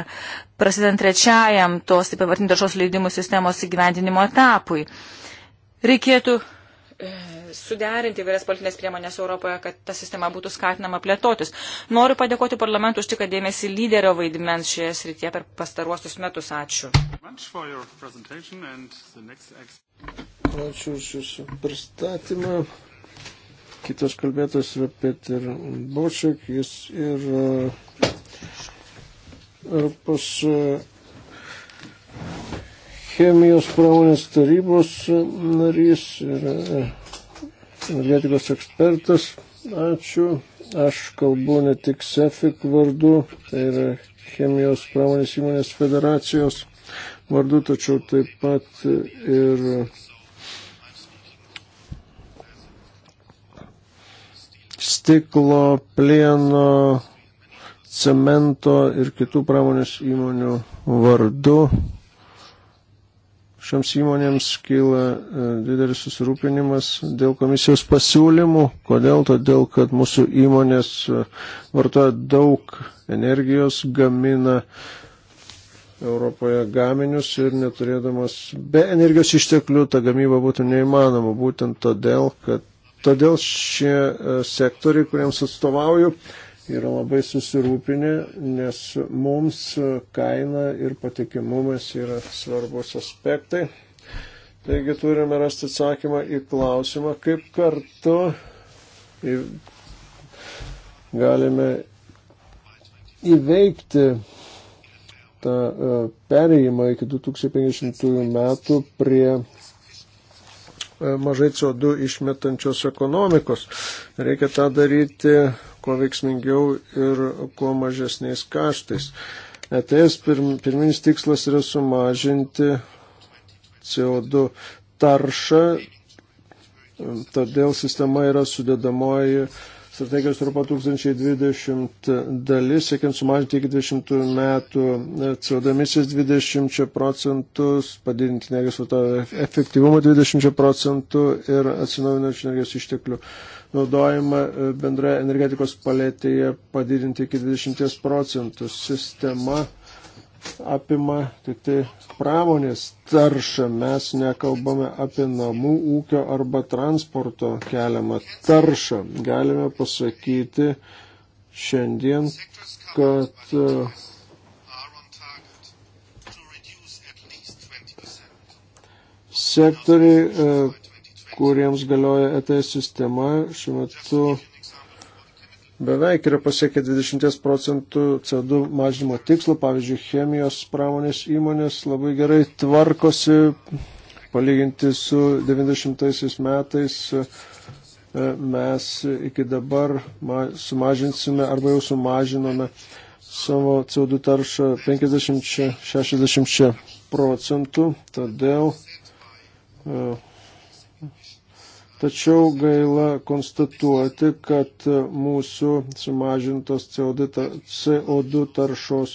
prasidant trečiajam tos, taip pavadinti, taršos leidimų sistemos įgyvendinimo etapui. Reikėtų e, suderinti vairias politinės priemonės Europoje, kad ta sistema būtų skatinama plėtotis. Noriu padėkoti parlamentui už tik dėmesį lyderio vaidmens šioje srityje per pastaruosius metus. Ačiū. Ačiū už Jūsų pristatymą. Kitas kalbėtas yra Peter Bošek, jis yra Europos e, chemijos pramonės tarybos e, narys ir e, energetikos ekspertas. Ačiū. Aš kalbu ne tik SEFIC vardu, tai yra chemijos pramonės įmonės federacijos vardu, tačiau taip pat ir stiklo, plieno, cemento ir kitų pramonės įmonių vardu. Šiams įmonėms kyla e, didelis susirūpinimas dėl komisijos pasiūlymų. Kodėl? Todėl, kad mūsų įmonės e, vartoja daug energijos, gamina Europoje gaminius ir neturėdamas be energijos išteklių ta gamyba būtų neįmanoma. Būtent todėl, kad Todėl šie e, sektoriai, kuriems atstovauju, yra labai susirūpinę, nes mums e, kaina ir patikimumas yra svarbus aspektai. Taigi turime rasti atsakymą į klausimą, kaip kartu galime įveikti tą e, perėjimą iki 2050 metų prie E, mažai CO2 išmetančios ekonomikos. Reikia tą daryti kuo veiksmingiau ir kuo mažesniais kaštais. ETS pirminis tikslas yra sumažinti CO2 taršą, todėl sistema yra sudėdamoji strategijos Europa 2020 dalis, siekiant sumažinti iki 20 metų e, CO2 emisijas 20 procentus, padidinti energijos vartojimo efektyvumą 20 procentų ir atsinaujinančių energijos išteklių naudojimą e, bendroje energetikos palėtėje padidinti iki 20 procentų. Sistema apima tik tai pramonės taršą. Mes nekalbame apie namų ūkio arba transporto keliamą taršą. Galime pasakyti šiandien, kad e, sektoriai, e, kuriems galioja ETS sistema, šiuo metu beveik yra pasiekę 20 procentų CO2 mažinimo tikslo. Pavyzdžiui, chemijos pramonės įmonės labai gerai tvarkosi, palyginti su 90 metais e, mes iki dabar sumažinsime arba jau sumažinome savo CO2 taršą 50-60 procentų. Todėl e, Tačiau gaila konstatuoti, kad mūsų sumažintos CO2 taršos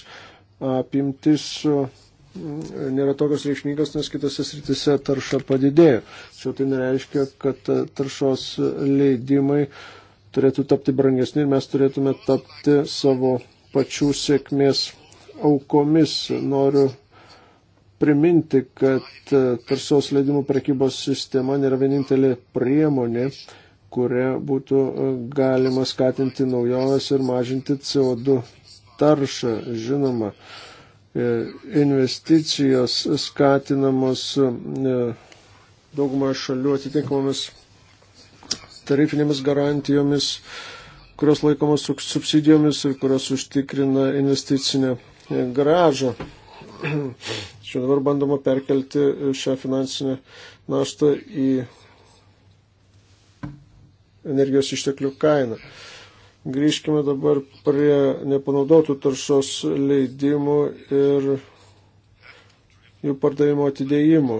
apimtis mm, nėra tokios reikšmingos, nes kitose sritise tarša padidėjo. Tačiau tai nereiškia, kad taršos leidimai turėtų tapti brangesni ir mes turėtume tapti savo pačių sėkmės aukomis. Noriu priminti, kad e, tarsos leidimų prekybos sistema nėra vienintelė priemonė, kuria būtų e, galima skatinti naujoves ir mažinti CO2 taršą. Žinoma, e, investicijos skatinamos daugumą šalių atitinkamomis tarifinėmis garantijomis, kurios laikomos subsidijomis ir kurios užtikrina investicinę gražą. Čia dabar bandoma perkelti šią finansinę naštą į energijos išteklių kainą. Grįžkime dabar prie nepanaudotų taršos leidimų ir jų pardavimo atidėjimų.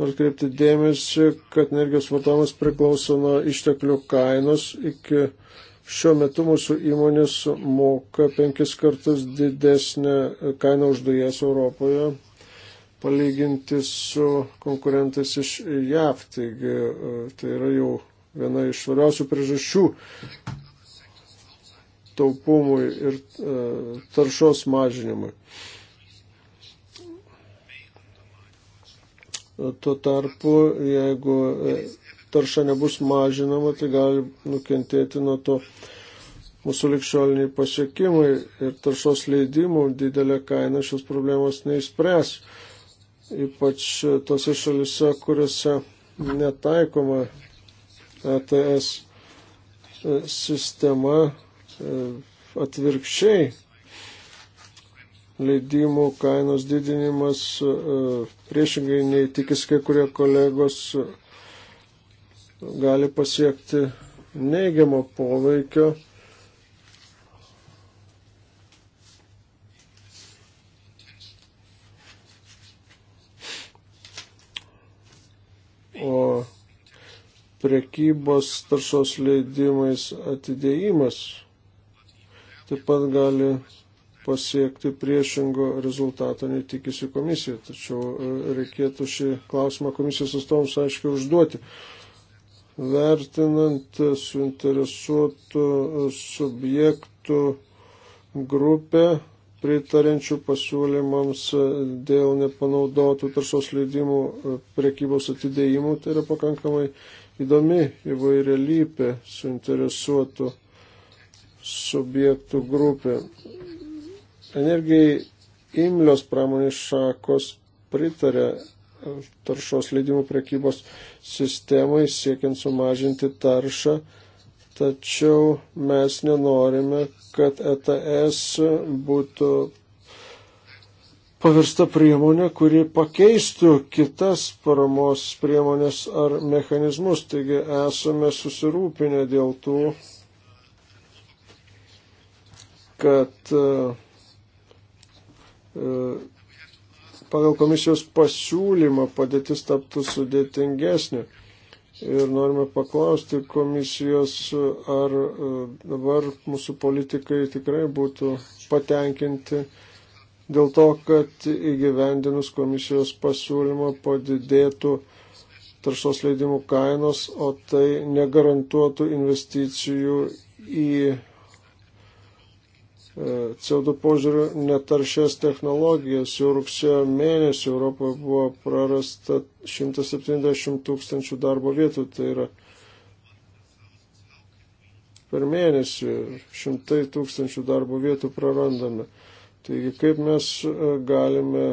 Noriu kreipti dėmesį, kad energijos vartojimas priklauso nuo išteklių kainos iki Šiuo metu mūsų įmonės moka penkis kartus didesnę kainą už dujas Europoje, palyginti su konkurentais iš JAV. Taigi e, tai yra jau viena iš svariausių priežasčių taupumui ir e, taršos mažinimui. Tuo tarpu, jeigu e, tarša nebus mažinama, tai gali nukentėti nuo to mūsų likščioliniai pasiekimai ir taršos leidimų didelė kaina šios problemos neįspręs. Ypač tose šalise, kuriuose netaikoma ETS e, sistema e, atvirkščiai leidimų kainos didinimas e, priešingai nei tikisi kai kurie kolegos gali pasiekti neigiamo poveikio. O prekybos taršos leidimais atidėjimas taip pat gali pasiekti priešingo rezultato, nei tikisi komisija. Tačiau e, reikėtų šį klausimą komisijos atstovams aiškiai užduoti vertinant suinteresuotų subjektų grupę pritarančių pasiūlymams dėl nepanaudotų taršos leidimų prekybos atidėjimų. Tai yra pakankamai įdomi įvairialypė suinteresuotų subjektų grupė. Energijai imlios pramonės šakos pritarė taršos leidimų prekybos sistemai, siekiant sumažinti taršą. Tačiau mes nenorime, kad ETS būtų pavirsta priemonė, kuri pakeistų kitas paramos priemonės ar mechanizmus. Taigi esame susirūpinę dėl tų, kad uh, uh, pagal komisijos pasiūlymą padėtis taptų sudėtingesnė. Ir norime paklausti komisijos, ar e, dabar mūsų politikai tikrai būtų patenkinti dėl to, kad įgyvendinus komisijos pasiūlymą padidėtų taršos leidimų kainos, o tai negarantuotų investicijų į E, CO2 požiūrių netaršias technologijas. Jau rugsėjo mėnesį Europoje buvo prarasta 170 tūkstančių darbo vietų, tai yra per mėnesį šimtai tūkstančių darbo vietų prarandame. Taigi kaip mes e, galime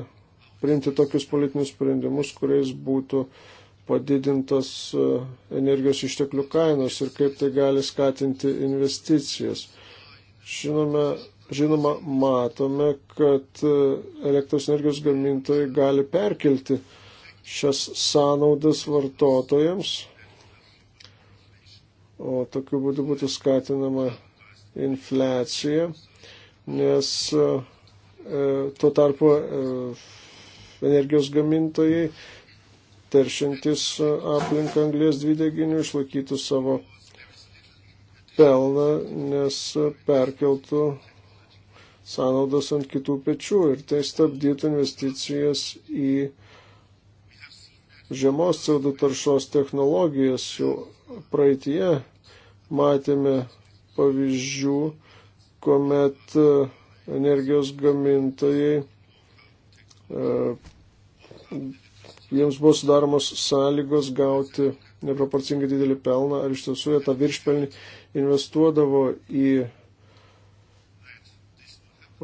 priimti tokius politinius sprendimus, kuriais būtų padidintas e, energijos išteklių kainos ir kaip tai gali skatinti investicijas. Žinome, žinoma, matome, kad e, elektros energijos gamintojai gali perkelti šias sąnaudas vartotojams, o tokiu būdu būtų skatinama infliacija, nes e, e tuo tarpu e, energijos gamintojai teršintis e, aplinką anglės dvideginių išlaikytų savo pelną, nes perkeltų sąnaudas ant kitų pečių ir tai stabdytų investicijas į žiemos CO2 taršos technologijas. Jau praeitie matėme pavyzdžių, kuomet e, energijos gamintojai, e, jiems buvo sudaromos sąlygos gauti neproporcingai didelį pelną, ar iš tiesų jie tą viršpelnį investuodavo į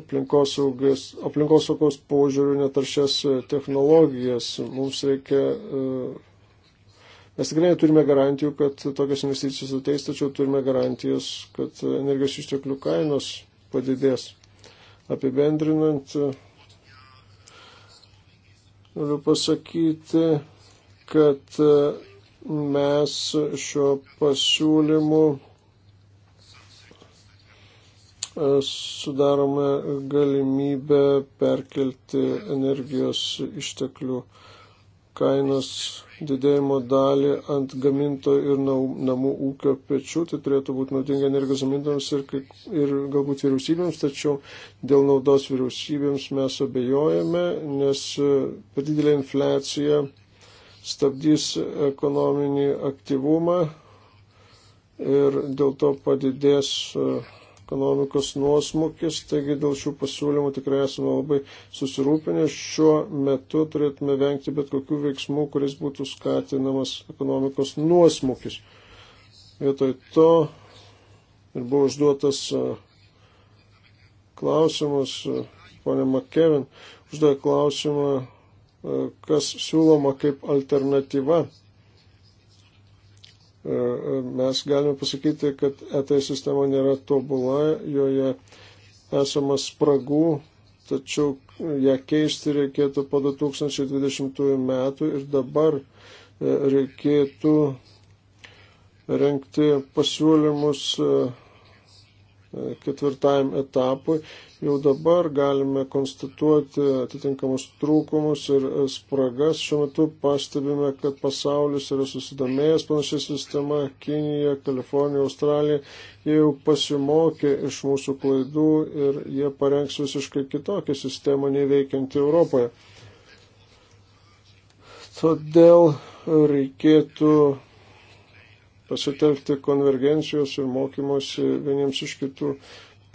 aplinkosaugos aplinkos požiūrių netaršias e, technologijas. Mums reikia, e, mes tikrai turime garantijų, kad tokios investicijos ateis, tačiau turime garantijos, kad energijos išteklių kainos padidės. Apibendrinant, e, noriu pasakyti, kad mes šiuo pasiūlymu E, sudarome galimybę perkelti energijos išteklių kainos didėjimo dalį ant gaminto ir namų ūkio pečių. Tai turėtų būti naudinga energijos gamintojams ir, ir galbūt vyriausybėms, tačiau dėl naudos vyriausybėms mes abejojame, nes e, per didelė inflecija stabdys ekonominį aktyvumą ir dėl to padidės e, ekonomikos nuosmukis, taigi dėl šių pasiūlymų tikrai esame labai susirūpinę. Šiuo metu turėtume vengti bet kokių veiksmų, kuris būtų skatinamas ekonomikos nuosmukis. Vietoj to ir buvo užduotas e, klausimas, e, ponė Makevin, uždavė klausimą, e, kas siūloma kaip alternatyva E, mes galime pasakyti, kad ETA sistema nėra tobula, joje esama spragų, tačiau ją keisti reikėtų po 2020 metų ir dabar e, reikėtų renkti pasiūlymus e, ketvirtajam etapui. Jau dabar galime konstatuoti atitinkamus trūkumus ir spragas. Šiuo metu pastebime, kad pasaulis yra susidomėjęs panašia sistema. Kinija, Kalifornija, Australija jie jau pasimokė iš mūsų klaidų ir jie parengs visiškai kitokią sistemą nei veikianti Europoje. Todėl reikėtų pasitelkti konvergencijos ir mokymosi vieniems iš kitų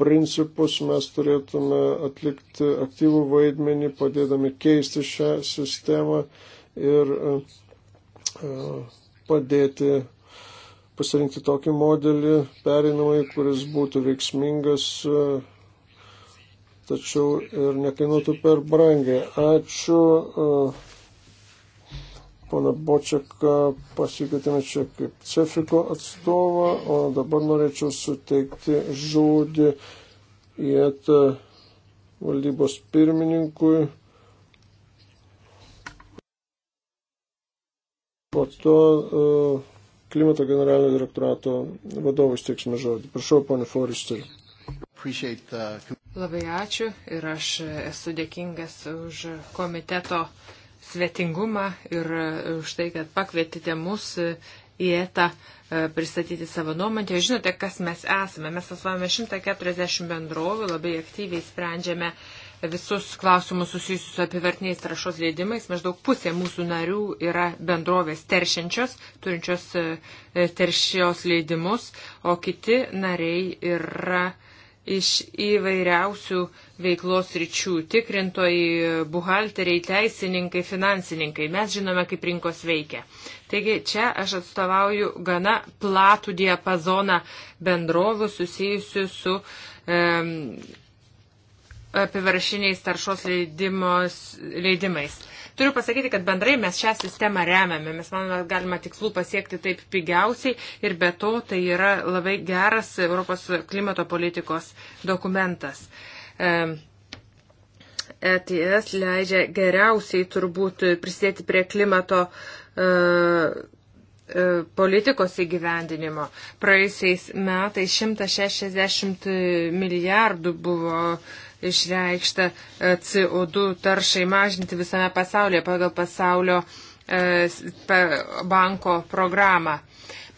principus, mes turėtume atlikti aktyvų vaidmenį, padėdami keisti šią sistemą ir e, e, padėti pasirinkti tokį modelį perinamai, kuris būtų veiksmingas, e, tačiau ir nekainuotų per brangiai. Ačiū pana Bočiaką pasikvietėme čia kaip Cefriko atstovą, o dabar norėčiau suteikti žodį vietą valdybos pirmininkui. Po to e, klimato generalinio direktorato vadovus teiksime žodį. Prašau, ponė Foristeri. Labai ačiū ir aš esu dėkingas už komiteto uh, svetingumą ir e, už tai, kad pakvietėte mus e, į ETA e, pristatyti savo nuomonę. Žinote, kas mes esame. Mes atsvame 140 bendrovių, labai aktyviai sprendžiame visus klausimus susijusius su apivartiniais trašos leidimais. Maždaug pusė mūsų narių yra bendrovės teršiančios, turinčios teršios leidimus, o kiti nariai yra iš įvairiausių veiklos ryčių - tikrintojai, buhalteriai, teisininkai, finansininkai. Mes žinome, kaip rinkos veikia. Taigi čia aš atstovauju gana platų diapazoną bendrovų susijusių su um, apivaršiniais taršos leidimos, leidimais. Turiu pasakyti, kad bendrai mes šią sistemą remiame. Mes manome, kad galima tikslų pasiekti taip pigiausiai ir be to tai yra labai geras Europos klimato politikos dokumentas. ETS e leidžia geriausiai turbūt prisidėti prie klimato e, e, politikos įgyvendinimo. Praėjusiais metais 160 milijardų buvo uh, išreikštą e, CO2 taršai mažinti visame pasaulyje pagal pasaulio e, banko programą.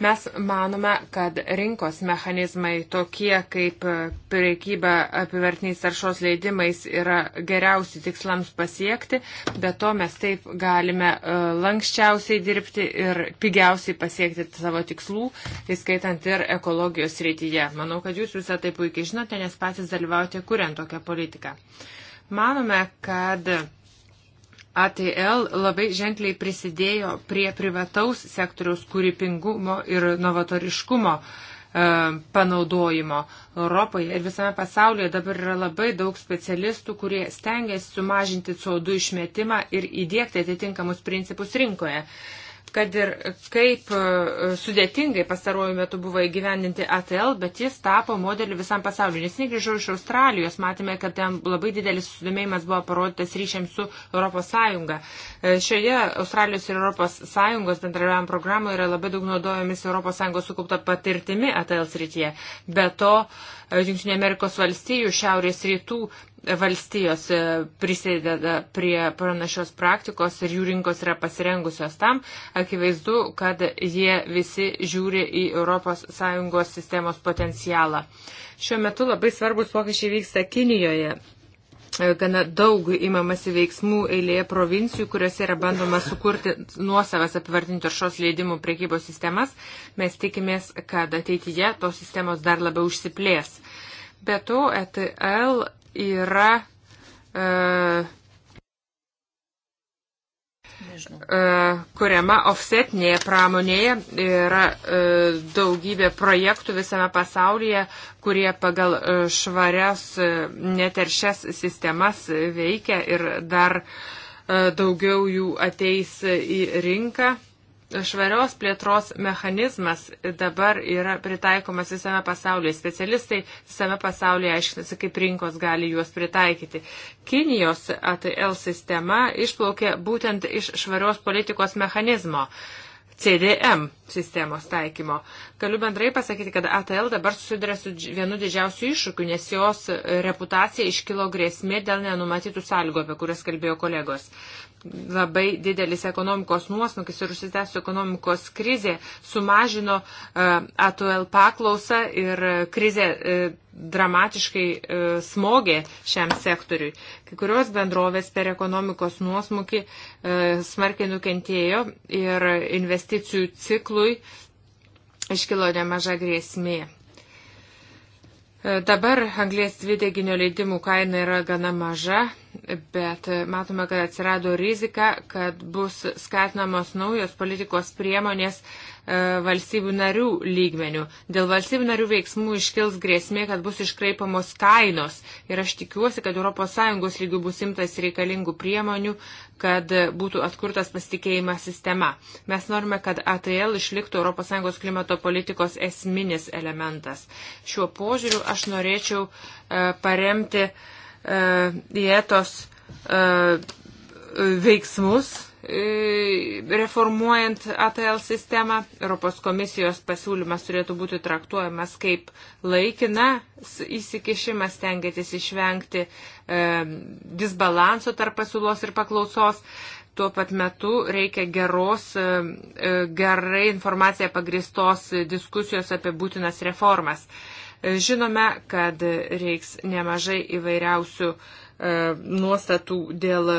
Mes manome, kad rinkos mechanizmai tokie kaip e, priekyba apivertiniais taršos leidimais yra geriausi tikslams pasiekti, bet to mes taip galime e, lankščiausiai dirbti ir pigiausiai pasiekti savo tikslų, įskaitant ir ekologijos rytyje. Manau, kad jūs visą tai puikiai žinote, nes patys dalyvaujate kuriant tokią politiką. Manome, kad ATL labai ženkliai prisidėjo prie privataus sektoriaus kūrybingumo ir novatoriškumo e, panaudojimo Europoje ir visame pasaulyje dabar yra labai daug specialistų, kurie stengiasi sumažinti CO2 išmetimą ir įdėkti atitinkamus principus rinkoje kad ir kaip e, sudėtingai pastaruoju metu buvo įgyvendinti ATL, bet jis tapo modeliu visam pasauliu. Nes negrįžau iš Australijos, matėme, kad ten labai didelis susidomėjimas buvo parodytas ryšiams su ES. E, šioje Australijos ir ES bendravimo programoje yra labai daug naudojami ES sukaupta patirtimi ATL srityje. Be to, uh, Junktinė Amerikos valstijų, šiaurės rytų valstijos e, prisideda prie pranašios praktikos ir jų rinkos yra pasirengusios tam, akivaizdu, kad jie visi žiūri į ES sistemos potencialą. Šiuo metu labai svarbus pokyčiai vyksta Kinijoje. E, gana daug įmamasi veiksmų eilėje provincijų, kuriuose yra bandoma sukurti nuosavas apivartinių taršos leidimų priekybos sistemas. Mes tikimės, kad ateityje tos sistemos dar labiau užsiplės. Be to, ETL yra. Uh, e, E, kuriama offsetinėje pramonėje. Yra e, daugybė projektų visame pasaulyje, kurie pagal e, švarias neteršias sistemas veikia ir dar daugiau jų ateis į rinką švarios plėtros mechanizmas dabar yra pritaikomas visame pasaulyje. Specialistai visame pasaulyje aiškinasi, kaip rinkos gali juos pritaikyti. Kinijos ATL sistema išplaukė būtent iš švarios politikos mechanizmo. CDM sistemos taikymo. Galiu bendrai pasakyti, kad ATL dabar susiduria su vienu didžiausiu iššūkiu, nes jos reputacija iškilo grėsmė dėl nenumatytų sąlygų, apie kurias kalbėjo kolegos labai didelis ekonomikos nuosmukis ir užsitęsų ekonomikos krizė sumažino e, ATL paklausą ir krizė e, dramatiškai e, smogė šiam sektoriui. Kai kurios bendrovės per ekonomikos nuosmukį smarkiai nukentėjo ir investicijų ciklui iškilo nemaža grėsmė. Dabar anglės dvideginio leidimų kaina yra gana maža, bet matome, kad atsirado rizika, kad bus skatinamos naujos politikos priemonės e, valstybių narių lygmenių. Dėl valstybių narių veiksmų iškils grėsmė, kad bus iškraipamos kainos. Ir aš tikiuosi, kad ES lygių bus imtas reikalingų priemonių, kad būtų atkurtas pasitikėjimas sistema. Mes norime, kad ATL išliktų ES klimato politikos esminis elementas. Šiuo požiūriu aš norėčiau e, paremti uh, E, dietos e, veiksmus e, reformuojant ATL sistemą. Europos komisijos pasiūlymas turėtų būti traktuojamas kaip laikina įsikišimas, tengiantis išvengti e, disbalanso tarp pasiūlos ir paklausos. Tuo pat metu reikia geros, e, gerai informacija pagristos diskusijos apie būtinas reformas. E, Žinome, kad reiks nemažai įvairiausių e, nuostatų dėl e,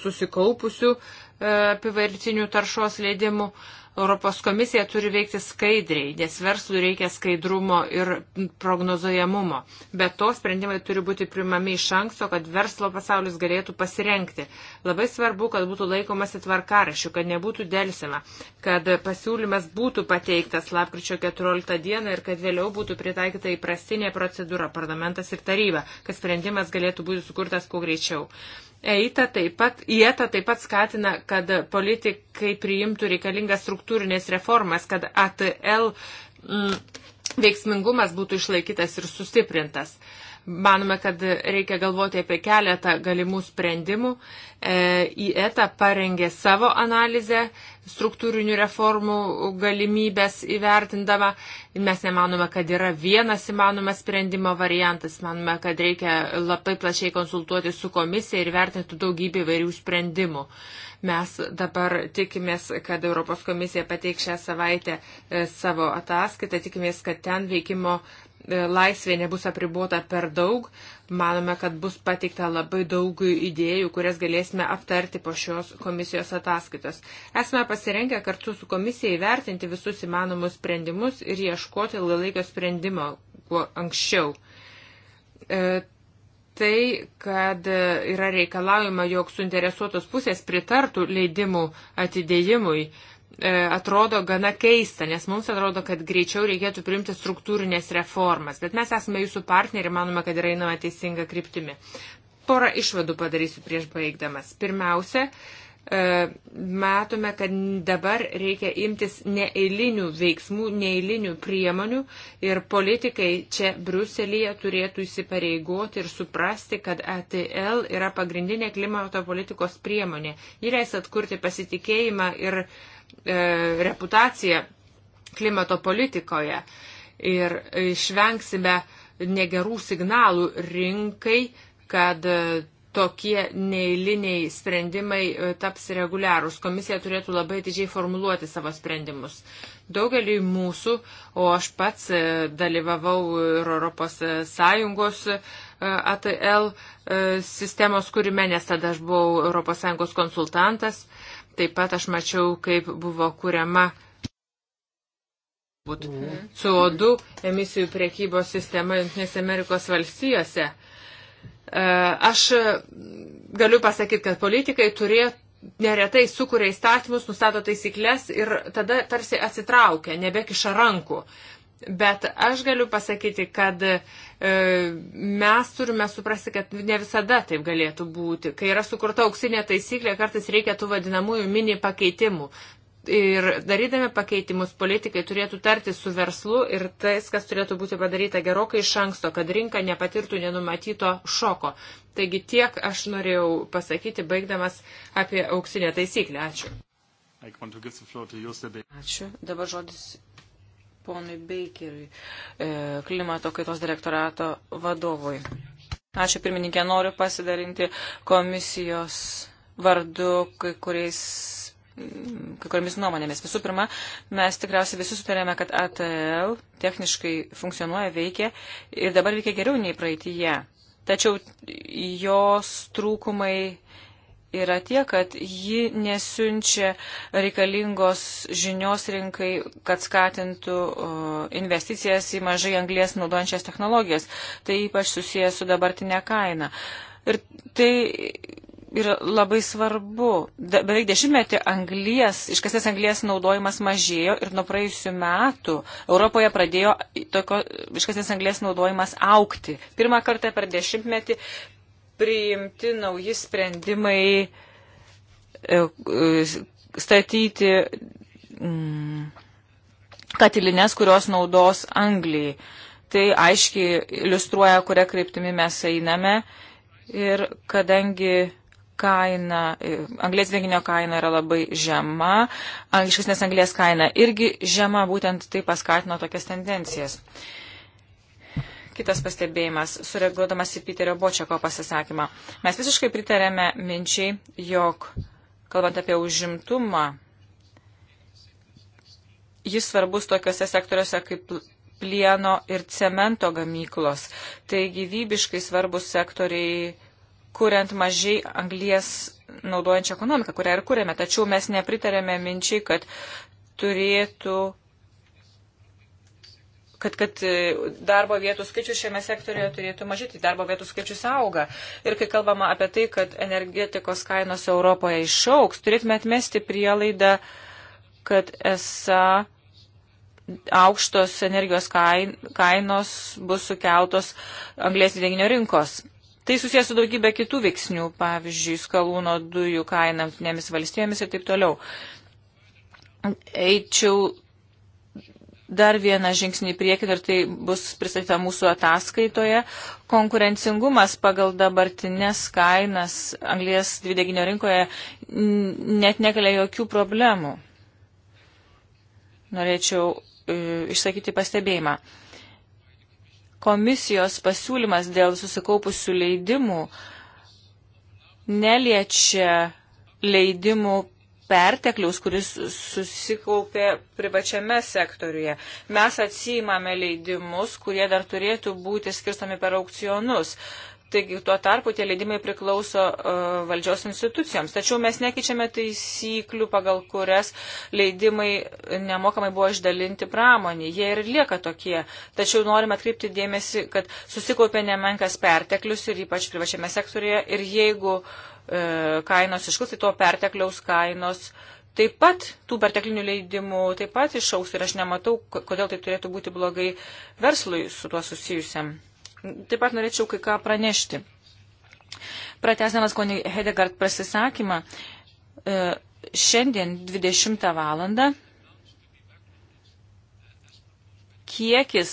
susikaupusių e, apivartinių taršos leidimų. E, Europos komisija turi veikti skaidriai, nes verslui reikia skaidrumo ir prognozojamumo. Be to, sprendimai turi būti primami iš anksto, kad verslo pasaulis galėtų pasirenkti. Labai svarbu, kad būtų laikomasi tvarkarašių, kad nebūtų dėlsima, kad pasiūlymas būtų pateiktas lapkričio 14 dieną ir kad vėliau būtų pritaikyta įprastinė procedūra parlamentas ir taryba, kad sprendimas galėtų būti sukurtas kuo greičiau. Eita taip pat, Ieta taip pat skatina, kad politikai priimtų reikalingas struktūrinės reformas, kad ATL m, mm, veiksmingumas būtų išlaikytas ir sustiprintas. Uh, Manome, kad reikia galvoti apie keletą galimų sprendimų. IETA e, parengė savo analizę struktūrinių reformų galimybės įvertindama. Mes nemanome, kad yra vienas įmanomas sprendimo variantas. Manome, kad reikia labai plačiai konsultuoti su komisija ir vertinti daugybę įvairių sprendimų. Mes dabar tikimės, kad Europos komisija pateiks šią savaitę e, savo ataskaitą. Tikimės, kad ten veikimo E, laisvė nebus apribuota per daug. Manome, kad bus pateikta labai daug idėjų, kurias galėsime aptarti po šios komisijos ataskaitos. Esame pasirengę kartu su komisija įvertinti visus įmanomus sprendimus ir ieškoti ilgalaikio sprendimo kuo anksčiau. E, tai, kad yra reikalaujama, jog suinteresuotos pusės pritartų leidimų atidėjimui. E, E, atrodo gana keista, nes mums atrodo, kad greičiau reikėtų priimti struktūrinės reformas, bet mes esame jūsų partneriai, manome, kad yra einama teisinga kryptimi. Porą išvadų padarysiu prieš baigdamas. Pirmiausia, E, matome, kad dabar reikia imtis neeilinių veiksmų, neeilinių priemonių ir politikai čia Bruselėje turėtų įsipareigoti ir suprasti, kad ATL yra pagrindinė klimato politikos priemonė. Ji leis atkurti pasitikėjimą ir e, reputaciją klimato politikoje ir išvengsime negerų signalų rinkai, kad tokie neįliniai sprendimai e, taps reguliarūs. Komisija turėtų labai didžiai formuluoti savo sprendimus. Daugeliui mūsų, o aš pats e, dalyvavau ir Europos e, Sąjungos ATL sistemos kūrime, nes tada aš buvau Europos Sąjungos konsultantas. Taip pat aš mačiau, kaip buvo kuriama mhm. CO2 emisijų priekybos sistema Junktinėse Amerikos valstijose. Uh, Aš galiu pasakyti, kad politikai turėtų neretai sukuria įstatymus, nustato taisyklės ir tada tarsi atsitraukia, nebekiša rankų. Bet aš galiu pasakyti, kad e, mes turime suprasti, kad ne visada taip galėtų būti. Kai yra sukurta auksinė taisyklė, kartais reikia tų vadinamųjų mini pakeitimų. Ir darydami pakeitimus politikai turėtų tarti su verslu ir tas, kas turėtų būti padaryta gerokai iš anksto, kad rinka nepatirtų nenumatyto šoko. Taigi tiek aš norėjau pasakyti, baigdamas apie auksinę taisyklę. Ačiū. Ačiū. Dabar žodis ponui Bakeriui, e, klimato kaitos direktorato vadovui. Ačiū pirmininkė, noriu pasidalinti komisijos vardu kai kuriais kai kuriomis nuomonėmis. Visų pirma, mes tikriausiai visi sutarėme, kad ATL techniškai funkcionuoja, veikia ir dabar veikia geriau nei praeitįje. Tačiau jos trūkumai yra tie, kad ji nesiunčia reikalingos žinios rinkai, kad skatintų investicijas į mažai anglės naudojančias technologijas. Tai ypač susijęs su dabartinė kaina. Ir tai yra labai svarbu. De, beveik dešimtmetį anglies, iškasės anglies naudojimas mažėjo ir nuo praėjusių metų Europoje pradėjo tokio iškasės anglies naudojimas aukti. Pirmą kartą per dešimtmetį priimti nauji sprendimai e, e, statyti mm, katilines, kurios naudos angliai. Tai aiškiai iliustruoja, kuria kryptimi mes einame. Ir kadangi kaina, anglės dviginio kaina yra labai žema, angliškesnės anglės kaina irgi žema, būtent tai paskatino tokias tendencijas. Kitas pastebėjimas, sureaguodamas į Piterio Bočiako pasisakymą. Mes visiškai pritarėme minčiai, jog, kalbant apie užimtumą, jis svarbus tokiuose sektoriuose kaip plieno ir cemento gamyklos. Tai gyvybiškai svarbus sektoriai kuriant mažai anglies naudojančią ekonomiką, kurią ir kūrėme. Tačiau mes nepritarėme minčiai, kad turėtų kad, kad e, darbo vietų skaičius šiame sektorioje turėtų mažyti, darbo vietų skaičius auga. Ir kai kalbama apie tai, kad energetikos kainos Europoje išauks, turėtume atmesti prielaidą, kad esą aukštos energijos kainos bus sukeltos anglės dvideginio rinkos. Tai susijęs su daugybė kitų veiksnių, pavyzdžiui, skalūno dujų kainamtinėmis valstybėmis ir taip toliau. Eičiau dar vieną žingsnį į priekį ir tai bus pristatyta mūsų ataskaitoje. Konkurencingumas pagal dabartinės kainas anglės dvideginio rinkoje net nekelia jokių problemų. Norėčiau e, išsakyti pastebėjimą. E, komisijos pasiūlymas dėl susikaupusių leidimų neliečia leidimų pertekliaus, kuris susikaupė privačiame sektoriuje. Mes atsijimame leidimus, kurie dar turėtų būti skirstami per aukcionus. Uh, Taigi tuo tarpu tie leidimai priklauso uh, valdžios institucijoms. Tačiau mes nekeičiame taisyklių, pagal kurias leidimai nemokamai buvo išdalinti pramonį. Jie ir lieka tokie. Tačiau norime atkreipti dėmesį, kad susikaupė nemenkas perteklius ir ypač privačiame sektorėje. Ir jeigu uh, kainos iškus, tai to pertekliaus kainos taip pat tų perteklinių leidimų taip pat išauks ir aš nematau, kodėl tai turėtų būti blogai verslui su tuo susijusiam. Taip pat norėčiau kai ką pranešti. Pratesdamas konį Hedegard pasisakymą, e, šiandien 20 valandą kiekis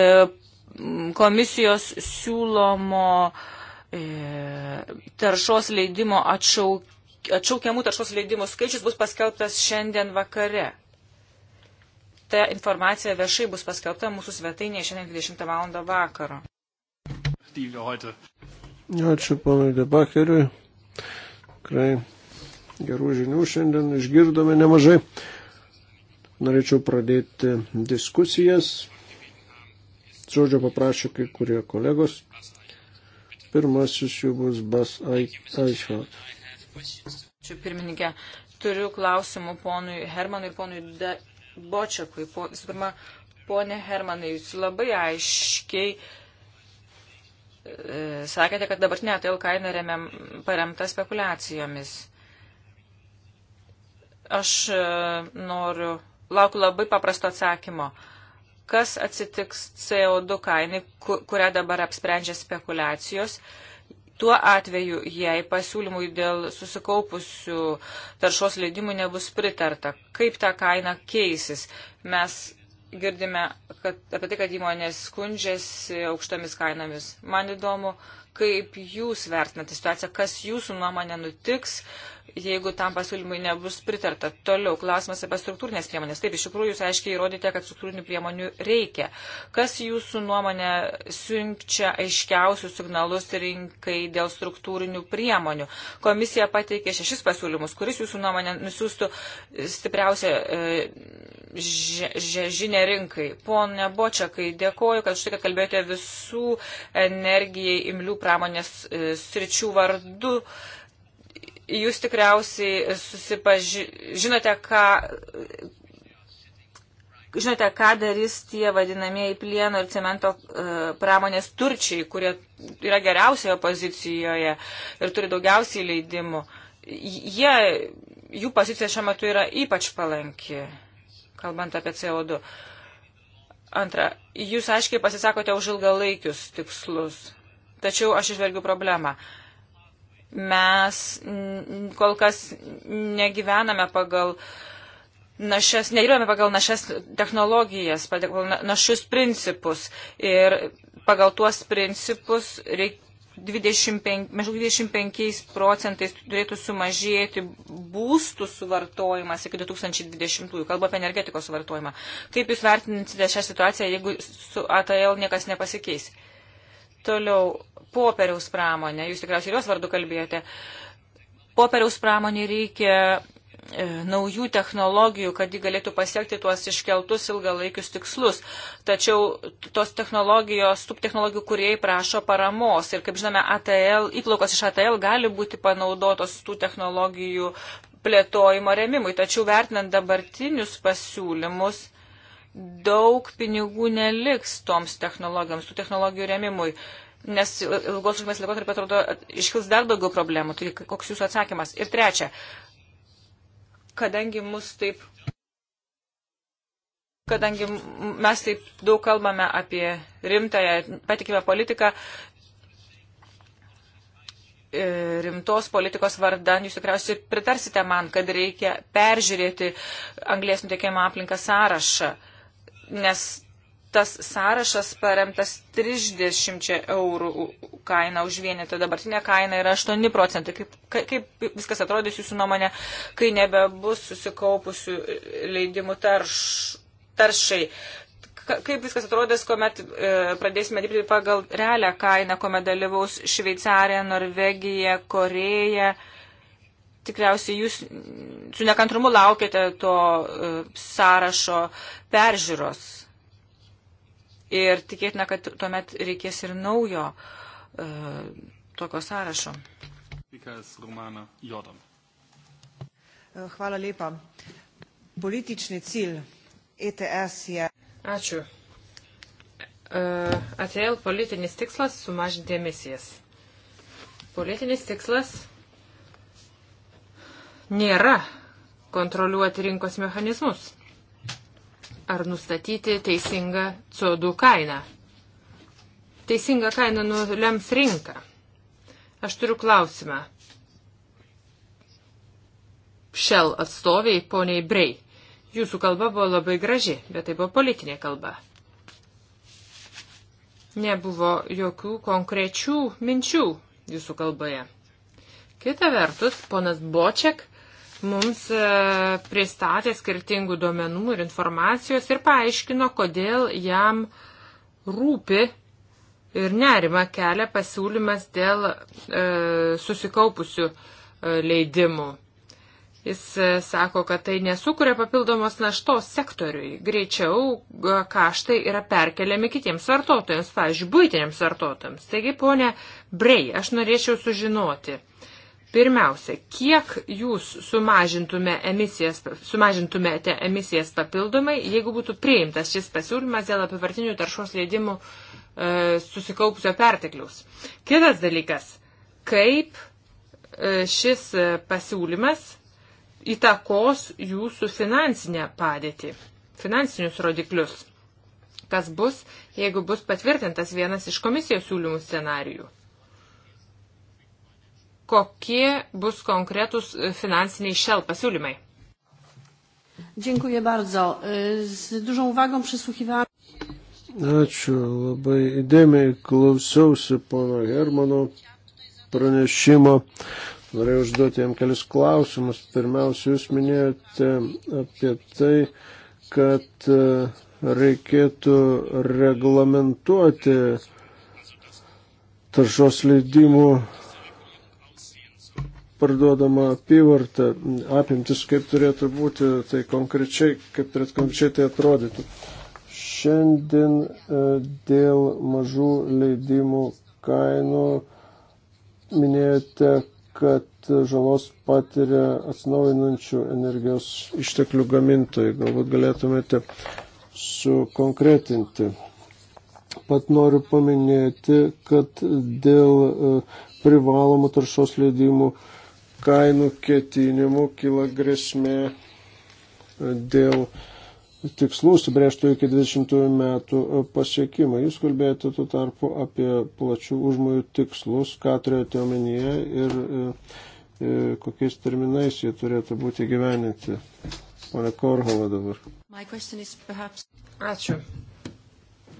e, komisijos siūlomo e, taršos leidimo atšauk, atšaukiamų taršos leidimų skaičius bus paskelbtas šiandien vakare ta informacija viešai bus paskelbta mūsų svetainėje šiandien 20 val. vakaro. Ačiū ponui Debakeriui. Tikrai gerų žinių šiandien išgirdome nemažai. Norėčiau pradėti diskusijas. Žodžio paprašė kai kurie kolegos. Pirmasis jų bus Bas Aichvat. Ačiū pirmininkė. Turiu klausimų ponui Hermanui ir ponui De Bočiakui. Po, visų pirma, ponė Hermanai, jūs labai aiškiai e, sakėte, kad dabartinė ATL kaina remiam, paremta spekulacijomis. Aš e, noriu, laukiu labai paprasto atsakymo. Kas atsitiks CO2 kainai, kurią dabar apsprendžia spekulacijos? E, Tuo atveju, jei pasiūlymui dėl susikaupusių taršos leidimų nebus pritarta, kaip ta kaina keisis? Mes girdime kad, apie tai, kad įmonės skundžiasi aukštomis kainomis. Man įdomu, kaip jūs vertinate situaciją, kas jūsų nuomonė nutiks, uh, jeigu tam pasiūlymui nebus pritarta. Toliau klausimas apie struktūrinės priemonės. Taip, iš tikrųjų jūs aiškiai įrodėte, kad struktūrinių priemonių reikia. Kas jūsų nuomonė siunčia aiškiausius signalus rinkai dėl struktūrinių priemonių? Komisija pateikė šešis pasiūlymus, kuris jūsų nuomonė nusiųstų stipriausią e, žinę rinkai. Pone Bočiakai, dėkoju, kad štai, kad kalbėjote visų energijai imlių pramonės e, sričių vardu. E, Jūs tikriausiai susipažinote, ką, žinote, ką darys tie vadinamieji plieno ir cemento e, pramonės turčiai, kurie yra geriausioje pozicijoje ir turi daugiausiai leidimų. Jie, jų pozicija šiuo metu yra ypač palanki, kalbant apie CO2. Antra, jūs aiškiai pasisakote už ilgalaikius tikslus, tačiau aš išvelgiu problemą. Uh, Mes kol kas negyvename pagal našes, nedirame pagal našes technologijas, pagal našus principus. Ir pagal tuos principus reikia. 25, maždaug 25 procentais turėtų sumažėti būstų suvartojimas iki 2020-ųjų, kalba apie energetikos suvartojimą. Kaip Jūs vertinsite šią situaciją, jeigu su ATL niekas nepasikeis? Toliau, popieriaus pramonę, jūs tikriausiai ir jos vardu kalbėjote, popieriaus pramonė reikia e, naujų technologijų, kad ji galėtų pasiekti tuos iškeltus ilgalaikius tikslus. Tačiau tos technologijos, tų technologijų kuriejai prašo paramos. Ir kaip žinome, ATL, įplaukos iš ATL gali būti panaudotos tų technologijų plėtojimo remimui. Tačiau vertinant dabartinius pasiūlymus, daug pinigų neliks toms technologijoms, tų technologijų remimui. Uh, nes ilgos užmės laikotarpį atrodo iškils dar daugiau problemų. Tai koks jūsų atsakymas? Ir trečia, kadangi mus taip. Kadangi mes taip daug kalbame apie rimtąją patikimą politiką, e, rimtos politikos vardan, jūs tikriausiai pritarsite man, kad reikia peržiūrėti anglės nutekėjimo aplinką sąrašą, nes tas sąrašas paremtas 30 eurų kaina už vienetą, dabartinė kaina yra 8 procentai. Kaip, kaip viskas atrodys jūsų nuomonė, kai nebebus susikaupusių leidimų tarš, taršai? Kaip viskas atrodys, kuomet e, pradėsime dirbti pagal realią kainą, kuomet dalyvaus Šveicarija, Norvegija, Koreja? tikriausiai jūs su nekantrumu laukiate to e, sąrašo peržiūros. Ir tikėtina, kad tuomet reikės ir naujo e, tokio sąrašo. E, hvala lepa. Politični cilj ETS je. Ačiū. E, ATL politinis tikslas - sumažinti emisijas. Politinis tikslas nėra kontroliuoti rinkos mechanizmus ar nustatyti teisingą CO2 kainą. Teisinga kaina nulems rinką. Aš turiu klausimą. Shell atstoviai poniai Brei. Jūsų kalba buvo labai graži, bet tai buvo politinė kalba. Nebuvo jokių konkrečių minčių jūsų kalboje. Kita vertus, ponas Bočiak mums e, pristatė skirtingų duomenų ir informacijos ir paaiškino, kodėl jam rūpi ir nerima kelia pasiūlymas dėl e, susikaupusių e, leidimų. Jis e, sako, kad tai nesukuria papildomos naštos sektoriui. Greičiau e, kaštai yra perkeliami kitiems vartotojams, pavyzdžiui, būtiniams vartotojams. Taigi, ponė Brei, aš norėčiau sužinoti, uh, Pirmiausia, kiek jūs sumažintume emisijas, sumažintumėte emisijas papildomai, jeigu būtų priimtas šis pasiūlymas dėl apivartinių taršos leidimų e, susikaupusio pertekliaus? Kitas dalykas, kaip e, šis pasiūlymas įtakos jūsų finansinę padėtį, finansinius rodiklius? Kas bus, jeigu bus patvirtintas vienas iš komisijos siūlymų scenarijų? kokie bus konkretus finansiniai šel pasiūlymai. Dziękuję bardzo. Z dużą uwagą przysłuchiwałam. Ačiū, labai įdėmiai klausiausi pono Hermano pranešimo. Norėjau užduoti jam kelius klausimus. Pirmiausia, jūs minėjote apie tai, kad e, reikėtų reglamentuoti taršos leidimų parduodama apyvarta, apimtis, kaip turėtų būti, tai konkrečiai, kaip turėtų konkrečiai tai atrodyti. Šiandien e, dėl mažų leidimų kainų minėjote, kad žalos patiria atsinaujinančių energijos išteklių gamintojai. Galbūt galėtumėte sukonkretinti. Pat noriu paminėti, kad dėl e, privalomų taršos leidimų uh, kainų ketinimų kyla grėsmė dėl tikslų subrėžtų iki 20 metų pasiekimą. Jūs kalbėjote tuo tarpu apie plačių užmojų tikslus, ką turėjote omenyje ir, ir e, e, kokiais terminais jie turėtų būti gyveninti. Pone Korhova dabar. Perhaps... Ačiū.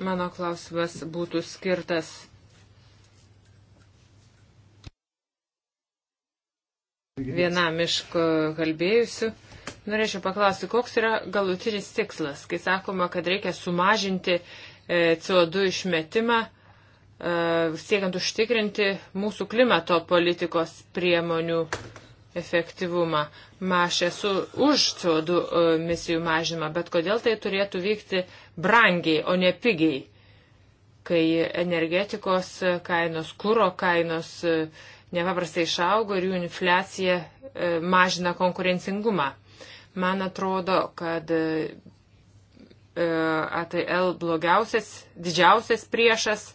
Mano klausimas būtų skirtas vienam iš kalbėjusių. Norėčiau paklausti, koks yra galutinis tikslas, kai sakoma, kad reikia sumažinti e, CO2 išmetimą, e, siekiant užtikrinti mūsų klimato politikos priemonių efektyvumą. Ma, aš esu už CO2 e, misijų mažymą, bet kodėl tai turėtų vykti brangiai, o ne pigiai, kai energetikos kainos, kūro kainos, kainos nepaprastai išaugo ir jų infliacija e, mažina konkurencingumą. Man atrodo, kad e, e, ATL blogiausias, didžiausias priešas,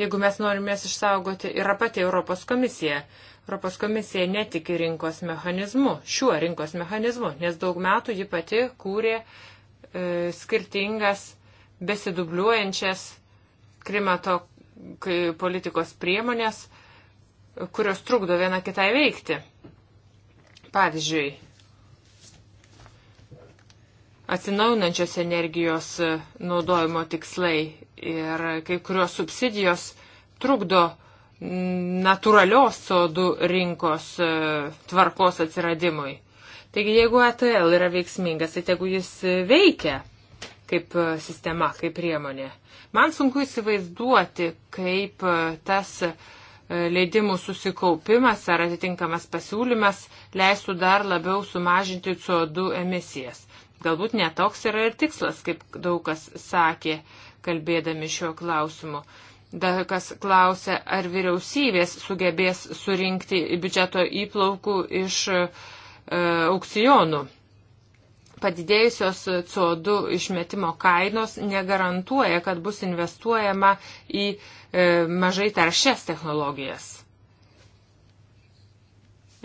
jeigu mes norime jas išsaugoti, yra pati Europos komisija. Europos komisija netiki rinkos mechanizmu, šiuo rinkos mechanizmu, nes daug metų ji pati kūrė e, skirtingas, besidubliuojančias klimato politikos priemonės, e, kurios trukdo viena kitai veikti. Pavyzdžiui, atsinaunančios energijos naudojimo tikslai ir kai kurios subsidijos trukdo natūralios sodų rinkos e, tvarkos atsiradimui. Taigi, jeigu ATL yra veiksmingas, tai jeigu jis veikia kaip e, sistema, kaip priemonė, man sunku įsivaizduoti, kaip e, tas uh, leidimų susikaupimas ar atitinkamas pasiūlymas leistų dar labiau sumažinti CO2 emisijas. Galbūt netoks yra ir tikslas, kaip daug kas sakė, kalbėdami šiuo klausimu. Dar kas klausia, ar vyriausybės sugebės surinkti biudžeto įplaukų iš e, aukcijonų padidėjusios CO2 išmetimo kainos negarantuoja, kad bus investuojama į e, mažai taršias technologijas.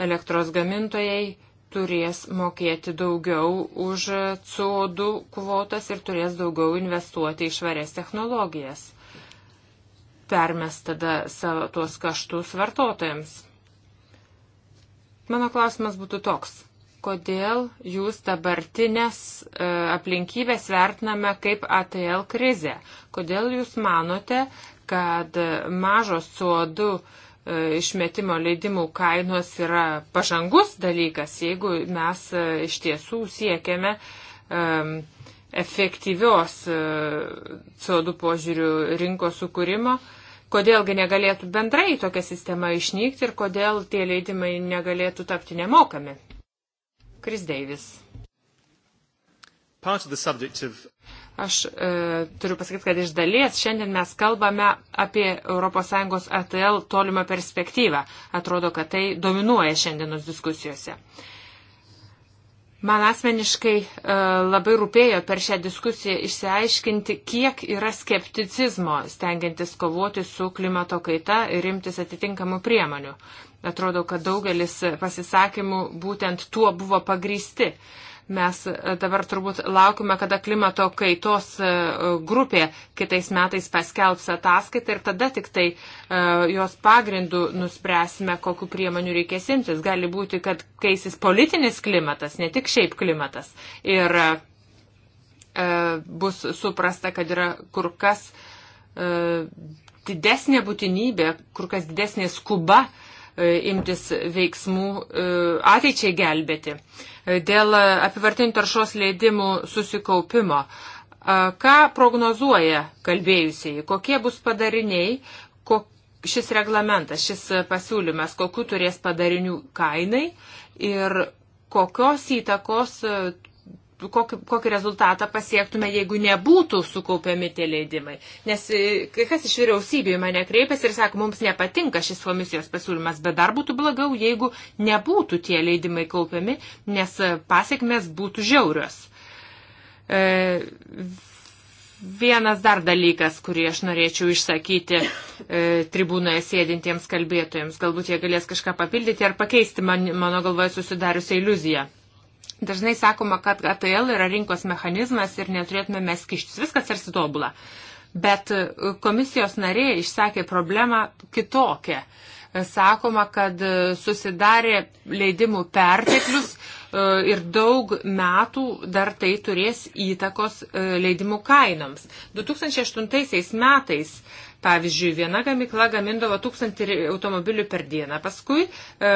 Elektros gamintojai turės mokėti daugiau už CO2 kvotas ir turės daugiau investuoti į švarias technologijas. Permes tada savo tuos kaštus vartotojams. Mano klausimas būtų toks kodėl jūs dabartinės e, aplinkybės vertiname kaip ATL krizę. Kodėl jūs manote, kad mažos CO2 e, išmetimo leidimų kainos yra pažangus dalykas, jeigu mes e, iš tiesų siekiame um, efektyvios CO2 požiūrių rinkos sukūrimo, kodėlgi negalėtų bendrai tokia sistema išnykti ir kodėl tie leidimai negalėtų tapti nemokami. Kris Deivis. Aš e, turiu pasakyti, kad iš dalies šiandien mes kalbame apie ES ATL tolimą perspektyvą. Atrodo, kad tai dominuoja šiandienos diskusijose. E, Man asmeniškai e, labai rūpėjo per šią diskusiją išsiaiškinti, kiek yra skepticizmo stengiantis kovoti su klimato kaita ir rimtis atitinkamų priemonių. Atrodo, kad daugelis pasisakymų būtent tuo buvo pagrysti. Mes e, dabar turbūt laukime, kada klimato kaitos e, grupė kitais metais paskelbs ataskaitą ir tada tik tai e, jos pagrindų nuspręsime, kokiu priemonių reikės imtis. Gali būti, kad keisis politinis klimatas, ne tik šiaip klimatas. Ir bus suprasta, kad yra kur kas didesnė būtinybė, kur kas didesnė skuba imtis veiksmų ateičiai gelbėti dėl apivartinių taršos leidimų susikaupimo. Ką prognozuoja kalbėjusiai, kokie bus padariniai, kok, šis reglamentas, šis pasiūlymas, kokiu turės padarinių kainai ir kokios įtakos kokį, kokį rezultatą pasiektume, jeigu nebūtų sukaupiami tie leidimai. Nes e, kai kas iš vyriausybių į mane kreipiasi ir sako, mums nepatinka šis komisijos pasiūlymas, bet dar būtų blogiau, jeigu nebūtų tie leidimai kaupiami, nes e, pasiekmes būtų žiaurios. E, vienas dar dalykas, kurį aš norėčiau išsakyti e, tribūnoje sėdintiems kalbėtojams, galbūt jie galės kažką papildyti ar pakeisti man, mano galvoje susidariusią iliuziją. Dažnai sakoma, kad ATL yra rinkos mechanizmas ir neturėtume mes kištis. Viskas tarsi tobula. Bet e, komisijos narė išsakė problemą kitokią. E, sakoma, kad e, susidarė leidimų perteklius ir daug metų dar tai turės įtakos leidimų kainoms. 2008 metais Pavyzdžiui, viena gamykla gamindavo tūkstantį automobilių per dieną, paskui e,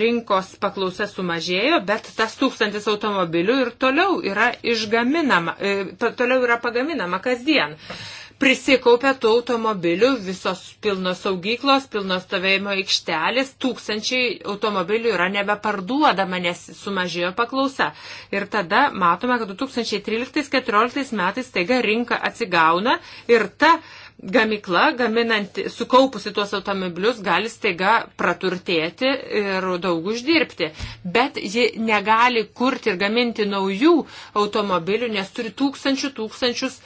rinkos paklausa sumažėjo, bet tas tūkstantis automobilių ir toliau yra išgaminama, e, toliau yra pagaminama kasdien. Prisikaupia tų automobilių, visos pilnos saugyklos, pilnos stovėjimo aikštelės, tūkstančiai automobilių yra nebeparduodama, nes sumažėjo paklausa. Ir tada matome, kad 2013-2014 metais taiga rinka atsigauna ir ta gamikla, gaminanti, sukaupusi tuos automobilius, gali staiga praturtėti ir daug uždirbti. Bet ji negali kurti ir gaminti naujų automobilių, nes turi tūkstančių tūkstančius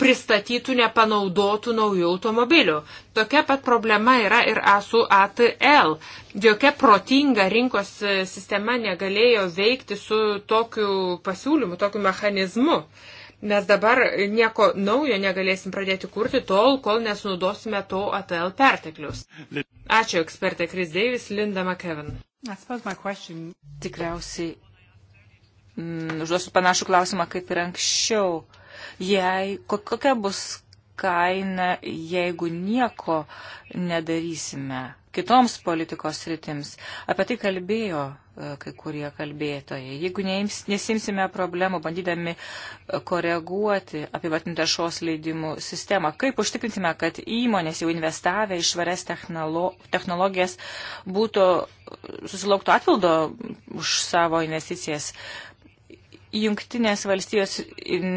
pristatytų nepanaudotų naujų automobilių. Tokia pat problema yra ir su ATL. Jokia protinga rinkos sistema negalėjo veikti su tokiu pasiūlymu, tokiu mechanizmu. Uh, Mes dabar nieko naujo negalėsim pradėti kurti tol, kol nesunaudosime to ATL perteklius. Ačiū ekspertė Kris Deivis, Linda McKevin. Tikriausiai mm, užduosiu panašų klausimą kaip ir anksčiau. Jei, kokia bus kaina, jeigu nieko nedarysime kitoms politikos rytims? Apie tai kalbėjo E, kai kurie kalbėtojai. Jeigu neims, nesimsime problemų, bandydami e, koreguoti apivatinių taršos leidimų sistemą, kaip užtikrinsime, kad įmonės jau investavę į švarias technolo, technologijas būtų e, susilauktų atvildo už savo investicijas? Uh, Jungtinės valstijos in,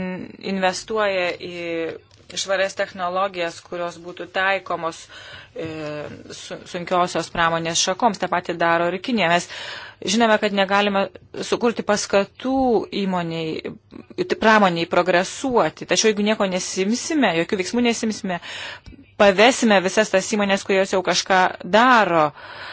investuoja į švarias technologijas, kurios būtų taikomos e, sunkiosios pramonės šakoms. Ta pati daro ir Kinė. Mes žinome, kad negalime sukurti paskatų įmoniai, pramoniai progresuoti. Tačiau jeigu nieko nesimsime, jokių veiksmų nesimsime, pavesime visas tas įmonės, kurios jau kažką daro. E,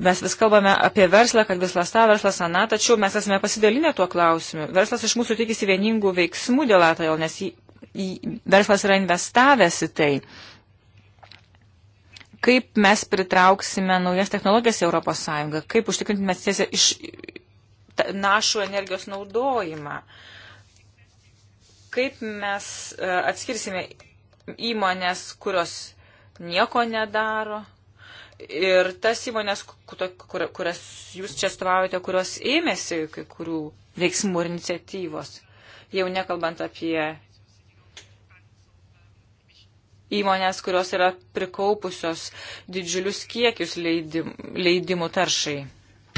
Mes vis kalbame apie verslą, kad verslas tą, verslas aną, tačiau mes esame pasidalinę tuo klausimu. Verslas iš mūsų tikisi vieningų veiksmų dėl atojol, nes jį, jį, verslas yra investavęs į tai. Kaip mes pritrauksime naujas technologijas į Europos Sąjungą, kaip užtikrintume tiesiog iš našų energijos naudojimą, kaip mes e, atskirsime įmonės, kurios nieko nedaro, Ir tas įmonės, kur, kurias jūs čia atstovaujate, kurios ėmėsi kai kurių veiksmų ir iniciatyvos, jau nekalbant apie įmonės, kurios yra prikaupusios didžiulius kiekius leidim, leidimų taršai.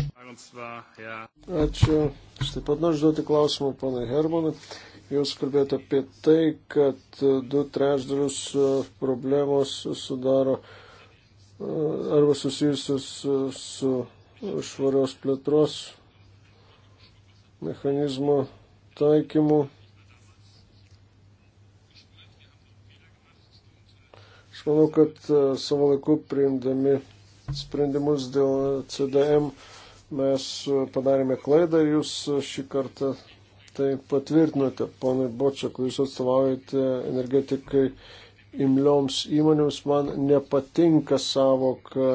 Ačiū. Aš taip pat noriu užduoti klausimą ponai Hermanui. Jūs kalbėjote apie tai, kad du trečdalius e, problemos sudaro uh, arba susijusius su, su švarios plėtros mechanizmo taikymu. Aš manau, kad savo laiku priimdami sprendimus dėl CDM mes padarėme klaidą ir jūs šį kartą tai patvirtinote. Ponai Bočiak, jūs atstovaujate energetikai imlioms įmonėms man nepatinka savoka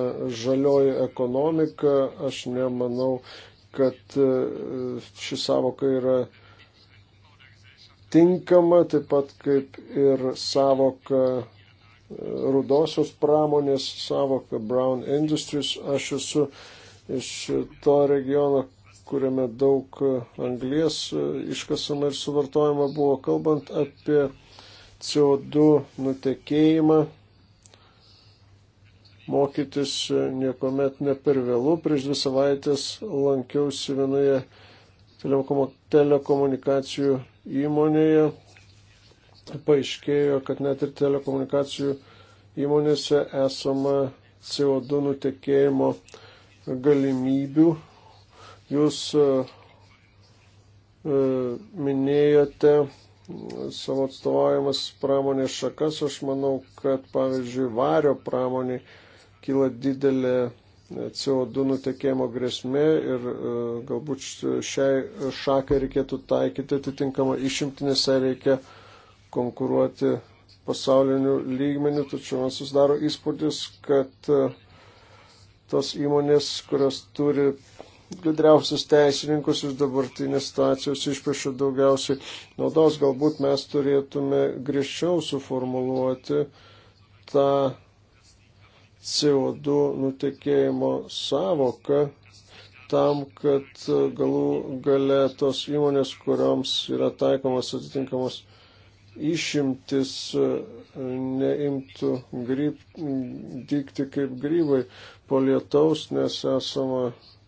žalioji ekonomika. Aš nemanau, kad e, ši savoka yra tinkama, taip pat kaip ir savoka e, rudosios pramonės savoka Brown Industries. Aš esu iš to regiono, kuriame daug e, anglies iškasama ir suvartojama buvo, kalbant apie CO2 nutekėjimą mokytis niekuomet ne per vėlų. Prieš dvi savaitės lankiausi vienoje telekomunikacijų įmonėje. Paaiškėjo, kad net ir telekomunikacijų įmonėse esama CO2 nutekėjimo galimybių. Jūs e, minėjote savo atstovavimas pramonės šakas. Aš manau, kad pavyzdžiui, vario pramonė kyla didelė e, CO2 nutekėjimo grėsmė ir e, galbūt šiai šakai reikėtų taikyti atitinkamą išimtį, nes jai reikia konkuruoti pasauliniu lygmeniu, tačiau man susidaro įspūdis, kad e, tos įmonės, kurios turi gudriausius teisininkus iš dabartinės situacijos išpeša daugiausiai naudos. Galbūt mes turėtume griežčiau suformuluoti tą CO2 nutekėjimo savoką tam, kad galų gale tos įmonės, kuriams yra taikomas atitinkamos išimtis, neimtų gryb, dykti kaip grybai po lietaus, nes esama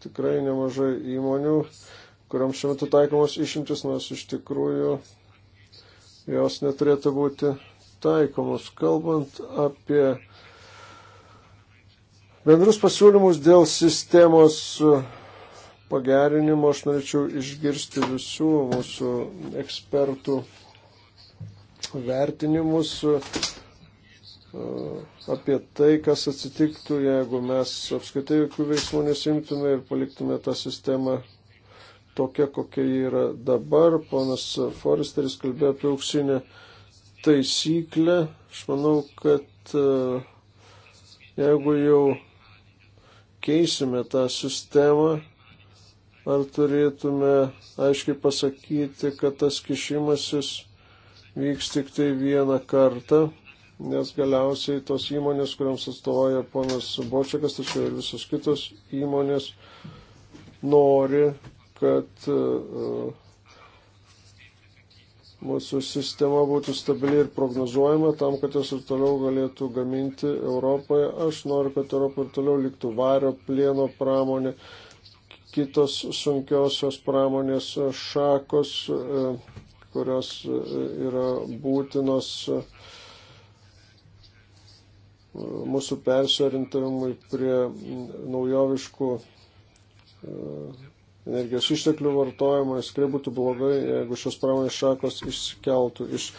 tikrai nemažai įmonių, kuriams šiuo metu taikomos išimtis, nors iš tikrųjų jos neturėtų būti taikomos. Kalbant apie bendrus pasiūlymus dėl sistemos pagerinimo, aš norėčiau išgirsti visų mūsų ekspertų vertinimus apie tai, kas atsitiktų, jeigu mes apskaitai jokių veiksmų nesimtume ir paliktume tą sistemą tokia, kokia ji yra dabar. Ponas Foresteris kalbėjo apie auksinę taisyklę. Aš manau, kad jeigu jau keisime tą sistemą, ar turėtume aiškiai pasakyti, kad tas kišimasis vyks tik tai vieną kartą nes galiausiai tos įmonės, kuriams atstovauja ponas Bočiakas, tačiau ir visos kitos įmonės nori, kad e, mūsų sistema būtų stabili ir prognozuojama tam, kad jos ir toliau galėtų gaminti Europoje. Aš noriu, kad Europoje ir toliau liktų vario, plieno pramonė, kitos sunkiosios pramonės šakos, e, kurios e, yra būtinos mūsų persiorintamui prie naujoviškų e, energijos išteklių vartojimo, nes tikrai būtų blogai, jeigu šios pramonės šakos išsikeltų iš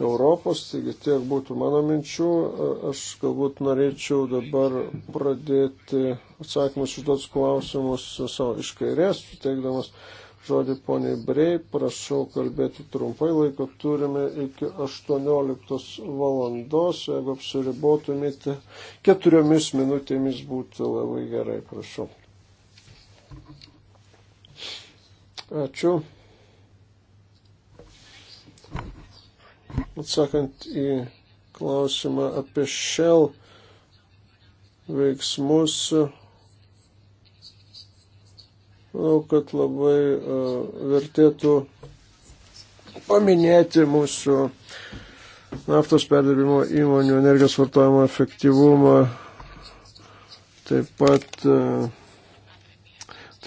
Europos. Taigi tiek būtų mano minčių. E, aš galbūt norėčiau dabar pradėti atsakymus užduotus klausimus savo iš kairės, suteikdamas. Uh, Žodį poniai Brei, prašau kalbėti trumpai, laiko turime iki 18 valandos, jeigu apsiribotumėte keturiomis minutėmis būtų labai gerai, prašau. Ačiū. Atsakant į klausimą apie šel veiksmus, Manau, kad labai e, vertėtų paminėti mūsų naftos perdirbimo įmonių energijos vartojimo efektyvumą, taip pat e,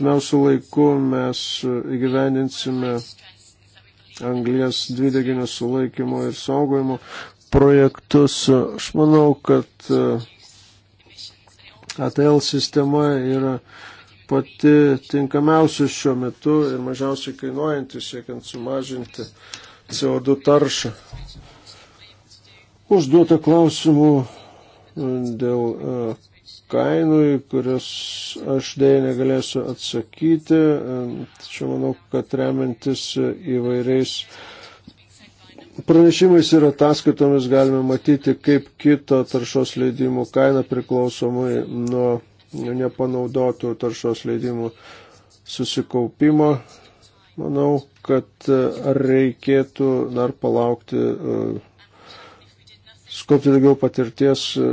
tamiausių laikų mes įgyvendinsime anglės dvideginio sulaikymo ir saugojimo projektus. Aš manau, kad e, ATL sistema yra pati tinkamiausia šiuo metu ir mažiausiai kainuojanti, siekiant sumažinti CO2 taršą. Užduota klausimų e, dėl e, kainų, į kurias aš dėja negalėsiu atsakyti, e, tačiau manau, kad remiantis įvairiais pranešimais ir ataskaitomis galime matyti, kaip kito taršos leidimų kaina priklausomai nuo nepanaudotų taršos leidimų susikaupimo. Manau, kad e, reikėtų dar palaukti, e, skupti daugiau patirties e,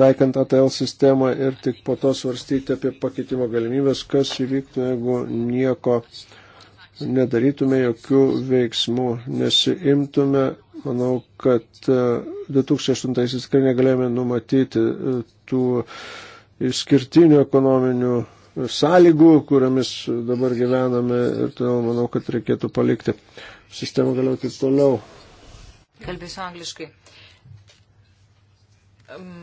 taikant ATL sistemą ir tik po to svarstyti apie pakeitimo galimybės, kas įvyktų, jeigu nieko uh, nedarytume jokių veiksmų, nesiimtume. Manau, kad 2008-aisiais e, tikrai negalėjome numatyti e, tų išskirtinių ekonominių sąlygų, kuriamis dabar gyvename ir todėl manau, kad reikėtų palikti sistemą galiauti toliau. Kalbėsiu angliškai. Uh,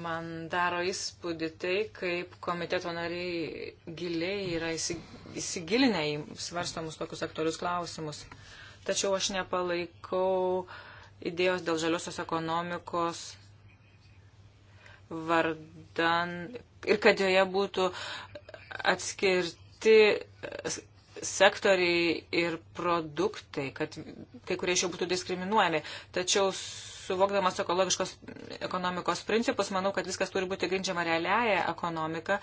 Man daro įspūdį tai, kaip komiteto nariai giliai yra įsigilinę į svarstomus tokius aktualius klausimus. Tačiau aš nepalaikau idėjos dėl žaliosios ekonomikos vardan ir kad joje būtų atskirti sektoriai ir produktai, kad kai kurie iš jų būtų diskriminuojami. Tačiau suvokdamas ekologiškos ekonomikos principus, manau, kad viskas turi būti grindžiama realiaja ekonomika,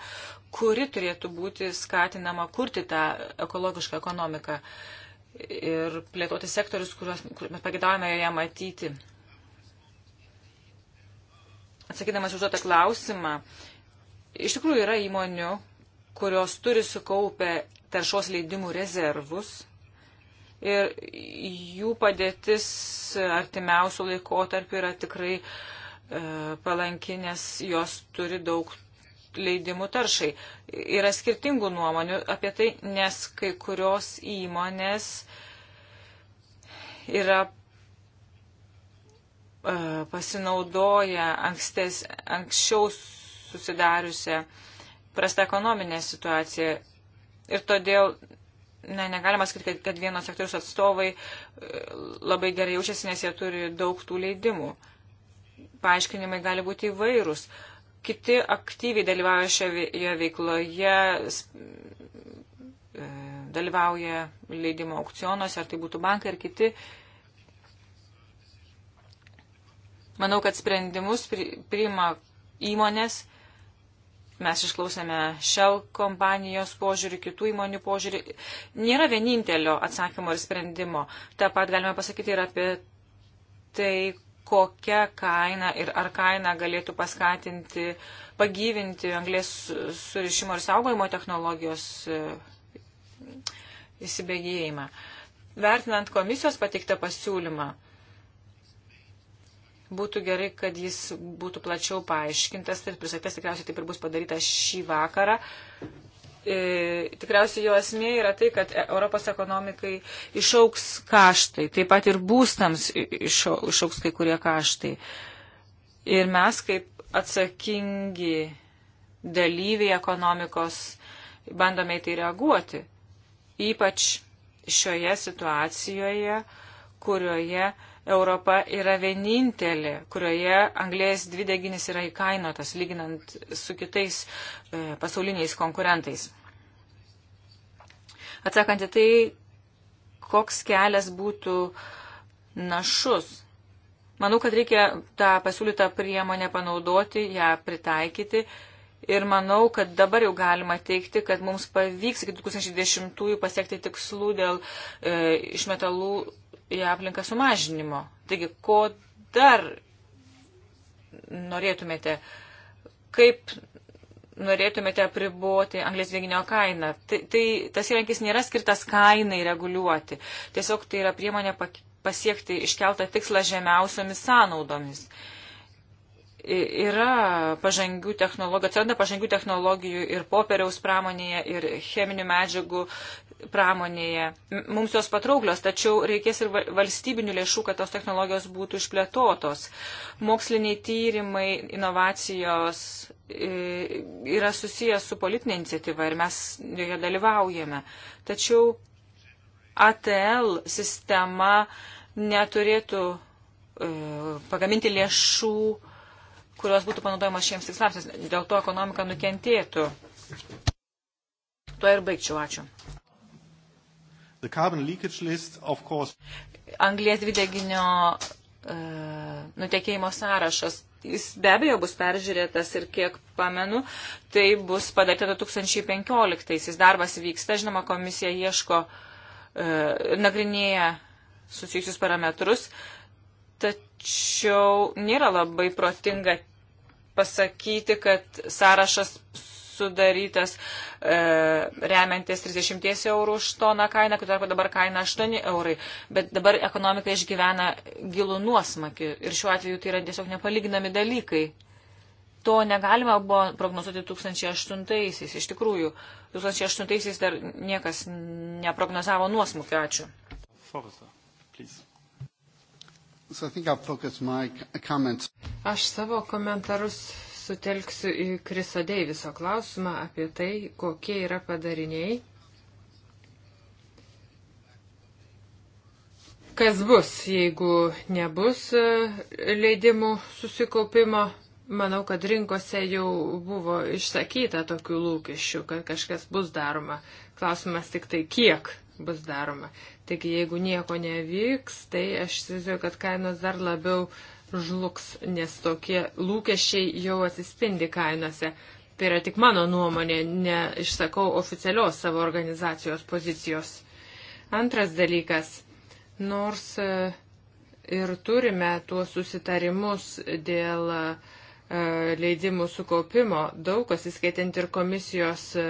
kuri turėtų būti skatinama kurti tą ekologišką ekonomiką ir plėtoti sektorius, kuriuos kur mes pagėdavome joje matyti. Atsakydamas užduotą klausimą, iš tikrųjų yra įmonių, kurios turi sukaupę taršos leidimų rezervus ir jų padėtis artimiausių laikotarpių yra tikrai e, palanki, nes jos turi daug leidimų taršai. Yra skirtingų nuomonių apie tai, nes kai kurios įmonės yra e, pasinaudoja ankstes, anksčiau susidariusią prastą ekonominę situaciją ir todėl ne, negalima sakyti, kad, kad vienos sektoriaus atstovai e, labai gerai jaučiasi, nes jie turi daug tų leidimų. Paaiškinimai gali būti įvairūs. Kiti aktyviai dalyvauja šioje veikloje, e, dalyvauja leidimo aukcionuose, ar tai būtų bankai ar kiti. Manau, kad sprendimus priima įmonės Mes išklausėme Shell kompanijos požiūrį, kitų įmonių požiūrį. Nėra vienintelio atsakymo ir sprendimo. Ta pat galime pasakyti ir apie tai, kokia kaina ir ar kaina galėtų paskatinti, pagyvinti anglės surišimo ir saugojimo technologijos e, įsibėgėjimą. Vertinant komisijos pateiktą pasiūlymą, Būtų gerai, kad jis būtų plačiau paaiškintas ir pristatytas, tikriausiai taip ir bus padaryta šį vakarą. E, tikriausiai jo esmė yra tai, kad e, Europos ekonomikai išauks kaštai, taip pat ir būstams išauks kai kurie kaštai. Ir mes kaip atsakingi dalyviai ekonomikos bandome į tai reaguoti. Ypač šioje situacijoje, kurioje Europa yra vienintelė, kurioje anglės dvideginis yra įkainotas, lyginant su kitais e, pasauliniais konkurentais. Atsakant į tai, koks kelias būtų našus. Manau, kad reikia tą pasiūlytą priemonę panaudoti, ją pritaikyti ir manau, kad dabar jau galima teikti, kad mums pavyks iki 2010-ųjų pasiekti tikslų dėl e, išmetalų į aplinką sumažinimo. Taigi, ko dar norėtumėte, kaip norėtumėte apriboti anglės dviginio kainą. Tai, tai tas įrankis nėra skirtas kainai reguliuoti. Tiesiog tai yra priemonė pasiekti iškeltą tikslą žemiausiomis sąnaudomis. Yra pažangių technologijų, atsiranda pažangių technologijų ir popieriaus pramonėje, ir cheminių medžiagų, pramonėje. Mums jos patrauklios, tačiau reikės ir valstybinių lėšų, kad tos technologijos būtų išplėtotos. Moksliniai tyrimai, inovacijos yra susijęs su politinė iniciatyva ir mes joje dalyvaujame. Tačiau ATL sistema neturėtų e, pagaminti lėšų, kurios būtų panaudojamos šiems tikslams, dėl to ekonomika nukentėtų. Tuo ir baigčiau, ačiū. The carbon leakage list, of course. Anglės dvideginio uh, nutekėjimo sąrašas. Jis be abejo bus peržiūrėtas ir kiek pamenu, tai bus padaryta 2015-aisiais. Darbas vyksta, žinoma, komisija ieško, uh, nagrinėja susijusius parametrus, tačiau nėra labai protinga pasakyti, kad sąrašas sudarytas e, remiantis 30 eurų už toną kainą, kai tarp dabar kaina 8 eurai. Bet dabar ekonomika išgyvena gilų nuosmakį ir šiuo atveju tai yra tiesiog nepalyginami dalykai. To negalima buvo prognozuoti 2008-aisiais. Iš tikrųjų, 2008-aisiais dar niekas neprognozavo nuosmukio. Ačiū. Forza, please. So Aš savo komentarus sutelksiu į Kriso Deiviso klausimą apie tai, kokie yra padariniai. Kas bus, jeigu nebus e, leidimų susikaupimo? Manau, kad rinkose jau buvo išsakyta tokių lūkesčių, kad kažkas bus daroma. Klausimas tik tai, kiek bus daroma. Taigi, jeigu nieko nevyks, tai aš įsivaizduoju, kad kainos dar labiau uh, žlugs, nes tokie lūkesčiai jau atsispindi kainose. Tai yra tik mano nuomonė, neišsakau oficialios savo organizacijos pozicijos. Antras dalykas, nors e, ir turime tuos susitarimus dėl e, leidimų sukaupimo, daug kas įskaitant ir komisijos e,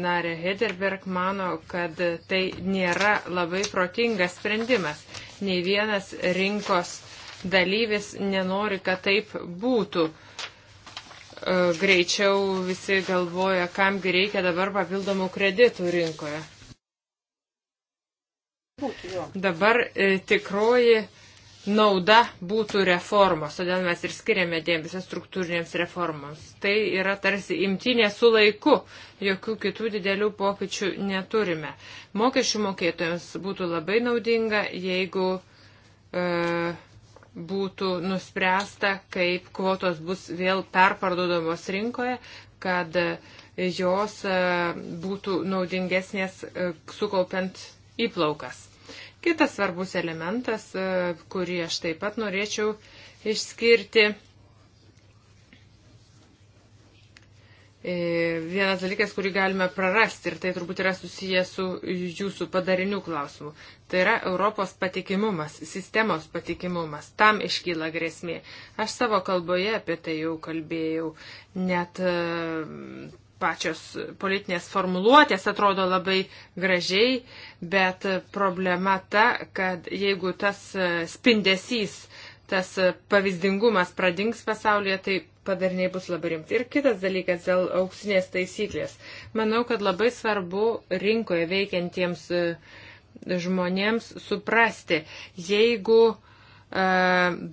narė Hederberg mano, kad tai nėra labai protingas sprendimas. Nei vienas rinkos dalyvis nenori, kad taip būtų. E, greičiau visi galvoja, kamgi reikia dabar papildomų kreditų rinkoje. Dabar e, tikroji nauda būtų reformos, todėl mes ir skiriame dėmesį struktūrinėms reformoms. Tai yra tarsi imtinė su laiku, jokių kitų didelių pokyčių neturime. Mokesčių mokėtojams būtų labai naudinga, jeigu e, būtų nuspręsta, kaip kvotos bus vėl perparduodamos rinkoje, kad jos e, būtų naudingesnės e, sukaupiant įplaukas. Kitas svarbus elementas, e, kurį aš taip pat norėčiau išskirti, E, vienas dalykas, kurį galime prarasti ir tai turbūt yra susijęs su jūsų padarinių klausimu. Tai yra Europos patikimumas, sistemos patikimumas. Tam iškyla grėsmė. Aš savo kalboje apie tai jau kalbėjau. Net e, pačios politinės formuluotės atrodo labai gražiai, bet problema ta, kad jeigu tas e, spindesys tas pavyzdingumas pradings pasaulyje, tai padariniai bus labai rimti. Ir kitas dalykas dėl auksinės taisyklės. Manau, kad labai svarbu rinkoje veikiantiems e, žmonėms suprasti, jeigu e,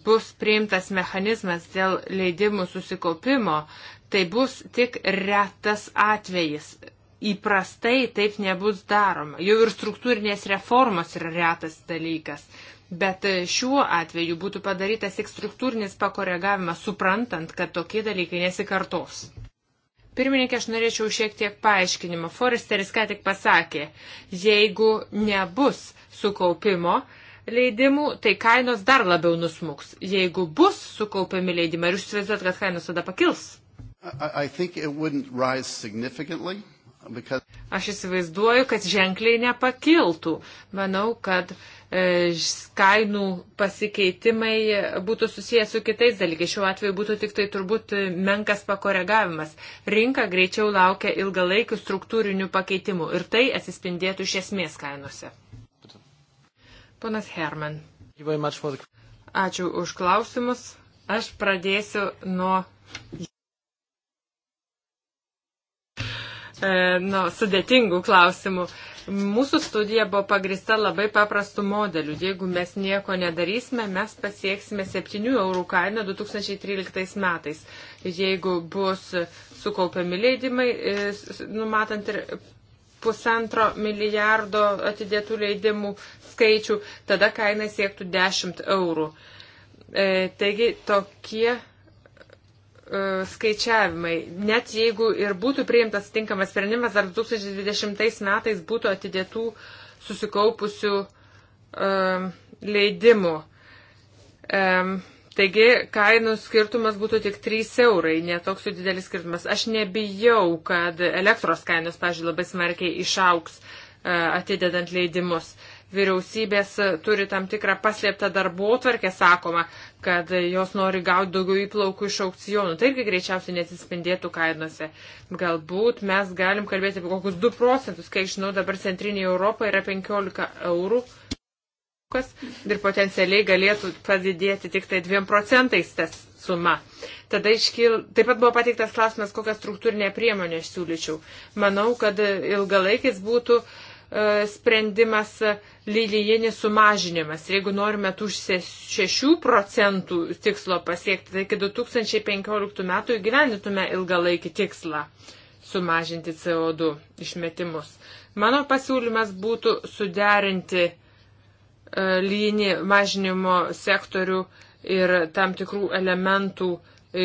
bus priimtas mechanizmas dėl leidimų susikaupimo, tai bus tik retas atvejis. Įprastai taip nebus daroma. Jau ir struktūrinės reformos yra retas dalykas. Bet šiuo atveju būtų padarytas tik struktūrinis pakoregavimas, suprantant, kad tokie dalykai nesikartos. Pirmininkė, aš norėčiau šiek tiek paaiškinimo. Foresteris ką tik pasakė, jeigu nebus sukaupimo leidimų, tai kainos dar labiau nusmuks. Jeigu bus sukaupiami leidimai, ar jūs įsivaizduojat, kad kainos tada pakils? I, I Aš įsivaizduoju, kad ženkliai nepakiltų. Manau, kad uh, E, kainų pasikeitimai būtų susijęs su kitais dalykais. Šiuo atveju būtų tik tai turbūt menkas pakoregavimas. Rinka greičiau laukia ilgalaikių struktūrinių pakeitimų ir tai atsispindėtų iš esmės kainose. Ponas Herman. Ačiū už klausimus. Aš pradėsiu nuo. E, nuo sudėtingų klausimų. E, Mūsų studija buvo pagrista labai paprastu modeliu. Jeigu mes nieko nedarysime, mes pasieksime 7 eurų kainą 2013 metais. Jeigu bus sukaupiami leidimai, e, numatant ir pusantro milijardo atidėtų leidimų skaičių, tada kaina siektų 10 eurų. E, taigi tokie E, skaičiavimai. Net jeigu ir būtų priimtas tinkamas sprendimas, dar 2020 metais būtų atidėtų susikaupusių um, leidimų. Um, taigi kainų skirtumas būtų tik 3 eurai, netoks jau didelis skirtumas. Aš nebijau, kad elektros kainos, pažiūrėjau, labai smarkiai išauks uh, atidedant leidimus. Uh, vyriausybės turi tam tikrą paslėptą darbotvarkę, sakoma, kad jos nori gauti daugiau įplaukų iš aukcionų. Tai irgi greičiausiai nesispindėtų kainose. Galbūt mes galim kalbėti apie kokius 2 procentus, kiek žinau, dabar centrinėje Europoje yra 15 eurų. Ir potencialiai galėtų padidėti tik tai 2 procentais tas suma. Tada iškyl, taip pat buvo pateiktas klausimas, kokią struktūrinę priemonę aš siūlyčiau. Manau, kad ilgalaikis būtų uh, E, sprendimas lygijinis sumažinimas. Jeigu norime tų 6 procentų tikslo pasiekti, tai iki 2015 metų įgyvendintume ilgalaikį tikslą sumažinti CO2 išmetimus. Mano pasiūlymas būtų suderinti e, lyginį mažinimo sektorių ir tam tikrų elementų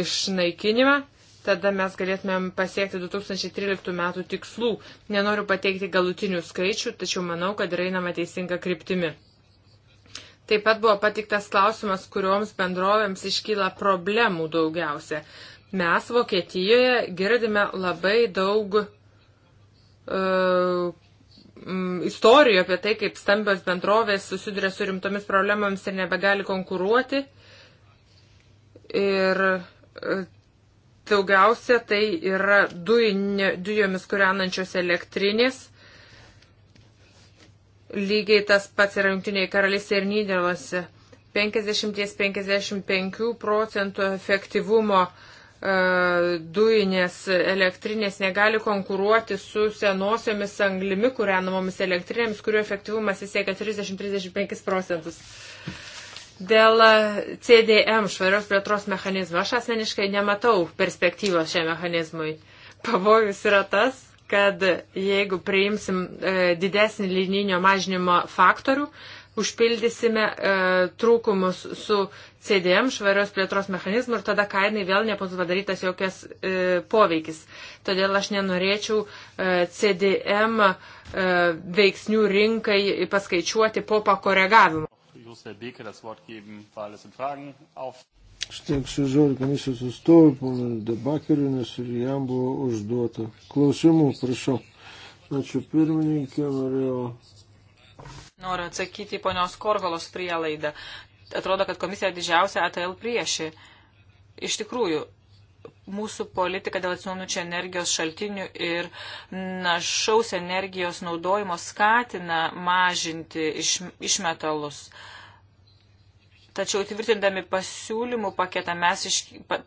išnaikinimą tada mes galėtumėm pasiekti 2013 metų tikslų. Nenoriu pateikti galutinių skaičių, tačiau manau, kad yra einama teisinga kryptimi. Taip pat buvo patiktas klausimas, kurioms bendrovėms iškyla problemų daugiausia. Mes Vokietijoje girdime labai daug uh, istorijų apie tai, kaip stambios bendrovės susiduria su rimtomis problemomis ir nebegali konkuruoti. Ir uh, Daugiausia tai yra dujinė, dujomis kūrenančios elektrinės. Lygiai tas pats yra Junktiniai karalystė ir Nyderlandose. 50-55 procentų efektyvumo e, dujinės elektrinės negali konkuruoti su senosiomis anglimi kūrenamomis elektrinėmis, kurių efektyvumas įsiekia 30-35 procentus. Dėl e, CDM švarios plėtros mechanizmo aš asmeniškai nematau perspektyvos šiam mechanizmui. Pavojus yra tas, kad jeigu priimsim e, didesnį linijinio mažinimo faktorių, užpildysime e, trūkumus su CDM švarios plėtros mechanizmu ir tada kainai vėl nebus padarytas jokias e, poveikis. Todėl aš nenorėčiau e, CDM e, veiksnių rinkai paskaičiuoti po pakoregavimo. Schluss Herr Beke das Wort geben, weil es in Fragen auf. Stengsiu žodį komisijos atstovui, ponui Debakeriu, nes ir jam buvo užduota. Klausimų, prašau. Ačiū pirmininkė, norėjau. Noriu atsakyti į ponios Korvalos prielaidą. Atrodo, kad komisija didžiausia ATL prieši. Iš tikrųjų, mūsų politika dėl atsinaujinančių energijos šaltinių ir našaus energijos naudojimo skatina mažinti iš, išmetalus. metalus Tačiau tvirtindami pasiūlymų paketą mes iš,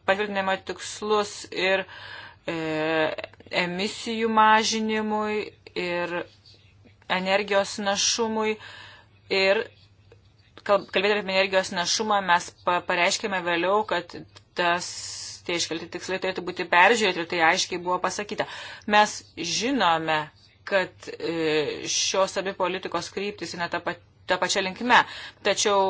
patvirtiname tikslus ir e, emisijų mažinimui ir energijos našumui. Ir kalbėdami apie energijos našumą mes pareiškėme vėliau, kad tas, tie iškelti tikslai turėtų būti peržiūrėti ir tai aiškiai buvo pasakyta. Mes žinome, kad e, šios abi politikos kryptis yra ta pati tą pačią linkme, tačiau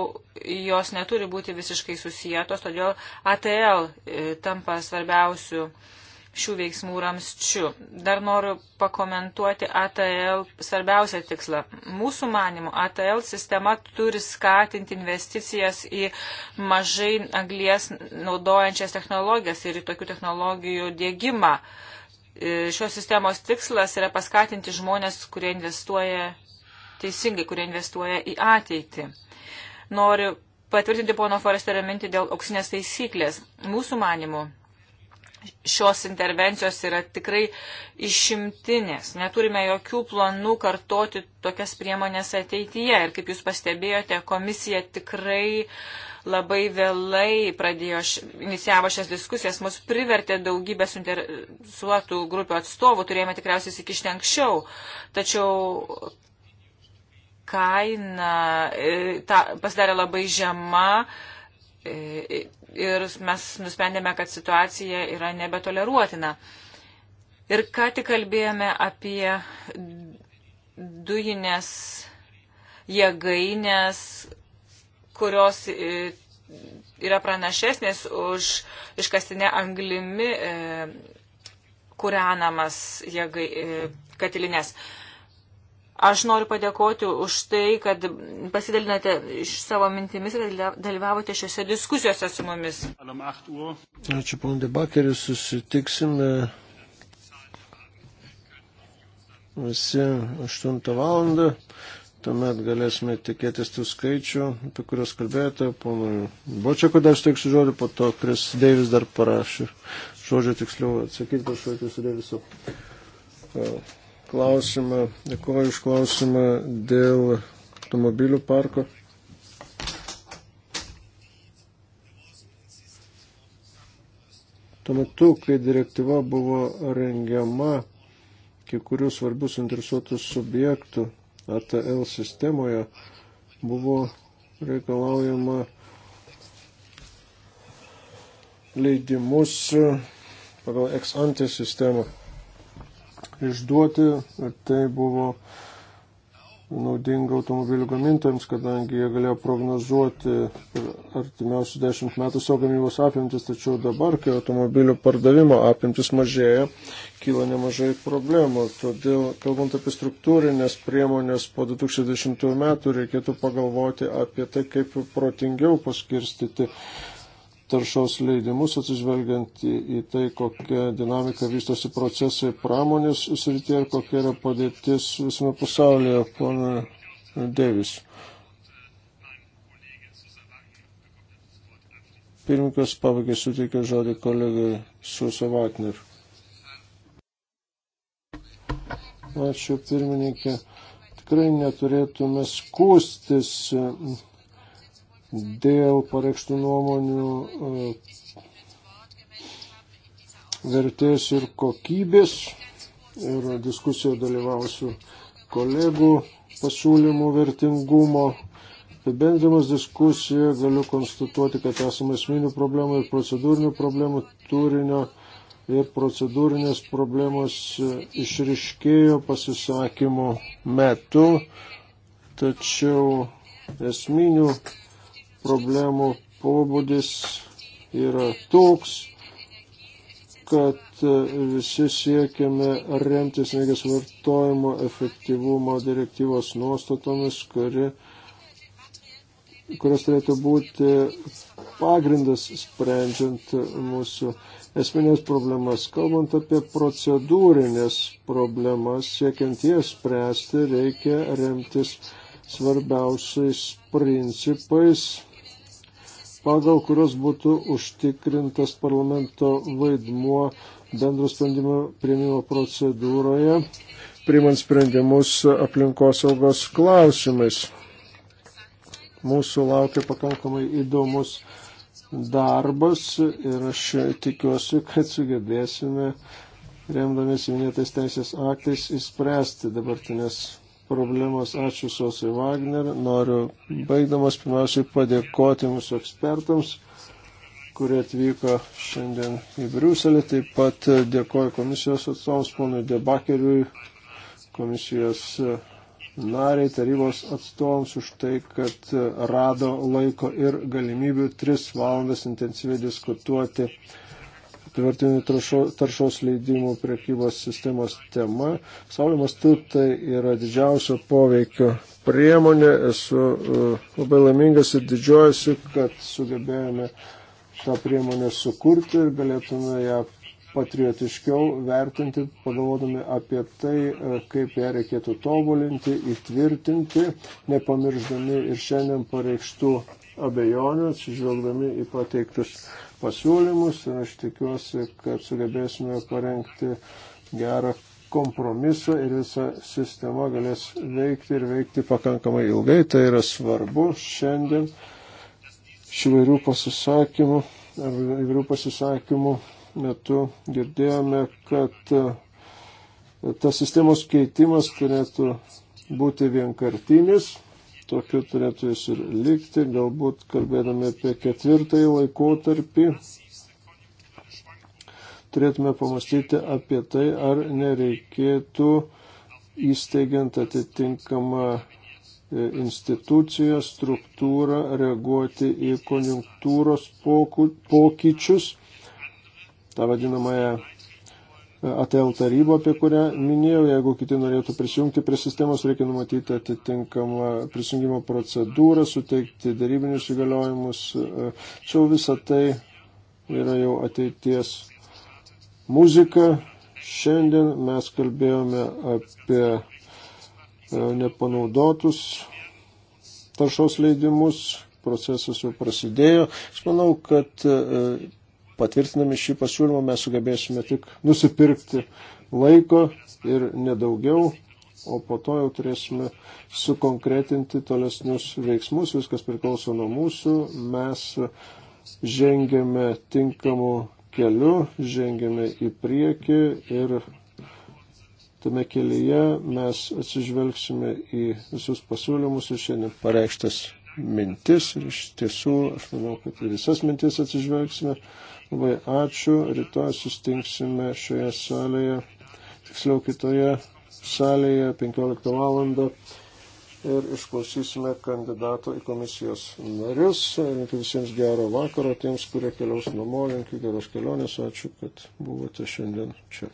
jos neturi būti visiškai susijėtos, todėl ATL e, tampa svarbiausių šių veiksmų ramščių. Dar noriu pakomentuoti ATL svarbiausią tikslą. Mūsų manimu, ATL sistema turi skatinti investicijas į mažai anglies naudojančias technologijas ir į tokių technologijų dėgymą. E, šios sistemos tikslas yra paskatinti žmonės, kurie investuoja teisingai, kurie investuoja į ateitį. Noriu patvirtinti pono Foresterio mintį dėl auksinės taisyklės. Mūsų manimų šios intervencijos yra tikrai išimtinės. Neturime jokių planų kartoti tokias priemonės ateityje. Ir kaip jūs pastebėjote, komisija tikrai labai vėlai pradėjo, inicijavo šias diskusijas, mus privertė daugybę suinteresuotų grupių atstovų, turėjome tikriausiai įsikišti anksčiau. Tačiau kaina e, ta, pasidarė labai žema e, ir mes nusprendėme, kad situacija yra nebetoleruotina. Ir ką tik kalbėjome apie dujinės jėgainės, kurios e, yra pranašesnės už iškastinę anglimi kūrenamas jėgai, katilinės. E, Aš noriu padėkoti už tai, kad pasidalinote iš savo mintimis ir dalyvavote šiuose diskusijose su mumis. Ačiū, ponde Bakeris, susitiksime visi 8 valandą. Tuomet galėsime tikėtis tų skaičių, apie kuriuos kalbėjote. Ponui Bočiako dar suteiksiu žodį, po to Kris Deivis dar parašė. Žodžio tiksliau atsakyti, prašau, jūsų Deiviso. Uh klausimą, dėkuoju už klausimą dėl automobilių parko. Tuo metu, kai direktyva buvo rengiama kai kurių svarbių suinteresuotų subjektų ATL sistemoje, buvo reikalaujama leidimus pagal ex ante sistemą išduoti. Ir tai buvo naudinga automobilių gamintojams, kadangi jie galėjo prognozuoti artimiausių dešimt metų savo gamybos apimtis, tačiau dabar, kai automobilių pardavimo apimtis mažėja, kyla nemažai problemų. Todėl, kalbant apie struktūrinės priemonės po 2010 metų, reikėtų pagalvoti apie tai, kaip protingiau paskirstyti taršos leidimus, atsižvelgiant į, į tai, kokia dinamika vystosi procesai pramonės srityje ir kokia yra padėtis visame pasaulyje, pana Devis. Pirmininkas pabaigai suteikė žodį kolegai Susa Vatner. Ačiū pirmininkė. Tikrai neturėtume skūstis dėl pareikštų nuomonių e, vertės ir kokybės ir diskusijoje dalyvausiu kolegų pasiūlymų vertingumo. Apibendrimas diskusiją galiu konstatuoti, kad esame esminių problemų ir procedūrinių problemų turinio ir procedūrinės problemos išriškėjo pasisakymų metu, tačiau esminių problemų pobūdis yra toks, kad e, visi siekiame remtis energijos vartojimo efektyvumo direktyvos nuostatomis, kuri, kurios turėtų būti pagrindas sprendžiant mūsų esminės problemas. Kalbant apie procedūrinės problemas, siekiant jas spręsti, reikia remtis svarbiausiais principais pagal kurios būtų užtikrintas parlamento vaidmuo bendro sprendimo prieimimo procedūroje, priimant sprendimus aplinkosaugos klausimais. Mūsų laukia pakankamai įdomus darbas ir aš tikiuosi, kad sugebėsime, remdamės minėtais teisės aktais, įspręsti dabartinės problemos. Ačiū Sosai Wagner. Noriu baigdamas pirmiausiai padėkoti mūsų ekspertams, kurie atvyko šiandien į Briuselį. Taip pat dėkoju komisijos atstovams, ponui Debakeriui, komisijos nariai, tarybos atstovams už tai, kad rado laiko ir galimybių tris valandas intensyviai diskutuoti apivartinių taršos leidimų priekybos sistemos tema. Pasaulio mastu tai yra didžiausio poveikio priemonė. Esu uh, labai laimingas ir didžiuojasi, kad sugebėjome tą priemonę sukurti ir galėtume ją patriotiškiau vertinti, pagalvodami apie tai, uh, kaip ją reikėtų tobulinti, įtvirtinti, nepamirždami ir šiandien pareikštų abejonių, atsižvelgdami į pateiktus pasiūlymus ir aš tikiuosi, kad sugebėsime parengti gerą kompromisą ir visa sistema galės veikti ir veikti pakankamai ilgai. Tai yra svarbu šiandien šių vairių pasisakymų ar įvairių pasisakymų metu girdėjome, kad e, tas sistemos keitimas turėtų būti vienkartinis tokiu turėtų jis ir likti, galbūt kalbėdami apie ketvirtąjį laikotarpį. Turėtume pamastyti apie tai, ar nereikėtų įsteigiant atitinkamą e, instituciją, struktūrą, reaguoti į konjunktūros pokyčius, tą vadinamąją ATL taryba, apie kurią minėjau. Jeigu kiti norėtų prisijungti prie sistemos, reikia numatyti atitinkamą prisijungimo procedūrą, suteikti darybinius įgaliojimus. Čia visą tai yra jau ateities muzika. Šiandien mes kalbėjome apie e, nepanaudotus taršos leidimus. Procesas jau prasidėjo. Aš manau, kad e, patvirtinami šį pasiūlymą mes sugebėsime tik nusipirkti laiko ir nedaugiau, o po to jau turėsime sukonkretinti tolesnius veiksmus, viskas priklauso nuo mūsų, mes žengėme tinkamu keliu, žengėme į priekį ir tame kelyje mes atsižvelgsime į visus pasiūlymus ir šiandien pareikštas mintis ir iš tiesų aš manau, kad visas mintis atsižvelgsime. Labai ačiū. Rytoj sustinksime šioje salėje, tiksliau kitoje salėje 15 val. ir išklausysime kandidato į komisijos narius. Linkiu visiems gero vakaro, tiems, kurie keliaus namo, linkiu geros kelionės. Ačiū, kad buvote šiandien čia.